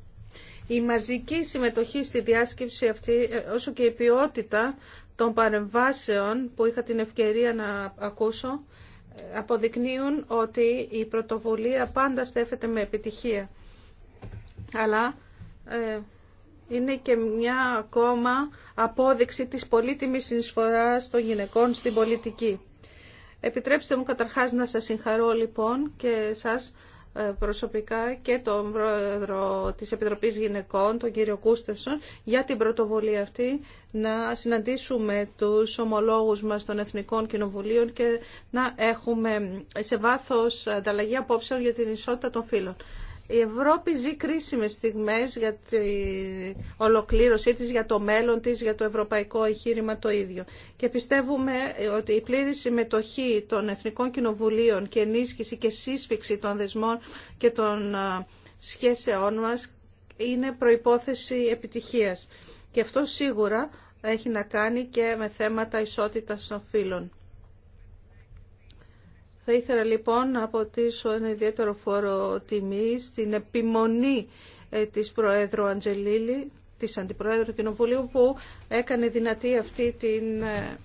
η μαζική συμμετοχή στη διάσκεψη αυτή, όσο και η ποιότητα των παρεμβάσεων που είχα την ευκαιρία να ακούσω, αποδεικνύουν ότι η πρωτοβουλία πάντα στέφεται με επιτυχία. Αλλά ε, είναι και μια ακόμα απόδειξη της πολύτιμης συνεισφοράς των γυναικών στην πολιτική. Επιτρέψτε μου καταρχάς να σας συγχαρώ λοιπόν και σας ε, προσωπικά και τον πρόεδρο της Επιτροπής Γυναικών, τον κύριο Κούστευσον, για την πρωτοβουλία αυτή να συναντήσουμε τους ομολόγους μας των Εθνικών Κοινοβουλίων και να έχουμε σε βάθος ανταλλαγή απόψεων για την ισότητα των φύλων. Η Ευρώπη ζει κρίσιμες στιγμές για την ολοκλήρωσή της, για το μέλλον της, για το ευρωπαϊκό εγχείρημα το ίδιο. Και πιστεύουμε ότι η πλήρη συμμετοχή των Εθνικών Κοινοβουλίων και ενίσχυση και σύσφυξη των δεσμών και των σχέσεών μας είναι προϋπόθεση επιτυχίας. Και αυτό σίγουρα έχει να κάνει και με θέματα ισότητας των φύλων. Θα ήθελα λοιπόν να αποτίσω ένα ιδιαίτερο φόρο τιμή στην επιμονή ε, της Προέδρου Αντζελίλη, της Αντιπροέδρου του Κοινοβουλίου, που έκανε δυνατή αυτή την ε,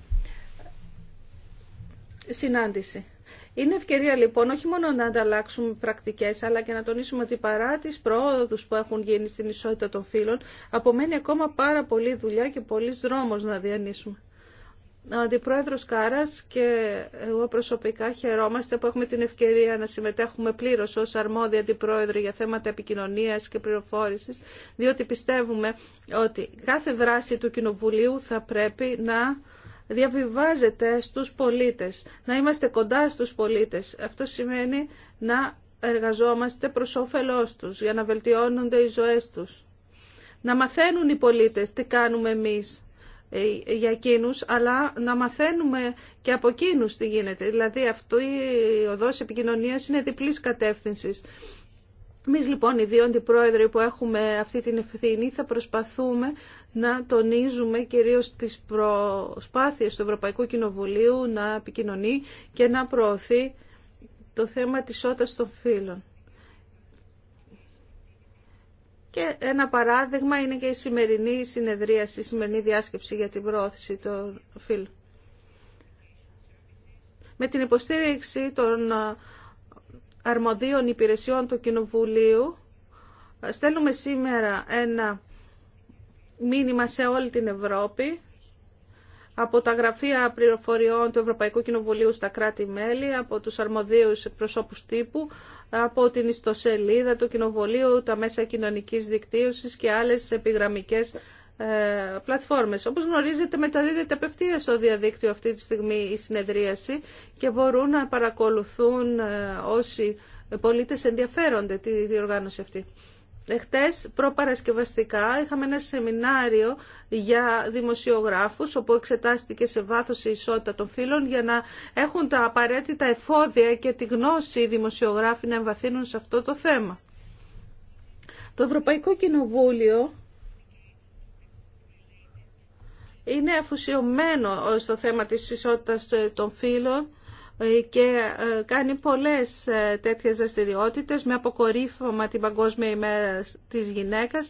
συνάντηση. Είναι ευκαιρία λοιπόν όχι μόνο να ανταλλάξουμε πρακτικές, αλλά και να τονίσουμε ότι παρά τις πρόοδους που έχουν γίνει στην ισότητα των φύλων, απομένει ακόμα πάρα πολλή δουλειά και πολλής δρόμος να διανύσουμε. Ο Αντιπρόεδρος Κάρας και εγώ προσωπικά χαιρόμαστε που έχουμε την ευκαιρία να συμμετέχουμε πλήρως ως αρμόδια αντιπρόεδροι για θέματα επικοινωνίας και πληροφόρησης, διότι πιστεύουμε ότι κάθε δράση του Κοινοβουλίου θα πρέπει να διαβιβάζεται στους πολίτες, να είμαστε κοντά στους πολίτες. Αυτό σημαίνει να εργαζόμαστε προς όφελός τους, για να βελτιώνονται οι ζωές τους. Να μαθαίνουν οι πολίτες τι κάνουμε εμείς ε, για εκείνους, αλλά να μαθαίνουμε και από εκείνους τι γίνεται. Δηλαδή αυτή η οδός επικοινωνίας είναι διπλής κατεύθυνσης. Εμεί λοιπόν οι δύο αντιπρόεδροι που έχουμε αυτή την ευθύνη θα προσπαθούμε να τονίζουμε κυρίως τις προσπάθειες του Ευρωπαϊκού Κοινοβουλίου να επικοινωνεί και να προωθεί το θέμα της σώτας των φύλων. Και ένα παράδειγμα είναι και η σημερινή συνεδρίαση, η σημερινή διάσκεψη για την προώθηση των φύλων. Με την υποστήριξη των ε, αρμοδίων υπηρεσιών του Κοινοβουλίου ε, στέλνουμε σήμερα ένα μήνυμα σε όλη την Ευρώπη από τα γραφεία πληροφοριών του Ευρωπαϊκού Κοινοβουλίου στα κράτη-μέλη, από τους αρμοδίους προσώπους τύπου, από την ιστοσελίδα του κοινοβολείο, τα μέσα κοινωνικής δικτύωσης και άλλες επιγραμμικές ε, πλατφόρμες. Όπως γνωρίζετε μεταδίδεται απευθεία στο διαδίκτυο αυτή τη στιγμή η συνεδρίαση και μπορούν να παρακολουθούν ε, όσοι πολίτες ενδιαφέρονται τη διοργάνωση αυτή. Χτες προπαρασκευαστικά είχαμε ένα σεμινάριο για δημοσιογράφους όπου εξετάστηκε σε βάθος η ισότητα των φύλων για να έχουν τα απαραίτητα εφόδια και τη γνώση οι δημοσιογράφοι να εμβαθύνουν σε αυτό το θέμα. Το Ευρωπαϊκό Κοινοβούλιο είναι αφουσιωμένο στο θέμα της ισότητας των φύλων ε, και ε, κάνει πολλές ε, τέτοιες δραστηριότητε με αποκορύφωμα την Παγκόσμια ημέρα της γυναίκας.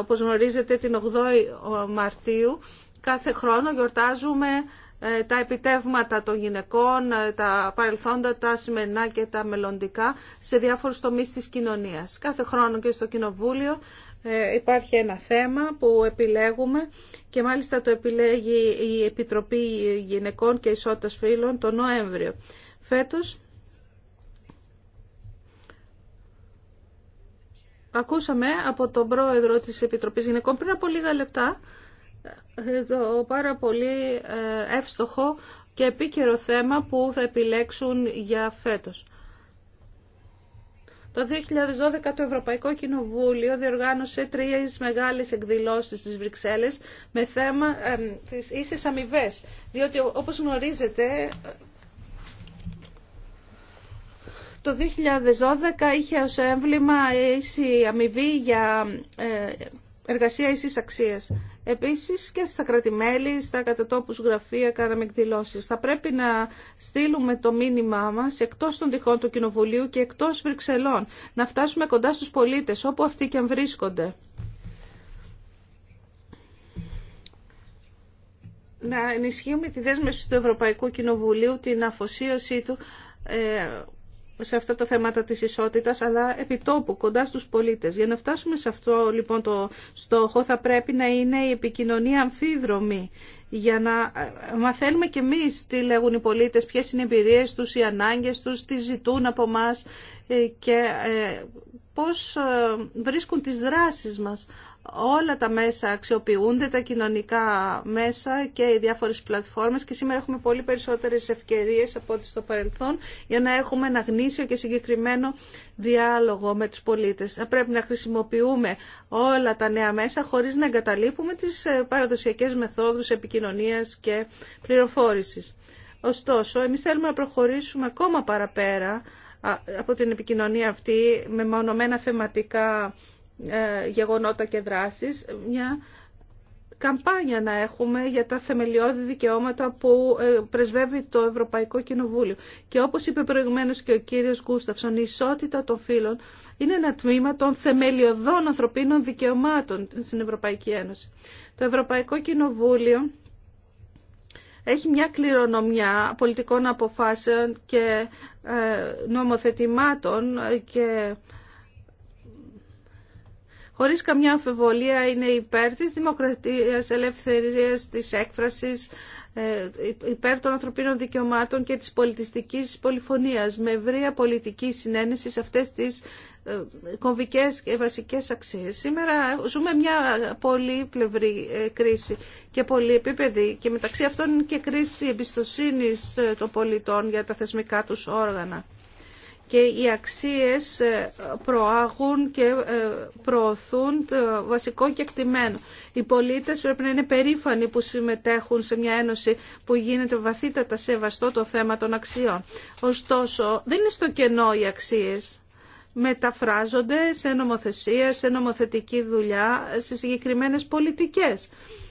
Όπως γνωρίζετε την 8η Μαρτίου κάθε χρόνο γιορτάζουμε τα επιτεύγματα των γυναικών, τα παρελθόντα, τα σημερινά και τα μελλοντικά σε διάφορους τομείς της κοινωνίας. Κάθε χρόνο και στο Κοινοβούλιο ε, υπάρχει ένα θέμα που επιλέγουμε και μάλιστα το επιλέγει η Επιτροπή Γυναικών και Ισότητας Φίλων το Νοέμβριο. Φέτος ακούσαμε από τον πρόεδρο της Επιτροπής Γυναικών πριν από λίγα λεπτά ε, το πάρα πολύ ε, εύστοχο και επίκαιρο θέμα που θα επιλέξουν για φέτος. Το 2012 το Ευρωπαϊκό Κοινοβούλιο διοργάνωσε τρεις μεγάλες εκδηλώσεις στις Βρυξέλλες με θέμα ε, τις ίσες αμοιβέ. Διότι όπως γνωρίζετε το 2012 είχε ως έμβλημα ίση αμοιβή για ε, εργασία ίσης αξίας. Επίσης και στα κρατημέλη, στα κατατόπους γραφεία κάναμε εκδηλώσει. Θα πρέπει να στείλουμε το μήνυμά μας εκτός των τυχών του Κοινοβουλίου και εκτός Βρυξελών. Να φτάσουμε κοντά στους πολίτες, όπου αυτοί και αν βρίσκονται. Να ενισχύουμε τη δέσμευση του Ευρωπαϊκού Κοινοβουλίου, την αφοσίωσή του ε, σε αυτά τα θέματα της ισότητας, αλλά επιτόπου, κοντά στους πολίτες. Για να φτάσουμε σε αυτό λοιπόν το στόχο θα πρέπει να είναι η επικοινωνία αμφίδρομη, για να ε, μαθαίνουμε κι εμείς τι λέγουν οι πολίτες, ποιες είναι οι εμπειρίες τους, οι ανάγκες τους, τι ζητούν από μας ε, και ε, πώς βρίσκουν τις δράσεις μας όλα τα μέσα αξιοποιούνται, τα κοινωνικά μέσα και οι διάφορες πλατφόρμες και σήμερα έχουμε πολύ περισσότερες ευκαιρίες από ό,τι στο παρελθόν για να έχουμε ένα γνήσιο και συγκεκριμένο διάλογο με τους πολίτες. Θα πρέπει να χρησιμοποιούμε όλα τα νέα μέσα χωρίς να εγκαταλείπουμε τις ε, παραδοσιακές μεθόδους επικοινωνίας και πληροφόρησης. Ωστόσο, εμείς θέλουμε να προχωρήσουμε ακόμα παραπέρα από την επικοινωνία αυτή με μονομένα θεματικά ε, γεγονότα και δράσεις, μια καμπάνια να έχουμε για τα θεμελιώδη δικαιώματα που ε, πρεσβεύει το Ευρωπαϊκό Κοινοβούλιο. Και όπως είπε προηγουμένως και ο κύριος Γκούσταυσον, η ισότητα των φύλων είναι ένα τμήμα των θεμελιωδών ανθρωπίνων δικαιωμάτων στην Ευρωπαϊκή Ένωση. Το Ευρωπαϊκό Κοινοβούλιο έχει μια κληρονομιά πολιτικών αποφάσεων και ε, νομοθετημάτων και χωρίς καμιά αμφιβολία είναι υπέρ της δημοκρατίας, ελευθερίας, της έκφρασης, ε, υπέρ των ανθρωπίνων δικαιωμάτων και της πολιτιστικής πολυφωνίας με ευρεία πολιτική συνένεση σε αυτές τις ε, κομβικές και βασικές αξίες. Σήμερα ζούμε μια πολύ πλευρή ε, κρίση και πολύ επίπεδη και μεταξύ αυτών και κρίση εμπιστοσύνης των πολιτών για τα θεσμικά τους όργανα και οι αξίες ε, προάγουν και ε, προωθούν το βασικό και εκτιμένο. Οι πολίτες πρέπει να είναι περήφανοι που συμμετέχουν σε μια ένωση που γίνεται βαθύτατα σεβαστό το θέμα των αξιών. Ωστόσο, δεν είναι στο κενό οι αξίες. Μεταφράζονται σε νομοθεσία, σε νομοθετική δουλειά, σε συγκεκριμένες πολιτικές,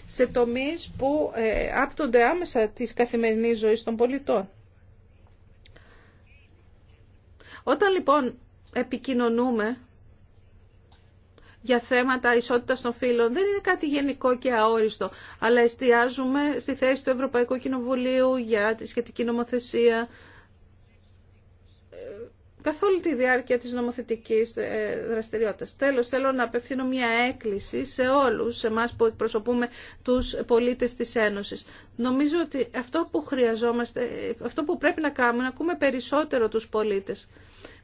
σε τομείς που ε, άπτονται άμεσα της καθημερινής ζωής των πολιτών. Όταν λοιπόν επικοινωνούμε για θέματα ισότητας των φύλων δεν είναι κάτι γενικό και αόριστο, αλλά εστιάζουμε στη θέση του Ευρωπαϊκού Κοινοβουλίου για τη σχετική νομοθεσία καθ' όλη τη διάρκεια της νομοθετικής ε, δραστηριότητας. Τέλος, θέλω να απευθύνω μια έκκληση σε όλους εμάς που εκπροσωπούμε τους πολίτες της Ένωσης. Νομίζω ότι αυτό που χρειαζόμαστε, αυτό που πρέπει να κάνουμε, να ακούμε περισσότερο τους πολίτες.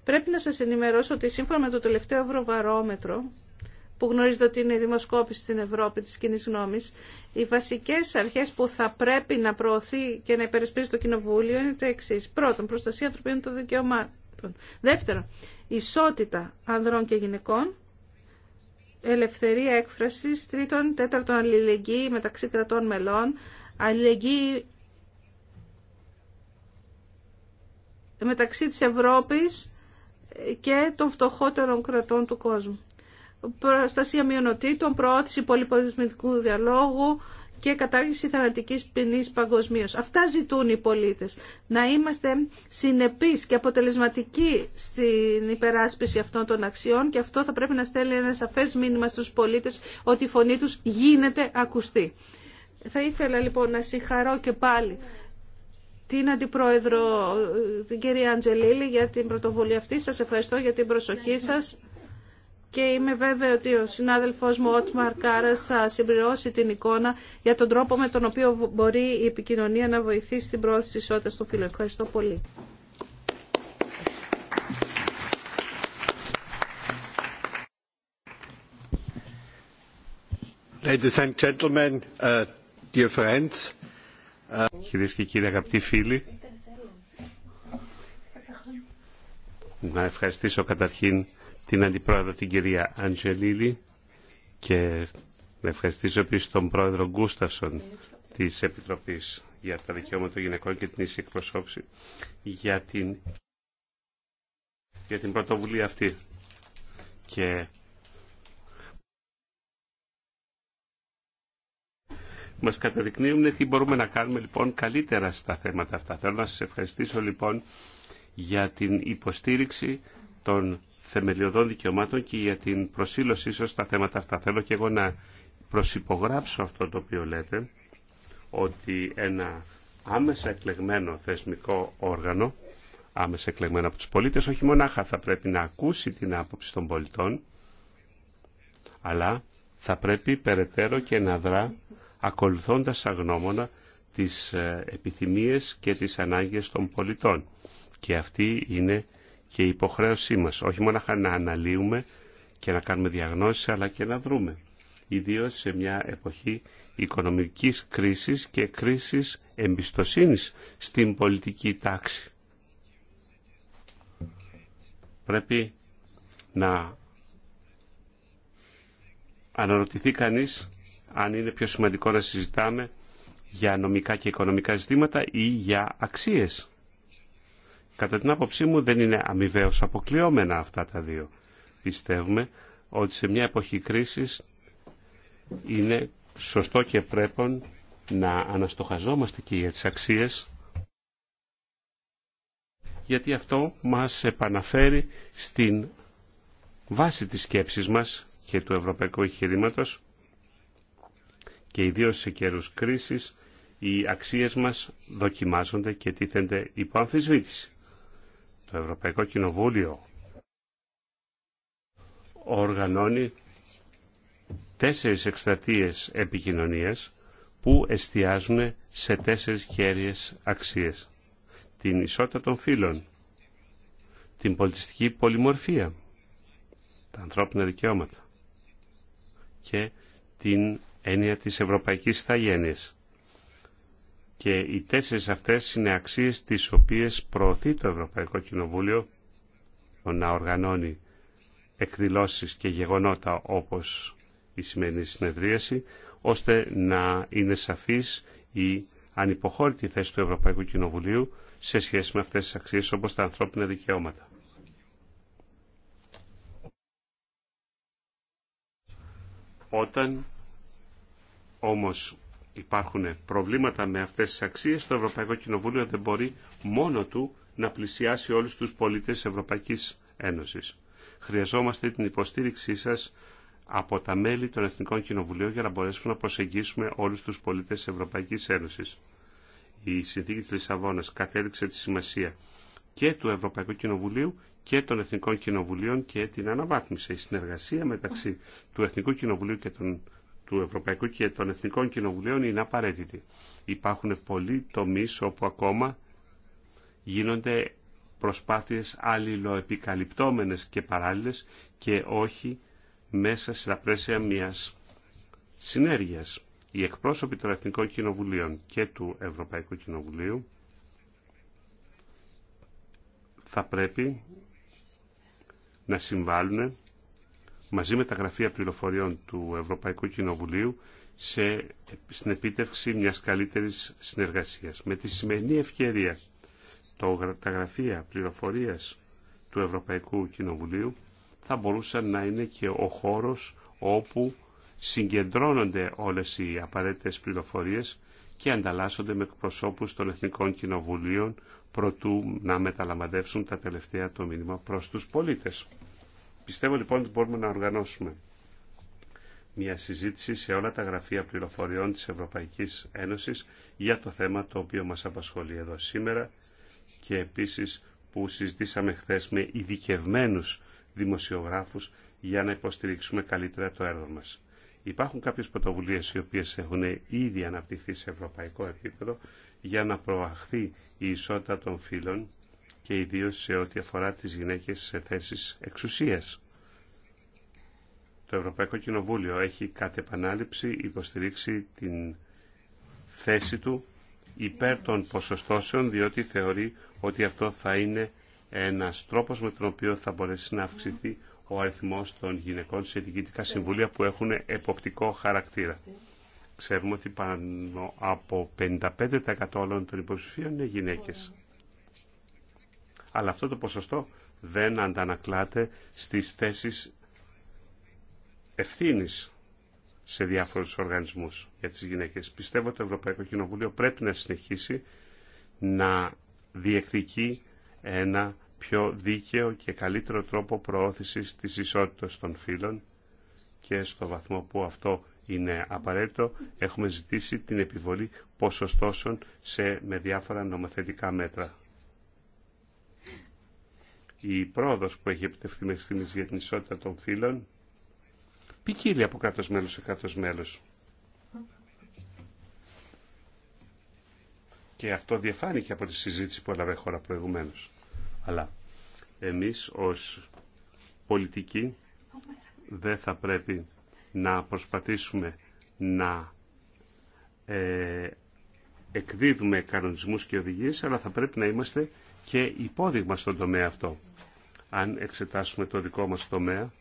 Πρέπει να σας ενημερώσω ότι σύμφωνα με το τελευταίο ευρωβαρόμετρο, που γνωρίζετε ότι είναι η δημοσκόπηση στην Ευρώπη της κοινή γνώμης, οι βασικές αρχές που θα πρέπει να προωθεί και να υπερασπίζει το Κοινοβούλιο είναι τα εξή. Πρώτον, προστασία ανθρωπίνων των δικαιωμάτων Δεύτερον, ισότητα ανδρών και γυναικών, ελευθερία έκφρασης, τρίτον, τέταρτον, αλληλεγγύη μεταξύ κρατών μελών, αλληλεγγύη μεταξύ της Ευρώπης και των φτωχότερων κρατών του κόσμου. Προστασία μειονοτήτων, προώθηση πολυπολιτισμικού διαλόγου, και κατάργηση θανατικής ποινή παγκοσμίω. Αυτά ζητούν οι πολίτες. Να είμαστε συνεπείς και αποτελεσματικοί στην υπεράσπιση αυτών των αξιών και αυτό θα πρέπει να στέλνει ένα σαφές μήνυμα στους πολίτες ότι η φωνή τους γίνεται ακουστή. Θα ήθελα λοιπόν να συγχαρώ και πάλι την Αντιπρόεδρο, την κυρία Αντζελίλη, για την πρωτοβουλία αυτή. Σας ευχαριστώ για την προσοχή σας και είμαι βέβαιο ότι ο συνάδελφός μου Ότμαρ Κάρας θα συμπληρώσει την εικόνα για τον τρόπο με τον οποίο μπορεί η επικοινωνία να βοηθήσει την πρόθεση ισότητας των φίλων. Ευχαριστώ πολύ. Ladies and gentlemen, uh, friends. Uh, Κυρίες και κύριοι αγαπητοί φίλοι, να ευχαριστήσω καταρχήν την Αντιπρόεδρο την κυρία Αντζελίλη και να ευχαριστήσω επίση τον Πρόεδρο Γκούστασον της Επιτροπής για τα Δικαιώματα των Γυναικών και την Ίση Εκπροσώψη για την, για την πρωτοβουλία αυτή. Και μας καταδεικνύουν τι μπορούμε να κάνουμε λοιπόν καλύτερα στα θέματα αυτά. Θέλω να σας ευχαριστήσω λοιπόν για την υποστήριξη των θεμελιωδών δικαιωμάτων και για την προσήλωσή σας στα θέματα αυτά. Θέλω και εγώ να προσυπογράψω αυτό το οποίο λέτε, ότι ένα άμεσα εκλεγμένο θεσμικό όργανο, άμεσα εκλεγμένο από τους πολίτες, όχι μονάχα θα πρέπει να ακούσει την άποψη των πολιτών, αλλά θα πρέπει περαιτέρω και να δρά ακολουθώντας αγνώμονα τις ε, επιθυμίες και τις ανάγκες των πολιτών. Και αυτή είναι και η υποχρέωσή μας όχι μόνο να αναλύουμε και να κάνουμε διαγνώσεις αλλά και να δρούμε ιδίως σε μια εποχή οικονομικής κρίσης και κρίσης εμπιστοσύνης στην πολιτική τάξη. Πρέπει να αναρωτηθεί κανείς αν είναι πιο σημαντικό να συζητάμε για νομικά και οικονομικά ζητήματα ή για αξίες. Κατά την άποψή μου δεν είναι αμοιβαίως αποκλειόμενα αυτά τα δύο. Πιστεύουμε ότι σε μια εποχή κρίσης είναι σωστό και πρέπει να αναστοχαζόμαστε και για τις αξίες γιατί αυτό μας επαναφέρει στην βάση της σκέψης μας και του ευρωπαϊκού εγχειρήματο και ιδίως σε καιρούς κρίσης οι αξίες μας δοκιμάζονται και τίθενται υπό αμφισβήτηση. Το Ευρωπαϊκό Κοινοβούλιο οργανώνει τέσσερις εκστατείες επικοινωνίας που εστιάζουν σε τέσσερις κέρυες αξίες. Την ισότητα των φύλων, την πολιτιστική πολυμορφία, τα ανθρώπινα δικαιώματα και την έννοια της ευρωπαϊκής ηθαγένειας. Και οι τέσσερις αυτές είναι αξίες τις οποίες προωθεί το Ευρωπαϊκό Κοινοβούλιο να οργανώνει εκδηλώσεις και γεγονότα όπως η σημερινή συνεδρίαση, ώστε να είναι σαφής η ανυποχώρητη θέση του Ευρωπαϊκού Κοινοβουλίου σε σχέση με αυτές τις αξίες όπως τα ανθρώπινα δικαιώματα. Όταν όμως υπάρχουν προβλήματα με αυτές τις αξίες, το Ευρωπαϊκό Κοινοβούλιο δεν μπορεί μόνο του να πλησιάσει όλους τους πολίτες της Ευρωπαϊκής Ένωσης. Χρειαζόμαστε την υποστήριξή σας από τα μέλη των Εθνικών Κοινοβουλίων για να μπορέσουμε να προσεγγίσουμε όλους τους πολίτες της Ευρωπαϊκής Ένωσης. Η συνθήκη της Λισαβόνας κατέδειξε τη σημασία και του Ευρωπαϊκού Κοινοβουλίου και των Εθνικών Κοινοβουλίων και την αναβάθμισε. Η συνεργασία μεταξύ του Εθνικού Κοινοβουλίου και των του Ευρωπαϊκού και των Εθνικών Κοινοβουλίων είναι απαραίτητη. Υπάρχουν πολλοί τομεί όπου ακόμα γίνονται προσπάθειες αλληλοεπικαλυπτόμενες και παράλληλες και όχι μέσα στα πλαίσια μιας συνέργειας. Οι εκπρόσωποι των Εθνικών Κοινοβουλίων και του Ευρωπαϊκού Κοινοβουλίου θα πρέπει να συμβάλλουν μαζί με τα γραφεία πληροφοριών του Ευρωπαϊκού Κοινοβουλίου σε, στην επίτευξη μιας καλύτερης συνεργασίας. Με τη σημερινή ευκαιρία το, τα γραφεία πληροφορίας του Ευρωπαϊκού Κοινοβουλίου θα μπορούσαν να είναι και ο χώρος όπου συγκεντρώνονται όλες οι απαραίτητες πληροφορίες και ανταλλάσσονται με εκπροσώπους των Εθνικών Κοινοβουλίων προτού να μεταλαμβαδεύσουν τα τελευταία το μήνυμα προς τους πολίτες. Πιστεύω λοιπόν ότι μπορούμε να οργανώσουμε μια συζήτηση σε όλα τα γραφεία πληροφοριών της Ευρωπαϊκής Ένωσης για το θέμα το οποίο μας απασχολεί εδώ σήμερα και επίσης που συζητήσαμε χθε με ειδικευμένου δημοσιογράφους για να υποστηρίξουμε καλύτερα το έργο μας. Υπάρχουν κάποιες πρωτοβουλίες οι οποίες έχουν ήδη αναπτυχθεί σε ευρωπαϊκό επίπεδο για να προαχθεί η ισότητα των φύλων και ιδίως σε ό,τι αφορά τις γυναίκες σε θέσεις εξουσίας. Το Ευρωπαϊκό Κοινοβούλιο έχει κατ' επανάληψη υποστηρίξει την θέση του υπέρ των ποσοστώσεων, διότι θεωρεί ότι αυτό θα είναι ένας τρόπος με τον οποίο θα μπορέσει να αυξηθεί ο αριθμός των γυναικών σε διοικητικά συμβούλια που έχουν εποπτικό χαρακτήρα. Ξέρουμε ότι πάνω από 55% όλων των υποψηφίων είναι γυναίκες αλλά αυτό το ποσοστό δεν αντανακλάται στις θέσεις ευθύνης σε διάφορους οργανισμούς για τις γυναίκες. Πιστεύω ότι το Ευρωπαϊκό Κοινοβούλιο πρέπει να συνεχίσει να διεκδικεί ένα πιο δίκαιο και καλύτερο τρόπο προώθησης της ισότητας των φύλων και στο βαθμό που αυτό είναι απαραίτητο έχουμε ζητήσει την επιβολή ποσοστώσεων σε, με διάφορα νομοθετικά μέτρα η πρόοδος που έχει επιτευχθεί μέχρι στιγμής για την ισότητα των φύλων ποικίλει από κάτω μέλος σε κάτω μέλος. Και αυτό διαφάνηκε από τη συζήτηση που έλαβε χώρα προηγουμένω. Αλλά εμείς ως πολιτικοί δεν θα πρέπει να προσπαθήσουμε να ε, εκδίδουμε κανονισμούς και οδηγίες, αλλά θα πρέπει να είμαστε και υπόδειγμα στον τομέα αυτό. Αν εξετάσουμε το δικό μας τομέα,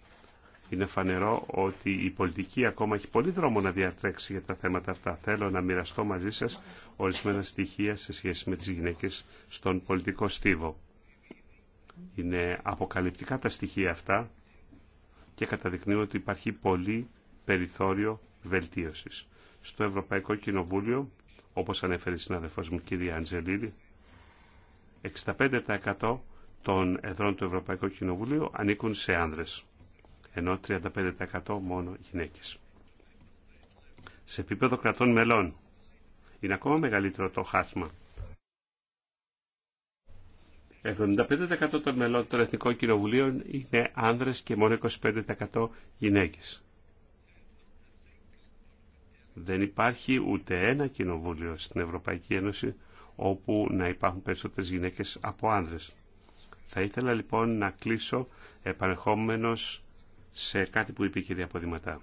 είναι φανερό ότι η πολιτική ακόμα έχει πολύ δρόμο να διατρέξει για τα θέματα αυτά. Θέλω να μοιραστώ μαζί σας ορισμένα στοιχεία σε σχέση με τις γυναίκες στον πολιτικό στίβο. Είναι αποκαλυπτικά τα στοιχεία αυτά και καταδεικνύουν ότι υπάρχει πολύ περιθώριο βελτίωσης. Στο Ευρωπαϊκό Κοινοβούλιο, όπως ανέφερε η συνάδελφός μου κυρία Αντζελίδη, 65% των εδρών του Ευρωπαϊκού Κοινοβουλίου ανήκουν σε άνδρες, ενώ 35% μόνο γυναίκες. Σε επίπεδο κρατών μελών είναι ακόμα μεγαλύτερο το χάσμα. 75% των μελών των Εθνικών Κοινοβουλίων είναι άνδρες και μόνο 25% γυναίκες. Δεν υπάρχει ούτε ένα κοινοβούλιο στην Ευρωπαϊκή Ένωση όπου να υπάρχουν περισσότερες γυναίκες από άνδρες. Θα ήθελα λοιπόν να κλείσω επανεχόμενος σε κάτι που είπε η κυρία Ποδηματά.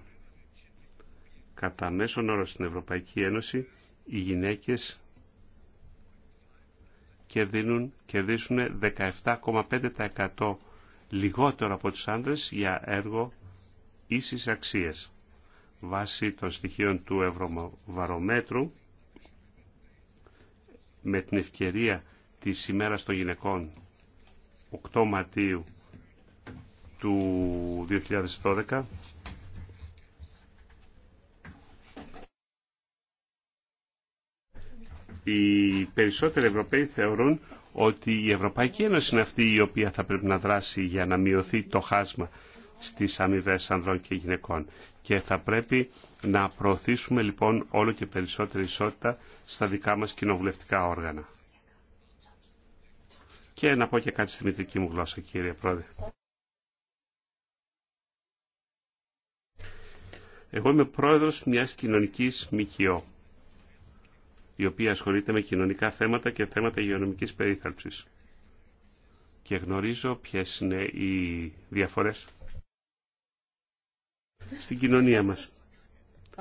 Κατά μέσον όρο στην Ευρωπαϊκή Ένωση οι γυναίκες κερδίνουν, κερδίσουν 17,5% λιγότερο από τους άνδρες για έργο ίσης αξίας. Βάσει των στοιχείων του Ευρωβαρομέτρου με την ευκαιρία της ημέρα των γυναικών 8 Μαρτίου του 2012 οι περισσότεροι Ευρωπαίοι θεωρούν ότι η Ευρωπαϊκή Ένωση είναι αυτή η οποία θα πρέπει να δράσει για να μειωθεί το χάσμα στις αμοιβέ ανδρών και γυναικών. Και θα πρέπει να προωθήσουμε λοιπόν όλο και περισσότερη ισότητα στα δικά μας κοινοβουλευτικά όργανα. Και να πω και κάτι στη μητρική μου γλώσσα, κύριε Πρόεδρε. Εγώ είμαι πρόεδρος μιας κοινωνικής ΜΚΟ, η οποία ασχολείται με κοινωνικά θέματα και θέματα υγειονομικής περίθαλψης. Και γνωρίζω ποιες είναι οι διαφορές στην κοινωνία μας.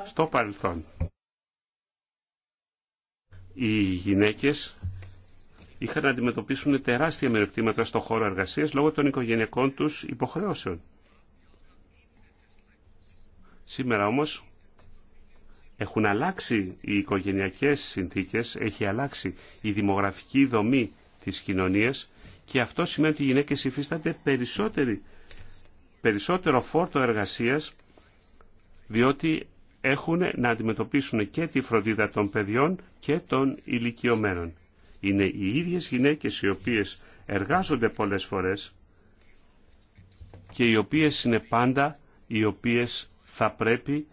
Στο παρελθόν. Οι γυναίκες είχαν να αντιμετωπίσουν τεράστια μειονεκτήματα στον χώρο εργασίας λόγω των οικογενειακών τους υποχρεώσεων. Σήμερα όμως έχουν αλλάξει οι οικογενειακές συνθήκες, έχει αλλάξει η δημογραφική δομή της κοινωνίας και αυτό σημαίνει ότι οι γυναίκες υφίστανται περισσότερο φόρτο εργασίας διότι έχουν να αντιμετωπίσουν και τη φροντίδα των παιδιών και των ηλικιωμένων. Είναι οι ίδιες γυναίκες οι οποίες εργάζονται πολλές φορές και οι οποίες είναι πάντα οι οποίες θα πρέπει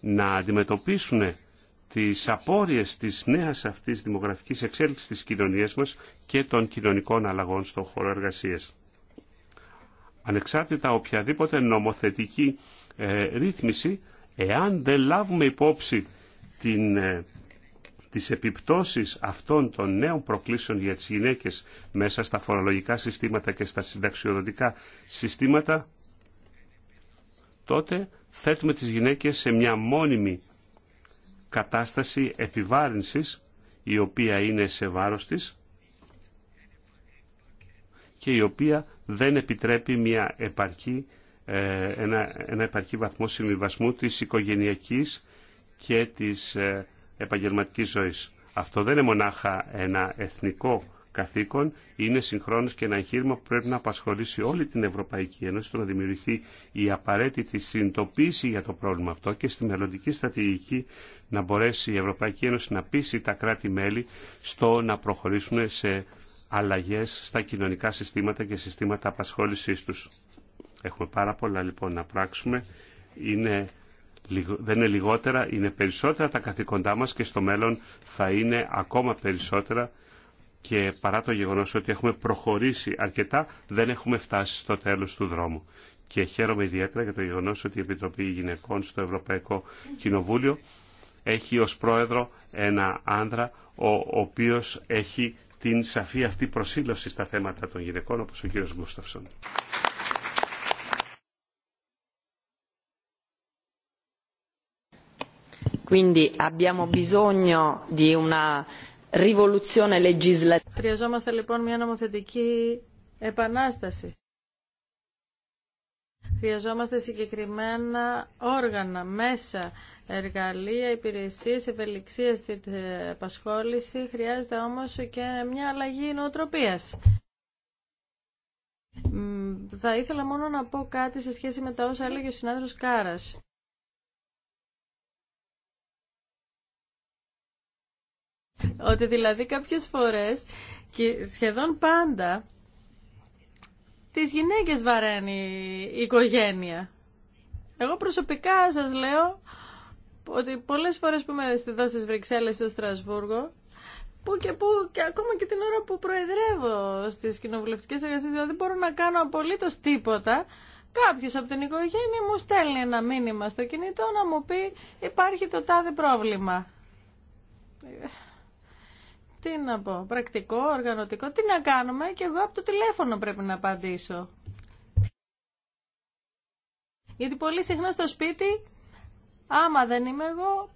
να αντιμετωπίσουν τις απόρριες της νέας αυτής δημογραφικής εξέλιξης της κοινωνίας μας και των κοινωνικών αλλαγών στον χώρο εργασίας. Ανεξάρτητα οποιαδήποτε νομοθετική ε, ρύθμιση Εάν δεν λάβουμε υπόψη την, ε, τις επιπτώσεις αυτών των νέων προκλήσεων για τις γυναίκες μέσα στα φορολογικά συστήματα και στα συνταξιοδοτικά συστήματα, τότε θέτουμε τις γυναίκες σε μια μόνιμη κατάσταση επιβάρυνσης, η οποία είναι σε βάρος της και η οποία δεν επιτρέπει μια επαρκή ε, ένα, ένα επαρκή βαθμό συμβιβασμού της οικογενειακής και της ε, επαγγελματικής ζωής. Αυτό δεν είναι μονάχα ένα εθνικό καθήκον, είναι συγχρόνως και ένα εγχείρημα που πρέπει να απασχολήσει όλη την Ευρωπαϊκή Ένωση στο να δημιουργηθεί η απαραίτητη συνειδητοποίηση για το πρόβλημα αυτό και στη μελλοντική στρατηγική να μπορέσει η Ευρωπαϊκή Ένωση να πείσει τα κράτη-μέλη στο να προχωρήσουν σε αλλαγές στα κοινωνικά συστήματα και συστήματα απασχόλησής τους. Έχουμε πάρα πολλά λοιπόν να πράξουμε. Είναι, δεν είναι λιγότερα, είναι περισσότερα τα καθήκοντά μας και στο μέλλον θα είναι ακόμα περισσότερα και παρά το γεγονός ότι έχουμε προχωρήσει αρκετά, δεν έχουμε φτάσει στο τέλος του δρόμου. Και χαίρομαι ιδιαίτερα για το γεγονός ότι η Επιτροπή Γυναικών στο Ευρωπαϊκό Κοινοβούλιο έχει ως πρόεδρο ένα άνδρα ο οποίος έχει την σαφή αυτή προσήλωση στα θέματα των γυναικών όπως ο κύριος Γκούσταυσον. Χρειαζόμαστε λοιπόν μια νομοθετική επανάσταση. Χρειαζόμαστε συγκεκριμένα όργανα, μέσα, εργαλεία, υπηρεσίες, ευελιξία στην απασχόληση. Χρειάζεται όμως και μια αλλαγή νοοτροπίας. Θα ήθελα μόνο να πω κάτι σε σχέση με τα όσα έλεγε ο συνάδελφος Κάρας. Ότι δηλαδή κάποιες φορές και σχεδόν πάντα τις γυναίκες βαραίνει η οικογένεια. Εγώ προσωπικά σας λέω ότι πολλές φορές που είμαι εδώ στις Βρυξέλλες στο Στρασβούργο που και που και ακόμα και την ώρα που προεδρεύω στις κοινοβουλευτικές εργασίες δηλαδή μπορώ να κάνω απολύτως τίποτα Κάποιος από την οικογένεια μου στέλνει ένα μήνυμα στο κινητό να μου πει υπάρχει το τάδε πρόβλημα. Ε, τι να πω, πρακτικό, οργανωτικό, τι να κάνουμε και εγώ από το τηλέφωνο πρέπει να απαντήσω. Γιατί πολύ συχνά στο σπίτι, άμα δεν είμαι εγώ,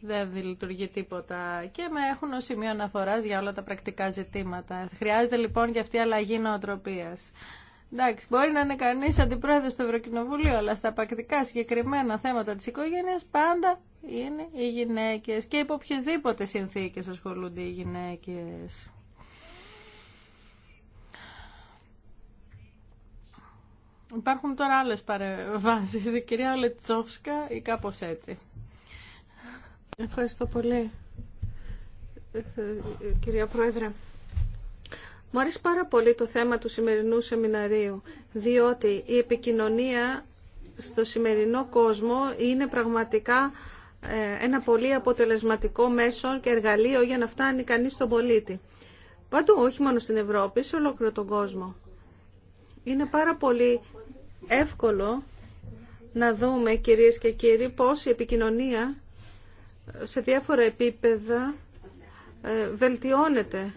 δεν λειτουργεί τίποτα και με έχουν ως σημείο αναφοράς για όλα τα πρακτικά ζητήματα. Χρειάζεται λοιπόν και αυτή η αλλαγή νοοτροπίας. Εντάξει, μπορεί να είναι κανεί αντιπρόεδρο του Ευρωκοινοβουλίου, αλλά στα πρακτικά συγκεκριμένα θέματα τη οικογένεια πάντα είναι οι γυναίκε και υπό οποιασδήποτε συνθήκε ασχολούνται οι γυναίκε. Υπάρχουν τώρα άλλες παρεμβάσεις, η κυρία Λετσόφσκα ή κάπως έτσι. Ευχαριστώ πολύ, ε, ε, κυρία Πρόεδρε. Μου αρέσει πάρα πολύ το θέμα του σημερινού σεμιναρίου, διότι η επικοινωνία στο σημερινό κόσμο είναι πραγματικά ε, ένα πολύ αποτελεσματικό μέσο και εργαλείο για να φτάνει κανείς στον πολίτη. Παντού, όχι μόνο στην Ευρώπη, σε ολόκληρο τον κόσμο. Είναι πάρα πολύ εύκολο να δούμε, κυρίες και κύριοι, πώς η επικοινωνία σε διάφορα επίπεδα ε, βελτιώνεται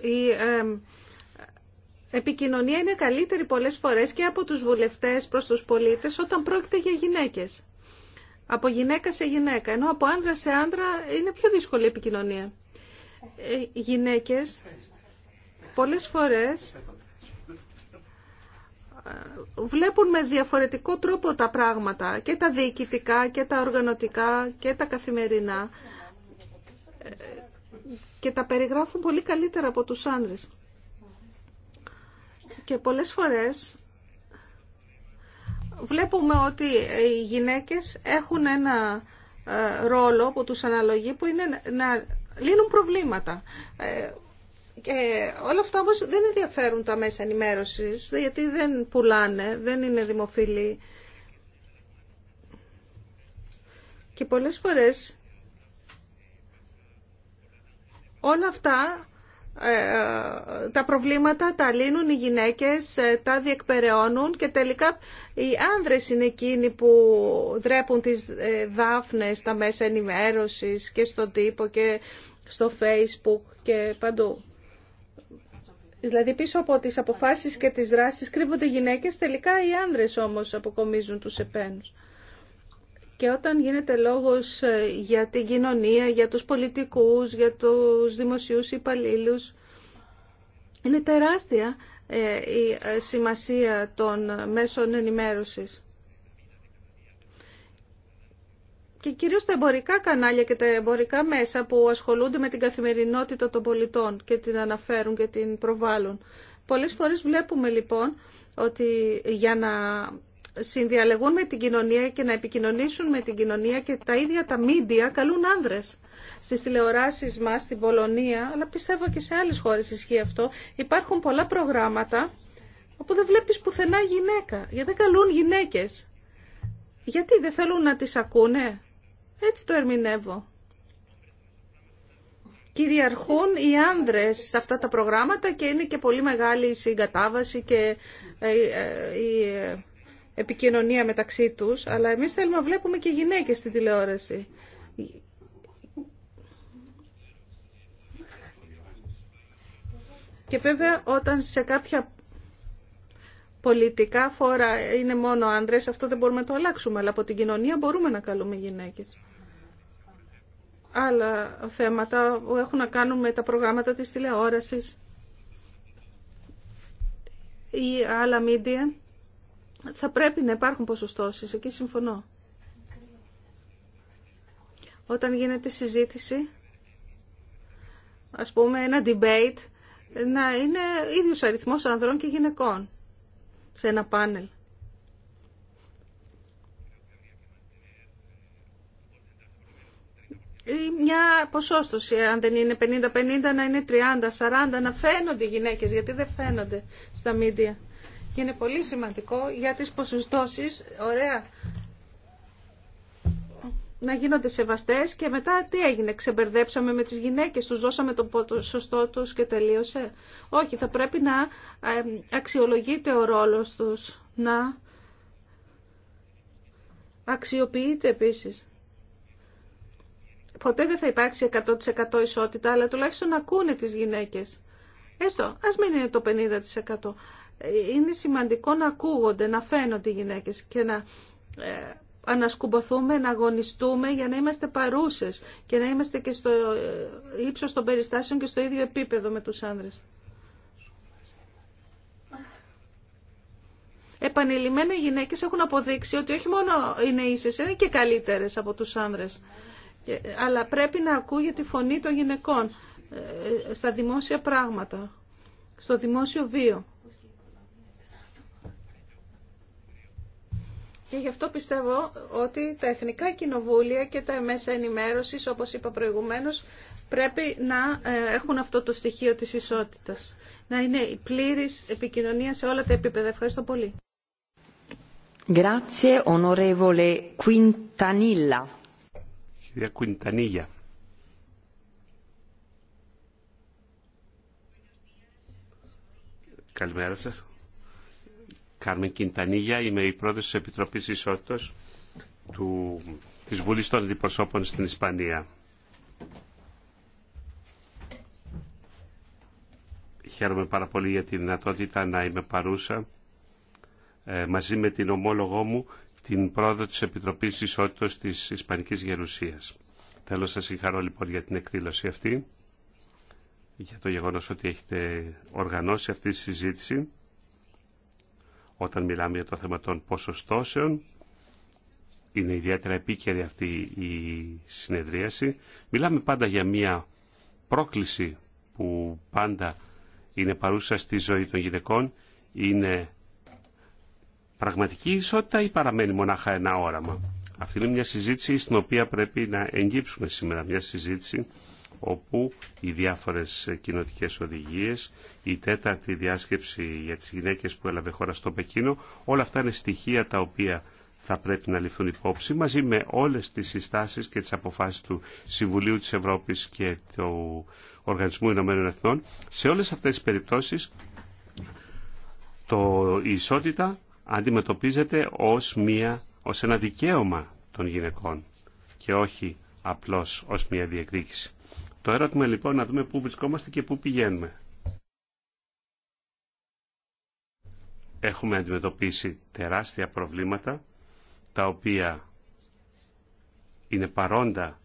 η επικοινωνία είναι καλύτερη πολλές φορές και από τους βουλευτές προς τους πολίτες όταν πρόκειται για γυναίκες. Από γυναίκα σε γυναίκα, ενώ από άντρα σε άντρα είναι πιο δύσκολη η επικοινωνία. Ε, γυναίκες πολλές φορές βλέπουν με διαφορετικό τρόπο τα πράγματα και τα διοικητικά και τα οργανωτικά και τα καθημερινά και τα περιγράφουν πολύ καλύτερα από τους άνδρες. Και πολλές φορές βλέπουμε ότι οι γυναίκες έχουν ένα ε, ρόλο που τους αναλογεί που είναι να λύνουν προβλήματα. Ε, και ε, όλα αυτά όμως δεν ενδιαφέρουν τα μέσα ενημέρωσης, γιατί δεν πουλάνε, δεν είναι δημοφιλή. Και πολλές φορές όλα αυτά ε, ε, τα προβλήματα τα λύνουν οι γυναίκες, τα διεκπεραιώνουν και τελικά οι άνδρες είναι εκείνοι που δρέπουν τις δάφνες στα μέσα ενημέρωσης και στον τύπο και στο facebook και παντού. Δηλαδή πίσω από τις αποφάσεις και τις δράσεις κρύβονται γυναίκες, τελικά οι άνδρες όμως αποκομίζουν τους επένους. Και όταν γίνεται λόγος ε, για την κοινωνία, για τους πολιτικούς, για τους δημοσιούς υπαλλήλους, είναι τεράστια ε, η ε, σημασία των μέσων ενημέρωσης. και κυρίως τα εμπορικά κανάλια και τα εμπορικά μέσα που ασχολούνται με την καθημερινότητα των πολιτών και την αναφέρουν και την προβάλλουν. Πολλές φορές βλέπουμε λοιπόν ότι για να συνδιαλεγούν με την κοινωνία και να επικοινωνήσουν με την κοινωνία και τα ίδια τα μίντια καλούν άνδρες. Στις τηλεοράσεις μας στην Πολωνία, αλλά πιστεύω και σε άλλες χώρες ισχύει αυτό, υπάρχουν πολλά προγράμματα όπου δεν βλέπεις πουθενά γυναίκα, γιατί δεν καλούν γυναίκες. Γιατί δεν θέλουν να τις ακούνε. Έτσι το ερμηνεύω. Κυριαρχούν οι άνδρες σε αυτά τα προγράμματα και είναι και πολύ μεγάλη η συγκατάβαση και ε, ε, η ε, επικοινωνία μεταξύ τους, αλλά εμείς θέλουμε να βλέπουμε και γυναίκες στη τηλεόραση. Και βέβαια όταν σε κάποια πολιτικά φόρα είναι μόνο άνδρες, αυτό δεν μπορούμε να το αλλάξουμε, αλλά από την κοινωνία μπορούμε να καλούμε γυναίκες άλλα θέματα που έχουν να κάνουν με τα προγράμματα της τηλεόρασης ή άλλα μίντια. Θα πρέπει να υπάρχουν ποσοστώσεις, εκεί συμφωνώ. Όταν γίνεται συζήτηση, ας πούμε ένα debate, να είναι ίδιος αριθμός ανδρών και γυναικών σε ένα πάνελ. μια ποσόστοση, αν δεν είναι 50-50 να είναι 30-40, να φαίνονται οι γυναίκες, γιατί δεν φαίνονται στα μίντια. Και είναι πολύ σημαντικό για τις ποσοστώσεις, ωραία, να γίνονται σεβαστές και μετά τι έγινε, ξεμπερδέψαμε με τις γυναίκες, τους δώσαμε το σωστό τους και τελείωσε. Όχι, θα πρέπει να αξιολογείται ο ρόλος τους, να αξιοποιείται επίσης. Ποτέ δεν θα υπάρξει 100% ισότητα, αλλά τουλάχιστον ακούνε τις γυναίκες. Έστω, ας μην είναι το 50%. Είναι σημαντικό να ακούγονται, να φαίνονται οι γυναίκες και να ε, ανασκουμποθούμε, να αγωνιστούμε για να είμαστε παρούσες και να είμαστε και στο ε, ύψος των περιστάσεων και στο ίδιο επίπεδο με τους άνδρες. Επανειλημμένα οι γυναίκες έχουν αποδείξει ότι όχι μόνο είναι ίσες, είναι και καλύτερες από τους άνδρες αλλά πρέπει να ακούγεται τη φωνή των γυναικών ε, στα δημόσια πράγματα, στο δημόσιο βίο. Και γι' αυτό πιστεύω ότι τα εθνικά κοινοβούλια και τα μέσα ενημέρωσης, όπως είπα προηγουμένως, πρέπει να ε, έχουν αυτό το στοιχείο της ισότητας. Να είναι η πλήρης επικοινωνία σε όλα τα επίπεδα. Ευχαριστώ πολύ. Καλημέρα σας. Κάρμεν Κιντανίγια, είμαι η πρόεδρος τη Επιτροπής Ισότητας του, της Βουλής των Αντιπροσώπων στην Ισπανία. Χαίρομαι πάρα πολύ για τη δυνατότητα να είμαι παρούσα ε, μαζί με την ομόλογό μου την πρόοδο της Επιτροπής Ισότητος της Ισπανικής Γερουσίας. Θέλω να σας συγχαρώ λοιπόν για την εκδήλωση αυτή, για το γεγονός ότι έχετε οργανώσει αυτή τη συζήτηση όταν μιλάμε για το θέμα των ποσοστώσεων. Είναι ιδιαίτερα επίκαιρη αυτή η συνεδρίαση. Μιλάμε πάντα για μια πρόκληση που πάντα είναι παρούσα στη ζωή των γυναικών. Είναι πραγματική ισότητα ή παραμένει μονάχα ένα όραμα. Αυτή είναι μια συζήτηση στην οποία πρέπει να εγγύψουμε σήμερα. Μια συζήτηση όπου οι διάφορες κοινοτικές οδηγίες, η τέταρτη διάσκεψη για τις γυναίκες που έλαβε χώρα στο Πεκίνο, όλα αυτά είναι στοιχεία τα οποία θα πρέπει να ληφθούν υπόψη μαζί με όλες τις συστάσεις και τις αποφάσεις του Συμβουλίου της Ευρώπης και του Οργανισμού Ηνωμένων Εθνών. Σε όλες αυτές τις περιπτώσεις το, η ισότητα αντιμετωπίζεται ως, μια, ως ένα δικαίωμα των γυναικών και όχι απλώς ως μια διεκδίκηση. Το ερώτημα λοιπόν να δούμε πού βρισκόμαστε και πού πηγαίνουμε. Έχουμε αντιμετωπίσει τεράστια προβλήματα τα οποία είναι παρόντα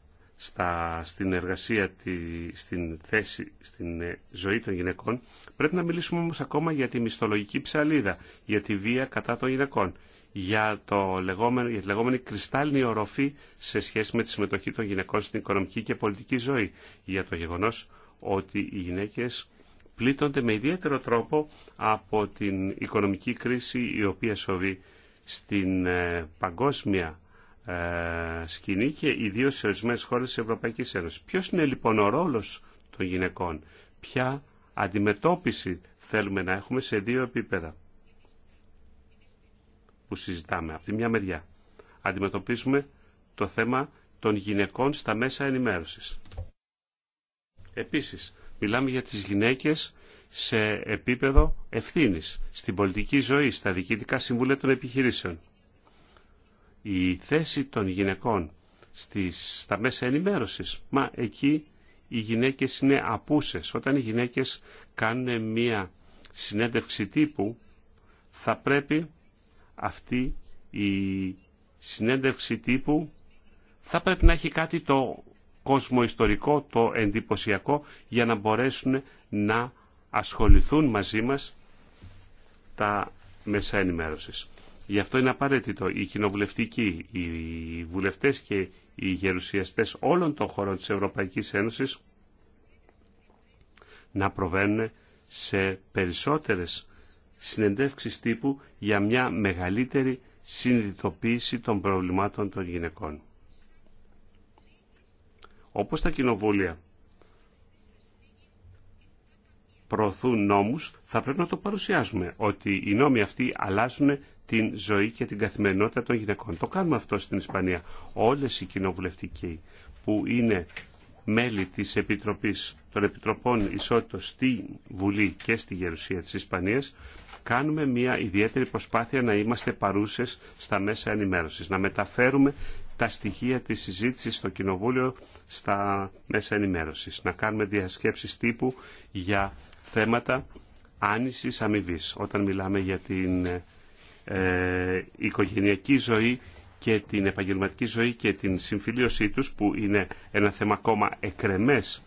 στα, στην εργασία, τη, στην θέση, στην ε, ζωή των γυναικών. Πρέπει να μιλήσουμε όμως ακόμα για τη μισθολογική ψαλίδα, για τη βία κατά των γυναικών, για, το λεγόμενο, για τη λεγόμενη κρυστάλλινη οροφή σε σχέση με τη συμμετοχή των γυναικών στην οικονομική και πολιτική ζωή, για το γεγονός ότι οι γυναίκες πλήττονται με ιδιαίτερο τρόπο από την οικονομική κρίση η οποία σοβεί στην ε, παγκόσμια ε, σκηνή και ιδίω σε ορισμένε χώρε τη Ευρωπαϊκή Ένωση. Ποιο είναι λοιπόν ο ρόλο των γυναικών, ποια αντιμετώπιση θέλουμε να έχουμε σε δύο επίπεδα που συζητάμε. Από τη μια μεριά αντιμετωπίζουμε το θέμα των γυναικών στα μέσα ενημέρωσης. Επίσης, μιλάμε για τις γυναίκες σε επίπεδο ευθύνης, στην πολιτική ζωή, στα διοικητικά συμβούλια των επιχειρήσεων η θέση των γυναικών στις, στα μέσα ενημέρωσης. Μα εκεί οι γυναίκες είναι απούσες. Όταν οι γυναίκες κάνουν μία συνέντευξη τύπου, θα πρέπει αυτή η συνέντευξη τύπου θα πρέπει να έχει κάτι το κοσμοϊστορικό, το εντυπωσιακό, για να μπορέσουν να ασχοληθούν μαζί μας τα μέσα ενημέρωσης. Γι' αυτό είναι απαραίτητο οι κοινοβουλευτικοί, οι βουλευτές και οι γερουσιαστές όλων των χωρών της Ευρωπαϊκής Ένωσης να προβαίνουν σε περισσότερες συνεντεύξεις τύπου για μια μεγαλύτερη συνειδητοποίηση των προβλημάτων των γυναικών. Όπως τα κοινοβούλια προωθούν νόμους, θα πρέπει να το παρουσιάζουμε, ότι οι νόμοι αυτοί αλλάζουν την ζωή και την καθημερινότητα των γυναικών. Το κάνουμε αυτό στην Ισπανία. Όλες οι κοινοβουλευτικοί που είναι μέλη της Επιτροπής των Επιτροπών Ισότητος στη Βουλή και στη Γερουσία της Ισπανίας κάνουμε μια ιδιαίτερη προσπάθεια να είμαστε παρούσες στα μέσα ενημέρωσης, να μεταφέρουμε τα στοιχεία της συζήτησης στο Κοινοβούλιο στα μέσα ενημέρωσης, να κάνουμε διασκέψεις τύπου για θέματα άνησης αμοιβή. Όταν μιλάμε για την η ε, οικογενειακή ζωή και την επαγγελματική ζωή και την συμφιλίωσή τους που είναι ένα θέμα ακόμα εκρεμές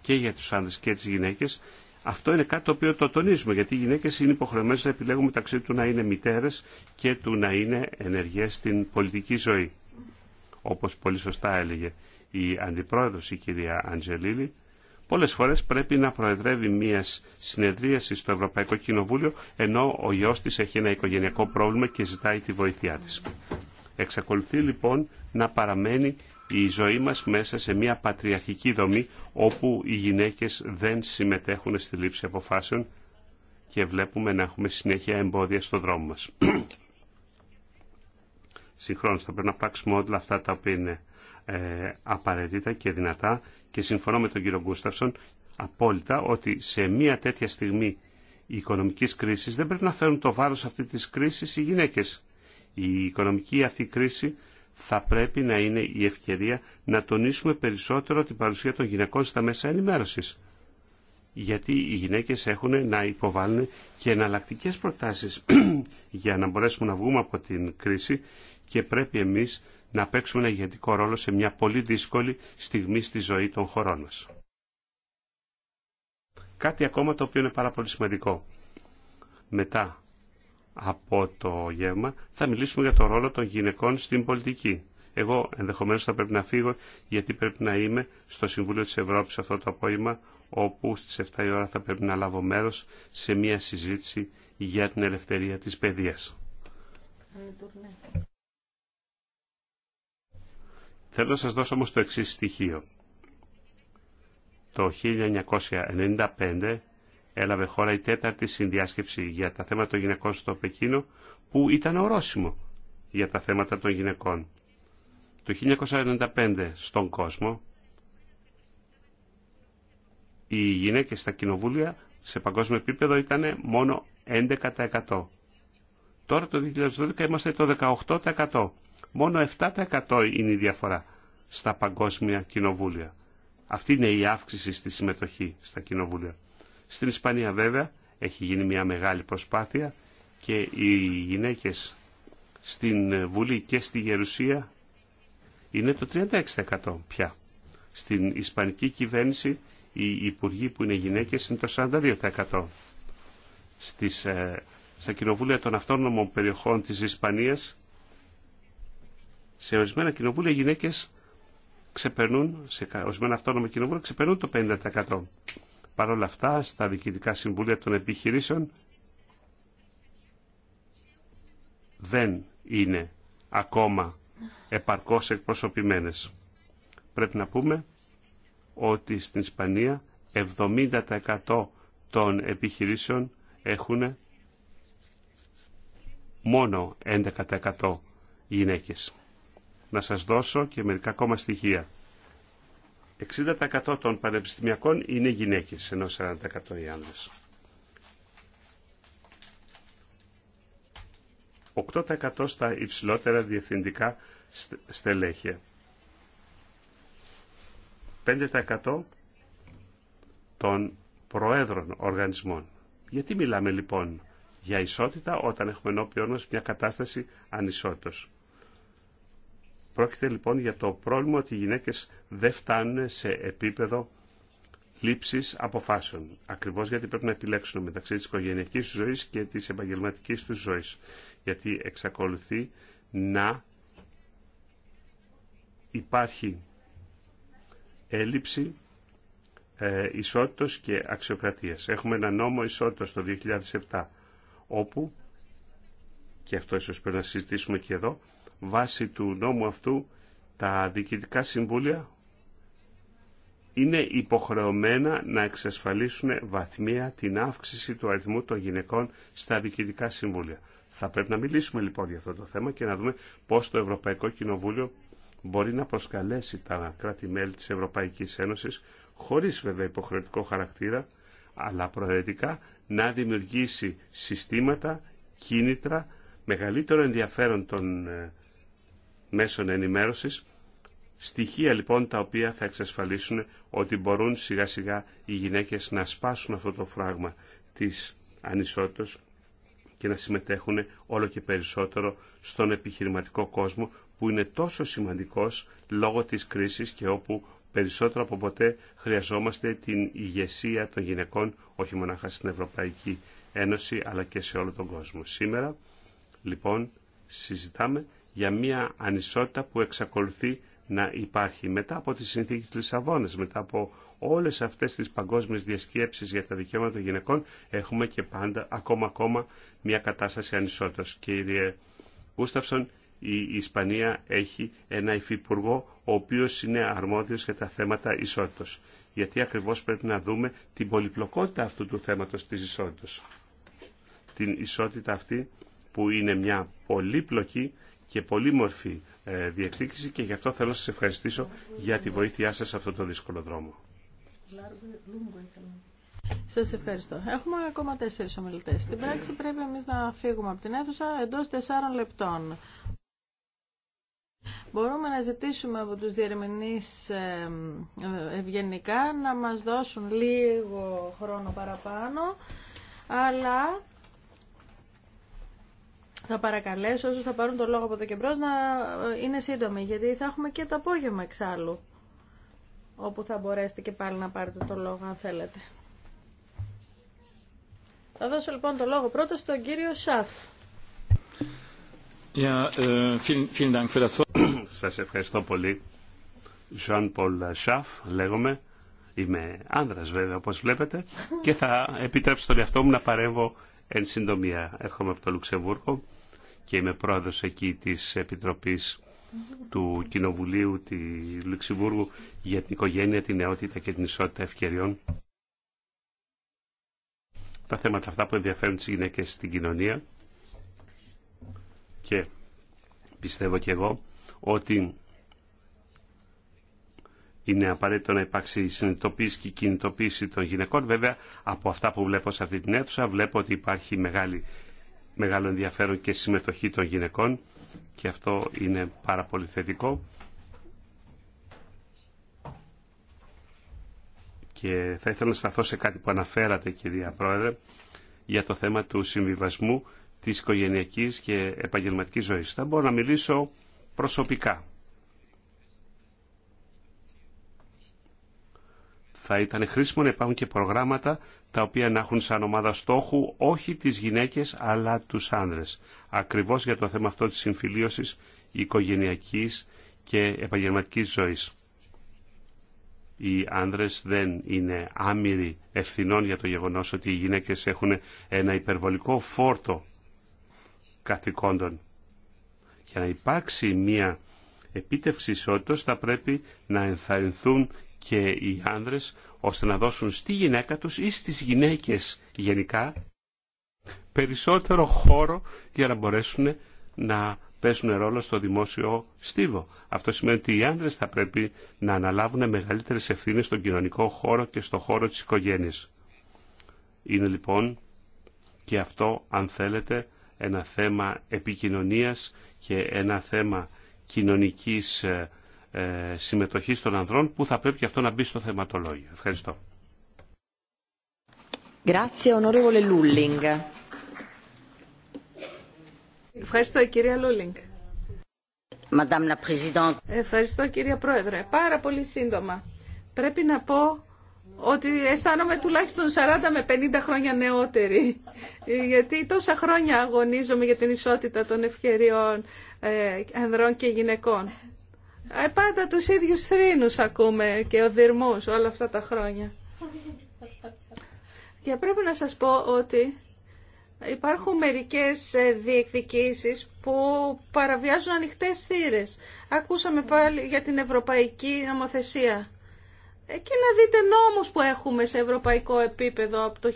και για τους άνδρες και τις γυναίκες αυτό είναι κάτι το οποίο το τονίζουμε γιατί οι γυναίκες είναι υποχρεωμένες να επιλέγουν μεταξύ του να είναι μητέρες και του να είναι ενεργές στην πολιτική ζωή όπως πολύ σωστά έλεγε η αντιπρόεδρος η κυρία Αντζελίλη Πολλέ φορές πρέπει να προεδρεύει μια συνεδρίαση στο Ευρωπαϊκό Κοινοβούλιο ενώ ο γιο της έχει ένα οικογενειακό πρόβλημα και ζητάει τη βοήθειά της. Εξακολουθεί λοιπόν να παραμένει η ζωή μας μέσα σε μια πατριαρχική δομή όπου οι γυναίκες δεν συμμετέχουν στη λήψη αποφάσεων και βλέπουμε να έχουμε συνέχεια εμπόδια στο δρόμο μας. Συγχρόνως θα πρέπει να πράξουμε όλα αυτά τα οποία είναι ε, απαραίτητα και δυνατά και συμφωνώ με τον κύριο Γκούσταυσον απόλυτα ότι σε μια τέτοια στιγμή οικονομική κρίση δεν πρέπει να φέρουν το βάρος αυτή της κρίσης οι γυναίκες. Η οικονομική αυτή κρίση θα πρέπει να είναι η ευκαιρία να τονίσουμε περισσότερο την παρουσία των γυναικών στα μέσα ενημέρωση. Γιατί οι γυναίκε έχουν να υποβάλουν και εναλλακτικέ προτάσει για να μπορέσουμε να βγούμε από την κρίση και πρέπει εμεί να παίξουμε ένα ηγετικό ρόλο σε μια πολύ δύσκολη στιγμή στη ζωή των χωρών μας. Κάτι ακόμα το οποίο είναι πάρα πολύ σημαντικό. Μετά από το γεύμα θα μιλήσουμε για το ρόλο των γυναικών στην πολιτική. Εγώ ενδεχομένως θα πρέπει να φύγω γιατί πρέπει να είμαι στο Συμβούλιο της Ευρώπης αυτό το απόγευμα όπου στις 7 η ώρα θα πρέπει να λάβω μέρος σε μια συζήτηση για την ελευθερία της παιδείας. Θέλω να σας δώσω όμως το εξής στοιχείο. Το 1995 έλαβε χώρα η τέταρτη συνδιάσκεψη για τα θέματα των γυναικών στο Πεκίνο που ήταν ορόσημο για τα θέματα των γυναικών. Το 1995 στον κόσμο οι γυναίκες στα κοινοβούλια σε παγκόσμιο επίπεδο ήταν μόνο 11%. Τώρα το 2012 είμαστε το 18%. Μόνο 7% είναι η διαφορά στα παγκόσμια κοινοβούλια. Αυτή είναι η αύξηση στη συμμετοχή στα κοινοβούλια. Στην Ισπανία βέβαια έχει γίνει μια μεγάλη προσπάθεια και οι γυναίκες στην Βουλή και στη Γερουσία είναι το 36% πια. Στην Ισπανική κυβέρνηση οι υπουργοί που είναι γυναίκες είναι το 42%. Στις, ε, στα κοινοβούλια των αυτόνομων περιοχών της Ισπανίας σε ορισμένα κοινοβούλια οι γυναίκες ξεπερνούν, σε ορισμένα αυτόνομα κοινοβούλια ξεπερνούν το 50%. Παρ' όλα αυτά, στα διοικητικά συμβούλια των επιχειρήσεων δεν είναι ακόμα επαρκώς εκπροσωπημένες. Πρέπει να πούμε ότι στην Ισπανία 70% των επιχειρήσεων έχουν μόνο 11% γυναίκες. Να σας δώσω και μερικά ακόμα στοιχεία. 60% των πανεπιστημιακών είναι γυναίκες, ενώ 40% οι άνδρες. 8% στα υψηλότερα διευθυντικά στελέχεια. 5% των προέδρων οργανισμών. Γιατί μιλάμε λοιπόν για ισότητα όταν έχουμε ενώπιόν μας μια κατάσταση ανισότητας. Πρόκειται λοιπόν για το πρόβλημα ότι οι γυναίκες δεν φτάνουν σε επίπεδο λήψης αποφάσεων. Ακριβώς γιατί πρέπει να επιλέξουν μεταξύ της οικογενειακής τους ζωής και της επαγγελματικής τους ζωής. Γιατί εξακολουθεί να υπάρχει έλλειψη ε, και αξιοκρατίας. Έχουμε ένα νόμο ισότητα το 2007, όπου, και αυτό ίσως πρέπει να συζητήσουμε και εδώ, Βάσει του νόμου αυτού τα διοικητικά συμβούλια είναι υποχρεωμένα να εξασφαλίσουν βαθμία την αύξηση του αριθμού των γυναικών στα διοικητικά συμβούλια. Θα πρέπει να μιλήσουμε λοιπόν για αυτό το θέμα και να δούμε πώς το Ευρωπαϊκό Κοινοβούλιο μπορεί να προσκαλέσει τα κράτη-μέλη της Ευρωπαϊκής Ένωσης χωρίς βέβαια υποχρεωτικό χαρακτήρα, αλλά προαιρετικά να δημιουργήσει συστήματα, κίνητρα, μεγαλύτερο ενδιαφέρον των ε, μέσων ενημέρωσης. Στοιχεία λοιπόν τα οποία θα εξασφαλίσουν ότι μπορούν σιγά σιγά οι γυναίκες να σπάσουν αυτό το φράγμα της ανισότητας και να συμμετέχουν όλο και περισσότερο στον επιχειρηματικό κόσμο που είναι τόσο σημαντικός λόγω της κρίσης και όπου περισσότερο από ποτέ χρειαζόμαστε την ηγεσία των γυναικών όχι μονάχα στην Ευρωπαϊκή Ένωση αλλά και σε όλο τον κόσμο. Σήμερα λοιπόν συζητάμε για μια ανισότητα που εξακολουθεί να υπάρχει μετά από τη συνθήκη της Λισαβόνας, μετά από όλες αυτές τις παγκόσμιες διασκέψεις για τα δικαιώματα των γυναικών έχουμε και πάντα ακόμα ακόμα μια κατάσταση ανισότητας. Κύριε Ούσταυσον, η Ισπανία έχει ένα υφυπουργό ο οποίο είναι αρμόδιος για τα θέματα ισότητας. Γιατί ακριβώς πρέπει να δούμε την πολυπλοκότητα αυτού του θέματος της ισότητας. Την ισότητα αυτή που είναι μια πολύπλοκη και πολύ μορφή ε, διεκδίκηση και γι' αυτό θέλω να σας ευχαριστήσω για τη βοήθειά σας σε αυτό το δύσκολο δρόμο. Σα ευχαριστώ. Έχουμε ακόμα τέσσερι ομιλητέ. Στην πράξη πρέπει εμεί να φύγουμε από την αίθουσα εντό τεσσάρων λεπτών. Μπορούμε να ζητήσουμε από τους διερμηνείς ευγενικά να μας δώσουν λίγο χρόνο παραπάνω, αλλά θα παρακαλέσω όσους θα πάρουν το λόγο από εδώ και μπρος να ε, είναι σύντομοι, γιατί θα έχουμε και το απόγευμα εξάλλου, όπου θα μπορέσετε και πάλι να πάρετε το λόγο αν θέλετε. Θα δώσω λοιπόν το λόγο πρώτα στον κύριο Σαφ. Ε, Σας ευχαριστώ πολύ. πολύ. Jean-Paul Σαφ, λέγομαι. Είμαι άνδρας βέβαια, όπως βλέπετε, και θα επιτρέψω στον εαυτό μου να παρέμβω εν συντομία. Έρχομαι από το Λουξεμβούργο και είμαι πρόεδρος εκεί της Επιτροπής του Κοινοβουλίου τη Λουξεμβούργου για την οικογένεια, την νεότητα και την ισότητα ευκαιριών. Τα θέματα αυτά που ενδιαφέρουν τις γυναίκες στην κοινωνία και πιστεύω και εγώ ότι είναι απαραίτητο να υπάρξει συνειδητοποίηση και κινητοποίηση των γυναικών. Βέβαια, από αυτά που βλέπω σε αυτή την αίθουσα, βλέπω ότι υπάρχει μεγάλη μεγάλο ενδιαφέρον και συμμετοχή των γυναικών και αυτό είναι πάρα πολύ θετικό. Και θα ήθελα να σταθώ σε κάτι που αναφέρατε κυρία Πρόεδρε για το θέμα του συμβιβασμού της οικογενειακής και επαγγελματικής ζωής. Θα μπορώ να μιλήσω προσωπικά. Θα ήταν χρήσιμο να υπάρχουν και προγράμματα τα οποία να έχουν σαν ομάδα στόχου όχι τις γυναίκες αλλά τους άνδρες. Ακριβώς για το θέμα αυτό της συμφιλίωσης οικογενειακής και επαγγελματικής ζωής. Οι άνδρες δεν είναι άμυροι ευθυνών για το γεγονός ότι οι γυναίκες έχουν ένα υπερβολικό φόρτο καθηκόντων. Για να υπάρξει μια επίτευξη ισότητας θα πρέπει να ενθαρρυνθούν και οι άνδρες ώστε να δώσουν στη γυναίκα τους ή στις γυναίκες γενικά περισσότερο χώρο για να μπορέσουν να πέσουν ρόλο στο δημόσιο στίβο. Αυτό σημαίνει ότι οι άνδρες θα πρέπει να αναλάβουν μεγαλύτερες ευθύνες στον κοινωνικό χώρο και στον χώρο της οικογένειας. Είναι λοιπόν και αυτό, αν θέλετε, ένα θέμα επικοινωνίας και ένα θέμα κοινωνικής ε, ε, συμμετοχή των ανδρών που θα πρέπει και αυτό να μπει στο θεματολόγιο. Ευχαριστώ. Ευχαριστώ κυρία Λούλινγκ. Ευχαριστώ κυρία Πρόεδρε. Πάρα πολύ σύντομα. Πρέπει να πω ότι αισθάνομαι τουλάχιστον 40 με 50 χρόνια νεότερη. Γιατί τόσα χρόνια αγωνίζομαι για την ισότητα των ευκαιριών ε, ανδρών και γυναικών. Ε, πάντα τους ίδιους θρήνους ακούμε και οδυρμούς όλα αυτά τα χρόνια. Και πρέπει να σας πω ότι υπάρχουν μερικές ε, διεκδικήσεις που παραβιάζουν ανοιχτές θύρες. Ακούσαμε πάλι για την ευρωπαϊκή νομοθεσία. Ε, και να δείτε νόμους που έχουμε σε ευρωπαϊκό επίπεδο από το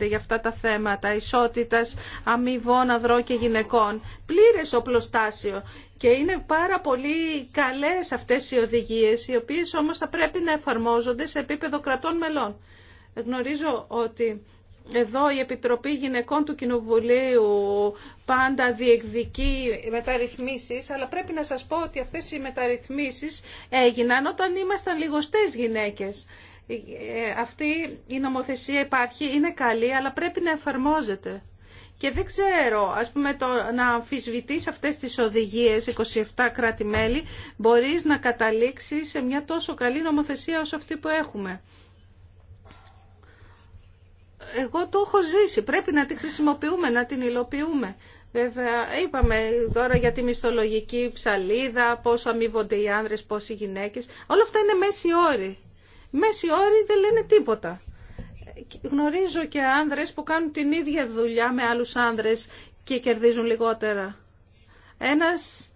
1975 για αυτά τα θέματα ισότητας αμοιβών αδρό και γυναικών. Πλήρες οπλοστάσιο και είναι πάρα πολύ καλές αυτές οι οδηγίες οι οποίες όμως θα πρέπει να εφαρμόζονται σε επίπεδο κρατών μελών. Ε, γνωρίζω ότι εδώ η Επιτροπή Γυναικών του Κοινοβουλίου πάντα διεκδικεί μεταρρυθμίσεις, αλλά πρέπει να σας πω ότι αυτές οι μεταρρυθμίσεις έγιναν όταν ήμασταν λιγοστές γυναίκες. Ε, αυτή η νομοθεσία υπάρχει, είναι καλή, αλλά πρέπει να εφαρμόζεται. Και δεν ξέρω, ας πούμε, το, να αμφισβητείς αυτές τις οδηγίες, 27 κράτη-μέλη, μπορείς να καταλήξεις σε μια τόσο καλή νομοθεσία όσο αυτή που έχουμε εγώ το έχω ζήσει. Πρέπει να τη χρησιμοποιούμε, να την υλοποιούμε. Βέβαια, είπαμε τώρα για τη μισθολογική ψαλίδα, πόσο αμείβονται οι άνδρες, πόσοι οι γυναίκες. Όλα αυτά είναι μέση όρη. Μέση όρη δεν λένε τίποτα. Γνωρίζω και άνδρες που κάνουν την ίδια δουλειά με άλλους άνδρες και κερδίζουν λιγότερα. Ένας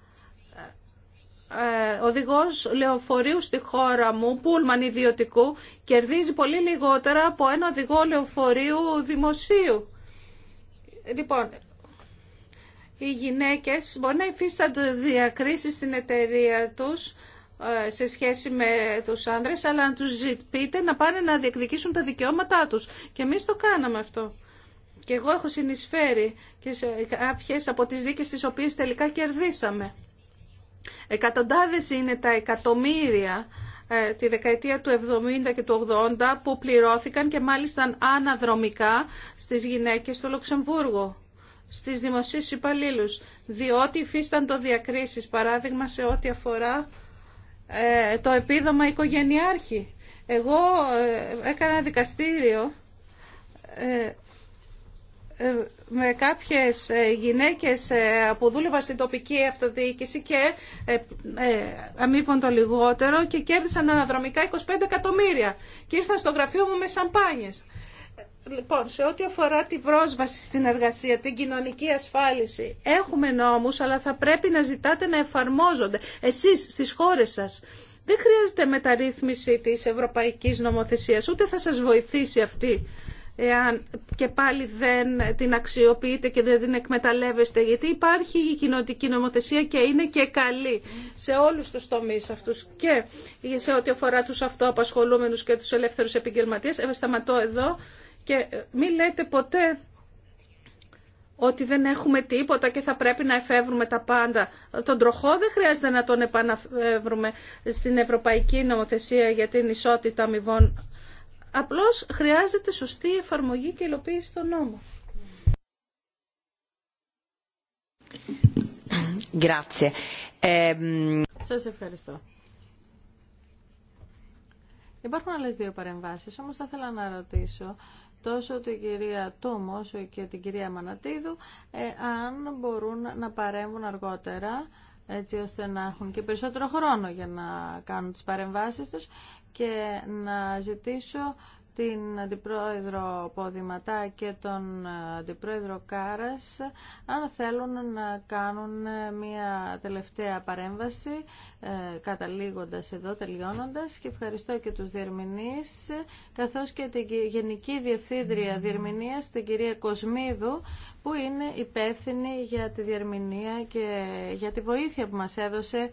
ε, οδηγός λεωφορείου στη χώρα μου, πούλμαν ιδιωτικού, κερδίζει πολύ λιγότερα από ένα οδηγό λεωφορείου δημοσίου. Λοιπόν, οι γυναίκες μπορεί να υφίστανται διακρίσει στην εταιρεία τους ε, σε σχέση με τους άνδρες, αλλά να τους ζητείτε να πάνε να διεκδικήσουν τα δικαιώματά τους. Και εμείς το κάναμε αυτό. Και εγώ έχω συνεισφέρει και σε κάποιες από τις δίκες τις οποίες τελικά κερδίσαμε. Εκατοντάδες είναι τα εκατομμύρια ε, τη δεκαετία του 70 και του 80 που πληρώθηκαν και μάλιστα αναδρομικά στις γυναίκες στο Λουξεμβούργο, στις δημοσίες υπαλλήλου, διότι το διακρίσεις, παράδειγμα σε ό,τι αφορά ε, το επίδομα οικογενειάρχη. Εγώ ε, έκανα δικαστήριο με κάποιες ε, γυναίκες ε, που δούλευαν στην τοπική αυτοδιοίκηση και ε, αμείβαν το λιγότερο και κέρδισαν αναδρομικά 25 εκατομμύρια και ήρθαν στο γραφείο μου με σαμπάνιες. Λοιπόν, σε ό,τι αφορά την πρόσβαση στην εργασία, την κοινωνική ασφάλιση, έχουμε νόμους, αλλά θα πρέπει να ζητάτε να εφαρμόζονται εσείς στις χώρες σας. Δεν χρειάζεται μεταρρύθμιση της ευρωπαϊκής νομοθεσίας, ούτε θα σας βοηθήσει αυτή εάν και πάλι δεν την αξιοποιείτε και δεν την εκμεταλλεύεστε, γιατί υπάρχει η κοινωτική νομοθεσία και είναι και καλή σε όλους τους τομείς αυτούς και σε ό,τι αφορά τους αυτοαπασχολούμενους και τους ελεύθερους επαγγελματίες. Ε, σταματώ εδώ και ε, μην λέτε ποτέ ότι δεν έχουμε τίποτα και θα πρέπει να εφεύρουμε τα πάντα. Τον τροχό δεν χρειάζεται να τον επαναφεύρουμε στην Ευρωπαϊκή Νομοθεσία για την Ισότητα Αμοιβών Απλώς χρειάζεται σωστή εφαρμογή και υλοποίηση των νόμων. Ehm, Σας ευχαριστώ. Υπάρχουν άλλες δύο παρεμβάσει. όμως θα ήθελα να ρωτήσω τόσο την κυρία Τούμο, και την κυρία Μανατίδου ε, αν μπορούν να παρέμβουν αργότερα έτσι ώστε να έχουν και περισσότερο χρόνο για να κάνουν τις παρεμβάσεις τους και να ζητήσω την Αντιπρόεδρο Ποδηματά και τον Αντιπρόεδρο Κάρας αν θέλουν να κάνουν μια τελευταία παρέμβαση ε, καταλήγοντας εδώ, τελειώνοντας και ευχαριστώ και τους διερμηνείς καθώς και την Γενική Διευθύντρια Διερμηνίας την κυρία Κοσμίδου που είναι υπεύθυνη για τη διερμηνία και για τη βοήθεια που μας έδωσε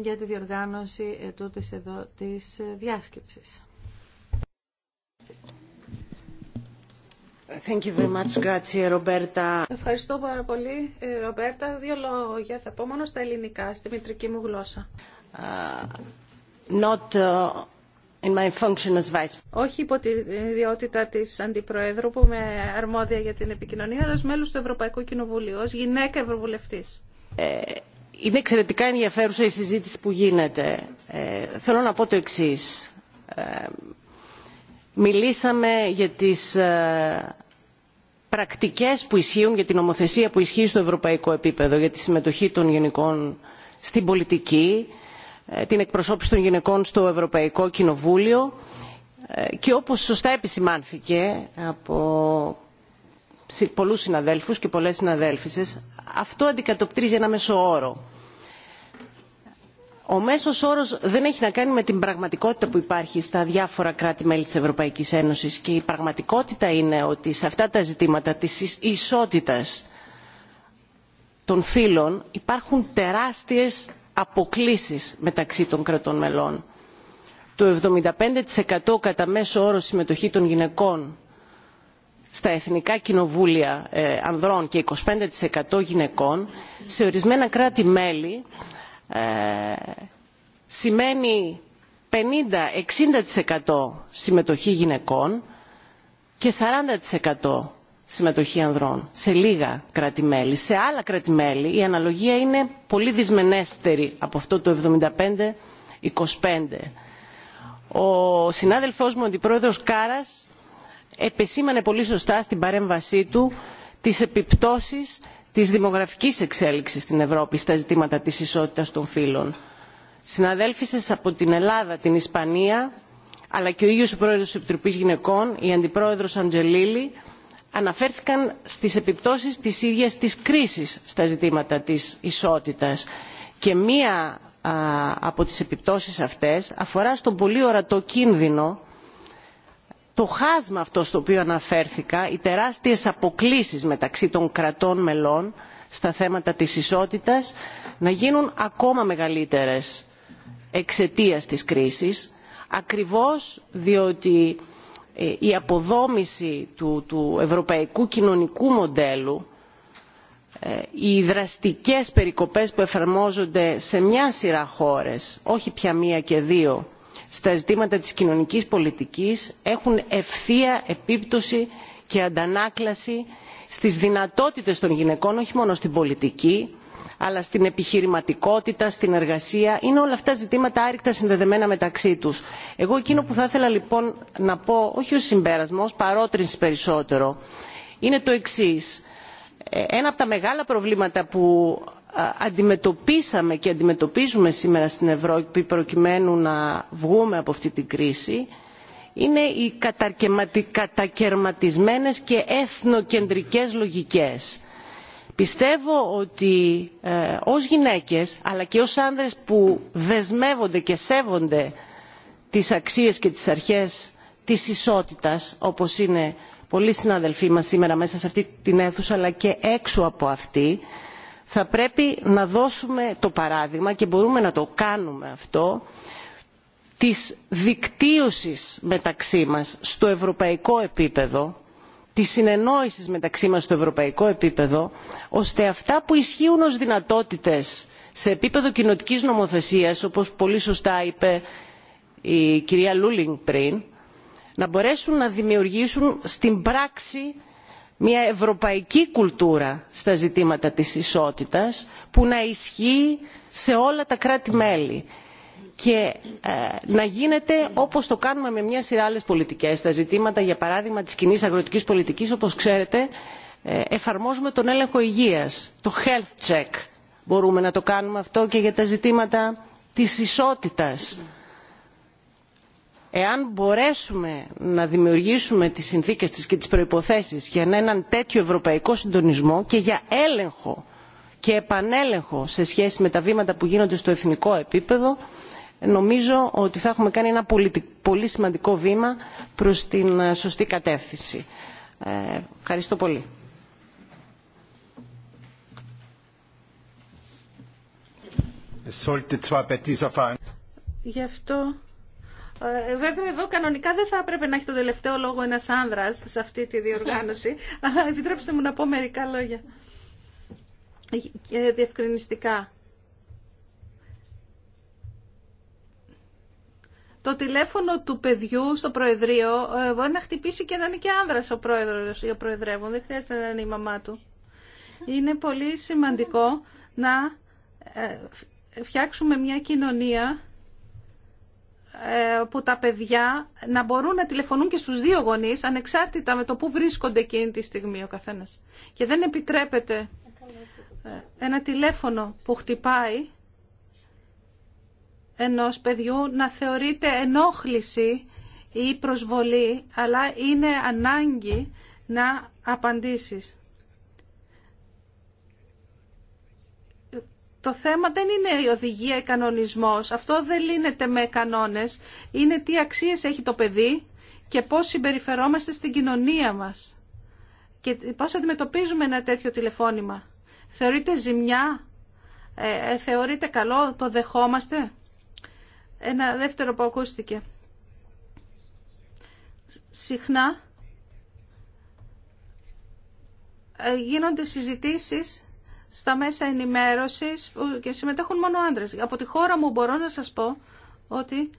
για τη διοργάνωση τούτης εδώ της ε, διάσκεψης. Thank you very much. Grazie, Roberta. Ευχαριστώ πάρα πολύ, ε, Ρομπέρτα. Δύο λόγια θα πω μόνο στα ελληνικά, στη μητρική μου γλώσσα. Uh, not, uh, In my function as vice. Όχι υπό τη ιδιότητα τη Αντιπροέδρου που με αρμόδια για την επικοινωνία, αλλά ω μέλο του Ευρωπαϊκού Κοινοβουλίου, ω γυναίκα Ευρωβουλευτή. Ε, είναι εξαιρετικά ενδιαφέρουσα η συζήτηση που γίνεται. Ε, θέλω να πω το εξής. Ε, μιλήσαμε για τις ε, πρακτικές που ισχύουν, για την ομοθεσία που ισχύει στο ευρωπαϊκό επίπεδο, για τη συμμετοχή των γενικών στην πολιτική, ε, την εκπροσώπηση των γυναικών στο Ευρωπαϊκό Κοινοβούλιο και όπως σωστά επισημάνθηκε από πολλούς συναδέλφους και πολλές συναδέλφισες, αυτό αντικατοπτρίζει ένα μέσο όρο. Ο μέσος όρος δεν έχει να κάνει με την πραγματικότητα που υπάρχει στα διάφορα κράτη-μέλη της Ευρωπαϊκής Ένωσης και η πραγματικότητα είναι ότι σε αυτά τα ζητήματα της ισότητας των φύλων υπάρχουν τεράστιες αποκλίσεις μεταξύ των κρατών μελών. Το 75% κατά μέσο όρο συμμετοχή των γυναικών στα εθνικά κοινοβούλια ε, ανδρών και 25% γυναικών σε ορισμένα κράτη μέλη ε, σημαίνει 50-60% συμμετοχή γυναικών και 40% συμμετοχή ανδρών σε λίγα κράτη μέλη. Σε άλλα κράτη μέλη η αναλογία είναι πολύ δυσμενέστερη από αυτό το 75-25%. Ο συνάδελφός μου, ο αντιπρόεδρος Κάρας, επεσήμανε πολύ σωστά στην παρέμβασή του τις επιπτώσεις της δημογραφικής εξέλιξης στην Ευρώπη στα ζητήματα της ισότητας των φύλων. Συναδέλφοι από την Ελλάδα, την Ισπανία, αλλά και ο ίδιος ο πρόεδρος της Επιτροπής Γυναικών, η αντιπρόεδρος Αντζελίλη, αναφέρθηκαν στις επιπτώσεις της ίδιας της κρίσης στα ζητήματα της ισότητας. Και μία από τις επιπτώσεις αυτές αφορά στον πολύ ορατό κίνδυνο το χάσμα αυτό στο οποίο αναφέρθηκα οι τεράστιες αποκλίσεις μεταξύ των κρατών μελών στα θέματα της ισότητας να γίνουν ακόμα μεγαλύτερες εξαιτίας της κρίσης ακριβώς διότι ε, η αποδόμηση του, ευρωπαϊκού κοινωνικού μοντέλου ε, οι δραστικές περικοπές που εφαρμόζονται σε μια σειρά χώρες όχι πια μία και δύο στα ζητήματα της κοινωνικής πολιτικής έχουν ευθεία επίπτωση και αντανάκλαση στις δυνατότητες των γυναικών όχι μόνο στην πολιτική αλλά στην επιχειρηματικότητα στην εργασία είναι όλα αυτά ζητήματα άρρηκτα συνδεδεμένα μεταξύ τους. εγώ εκείνο που θα ήθελα λοιπόν να πω όχι ως συμπέρασμα ως παρότρινση περισσότερο είναι το εξής ε, ένα από τα μεγάλα προβλήματα που αντιμετωπίσαμε και αντιμετωπίζουμε σήμερα στην Ευρώπη προκειμένου να βγούμε από αυτή την κρίση είναι οι κατακαιρματισμένες και εθνοκεντρικές λογικές. Πιστεύω ότι ε, ως γυναίκες αλλά και ως άνδρες που δεσμεύονται και σέβονται τις αξίες και τις αρχές της ισότητας όπως είναι πολλοί συναδελφοί μας σήμερα μέσα σε αυτή την αίθουσα αλλά και έξω από αυτή θα πρέπει να δώσουμε το παράδειγμα και μπορούμε να το κάνουμε αυτό της δικτύωσης μεταξύ μας στο ευρωπαϊκό επίπεδο της συνεννόησης μεταξύ μας στο ευρωπαϊκό επίπεδο ώστε αυτά που ισχύουν ως δυνατότητες σε επίπεδο κοινοτικής νομοθεσίας όπως πολύ σωστά είπε η κυρία Λούλινγκ πριν να μπορέσουν να δημιουργήσουν στην πράξη μια ευρωπαϊκή κουλτούρα στα ζητήματα της ισότητας που να ισχύει σε όλα τα κράτη μέλη και ε, να γίνεται όπως το κάνουμε με μια σειρά άλλες πολιτικές στα ζητήματα για παράδειγμα της κοινή αγροτικής πολιτικής όπως ξέρετε ε, εφαρμόζουμε τον έλεγχο υγείας το health check μπορούμε να το κάνουμε αυτό και για τα ζητήματα της ισότητας εάν μπορέσουμε να δημιουργήσουμε τις συνθήκες της και τις προϋποθέσεις για έναν τέτοιο ευρωπαϊκό συντονισμό και για έλεγχο και επανέλεγχο σε σχέση με τα βήματα που γίνονται στο εθνικό επίπεδο νομίζω ότι θα έχουμε κάνει ένα πολύ σημαντικό βήμα προς την ε, σωστή κατεύθυνση. Ε, ευχαριστώ πολύ. Ε, βέβαια εδώ κανονικά δεν θα έπρεπε να έχει το τελευταίο λόγο ένας άνδρας σε αυτή τη διοργάνωση, αλλά επιτρέψτε μου να πω μερικά λόγια ε, διευκρινιστικά. Το τηλέφωνο του παιδιού στο Προεδρείο ε, μπορεί να χτυπήσει και να είναι και άνδρας ο Πρόεδρος ή ο Προεδρεύων, δεν χρειάζεται να είναι η μαμά του. Είναι πολύ σημαντικό να φτιάξουμε μια κοινωνία ε, που τα παιδιά να μπορούν να τηλεφωνούν και στους δύο γονείς ανεξάρτητα με το που βρίσκονται εκείνη τη στιγμή ο καθένας. Και δεν επιτρέπεται ε, ένα τηλέφωνο που χτυπάει ενός παιδιού να θεωρείται ενόχληση ή προσβολή, αλλά είναι ανάγκη να απαντήσεις. το θέμα δεν είναι η οδηγία, η κανονισμός. Αυτό δεν λύνεται με κανόνες. Είναι τι αξίες έχει το παιδί και πώς συμπεριφερόμαστε στην κοινωνία μας. Και πώς αντιμετωπίζουμε ένα τέτοιο τηλεφώνημα. Θεωρείται ζημιά, ε, ε θεωρείται καλό, το δεχόμαστε. Ένα δεύτερο που ακούστηκε. Συχνά ε, γίνονται συζητήσεις στα μέσα ενημέρωσης και συμμετέχουν μόνο άντρες. Από τη χώρα μου μπορώ να σας πω ότι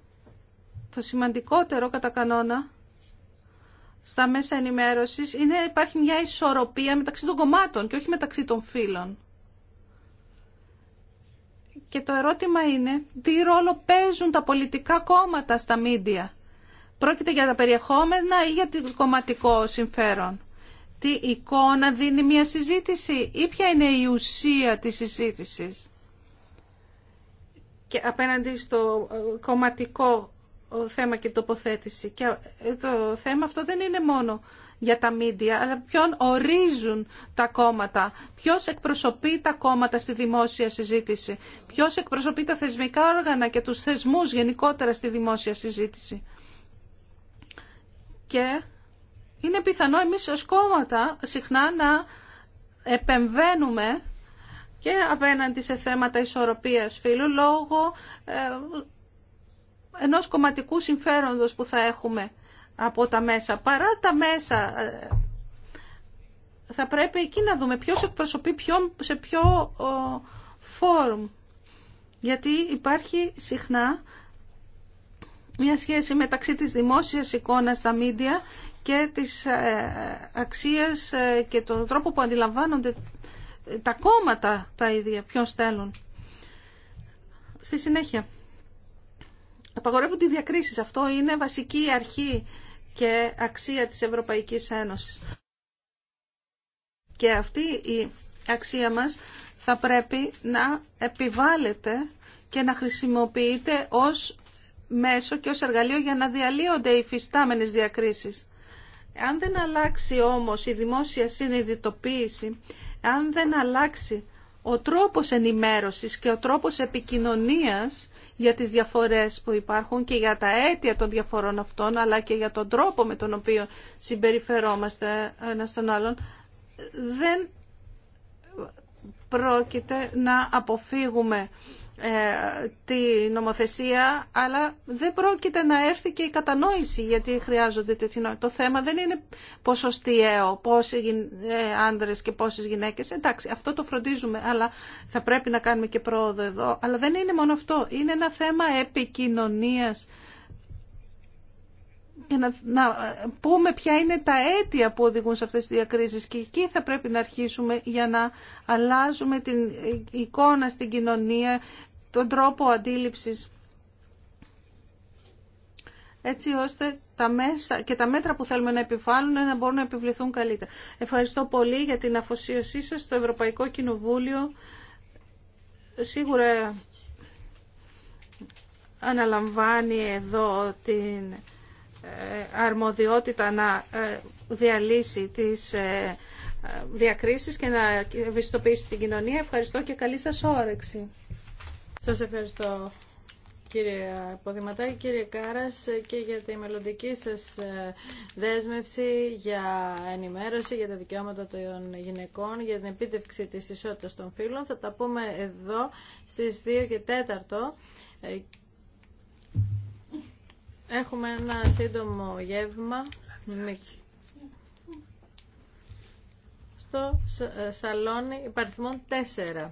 το σημαντικότερο κατά κανόνα στα μέσα ενημέρωσης είναι υπάρχει μια ισορροπία μεταξύ των κομμάτων και όχι μεταξύ των φίλων. Και το ερώτημα είναι τι ρόλο παίζουν τα πολιτικά κόμματα στα μίντια. Πρόκειται για τα περιεχόμενα ή για το κομματικό συμφέρον τι εικόνα δίνει μια συζήτηση ή ποια είναι η ουσία της συζήτησης. Και απέναντι στο ε, κομματικό ε, θέμα και τοποθέτηση. Και ε, το θέμα αυτό δεν είναι μόνο για τα μίντια, αλλά ποιον ορίζουν τα κόμματα, ποιος εκπροσωπεί τα κόμματα στη δημόσια συζήτηση, ποιος εκπροσωπεί τα θεσμικά όργανα και τους θεσμούς γενικότερα στη δημόσια συζήτηση. Και είναι πιθανό εμείς ως κόμματα συχνά να επεμβαίνουμε και απέναντι σε θέματα ισορροπίας φίλου λόγω ε, ενός κομματικού συμφέροντος που θα έχουμε από τα μέσα. Παρά τα μέσα ε, θα πρέπει εκεί να δούμε ποιος εκπροσωπεί σε ποιο φόρουμ. Γιατί υπάρχει συχνά μια σχέση μεταξύ της δημόσιας εικόνας στα μίντια και της ε, αξίας ε, και τον τρόπο που αντιλαμβάνονται τα κόμματα τα ίδια, ποιον στέλνουν. Στη συνέχεια, απαγορεύονται οι διακρίσεις. Αυτό είναι βασική αρχή και αξία της Ευρωπαϊκής Ένωσης. Και αυτή η αξία μας θα πρέπει να επιβάλλεται και να χρησιμοποιείται ως μέσο και ως εργαλείο για να διαλύονται οι φυστάμενες διακρίσεις. Αν δεν αλλάξει όμως η δημόσια συνειδητοποίηση, αν δεν αλλάξει ο τρόπος ενημέρωσης και ο τρόπος επικοινωνίας για τις διαφορές που υπάρχουν και για τα αίτια των διαφορών αυτών, αλλά και για τον τρόπο με τον οποίο συμπεριφερόμαστε ένα τον άλλον, δεν πρόκειται να αποφύγουμε ε, τη νομοθεσία, αλλά δεν πρόκειται να έρθει και η κατανόηση γιατί χρειάζονται νόμοι. Το θέμα δεν είναι ποσοστιαίο, πόσοι ε, άνδρες και πόσες γυναίκες. Εντάξει, αυτό το φροντίζουμε, αλλά θα πρέπει να κάνουμε και πρόοδο εδώ. Αλλά δεν είναι μόνο αυτό. Είναι ένα θέμα επικοινωνία. Και να, να πούμε ποια είναι τα αίτια που οδηγούν σε αυτές τις διακρίσεις και εκεί θα πρέπει να αρχίσουμε για να αλλάζουμε την εικόνα στην κοινωνία τον τρόπο αντίληψης έτσι ώστε τα μέσα και τα μέτρα που θέλουμε να επιβάλλουν να μπορούν να επιβληθούν καλύτερα. Ευχαριστώ πολύ για την αφοσίωσή σας στο Ευρωπαϊκό Κοινοβούλιο. Σίγουρα αναλαμβάνει εδώ την ε, αρμοδιότητα να ε, διαλύσει τις ε, διακρίσεις και να ευαισθητοποιήσει την κοινωνία. Ευχαριστώ και καλή σας όρεξη. Σας ευχαριστώ κύριε Ποδηματάκη, κύριε Κάρας και για τη μελλοντική σας ε, δέσμευση για ενημέρωση για τα δικαιώματα των γυναικών, για την επίτευξη της ισότητας των φύλων. Θα τα πούμε εδώ στις 2 και 4. Ε, έχουμε ένα σύντομο γεύμα στο ε, σαλόνι υπαριθμών 4.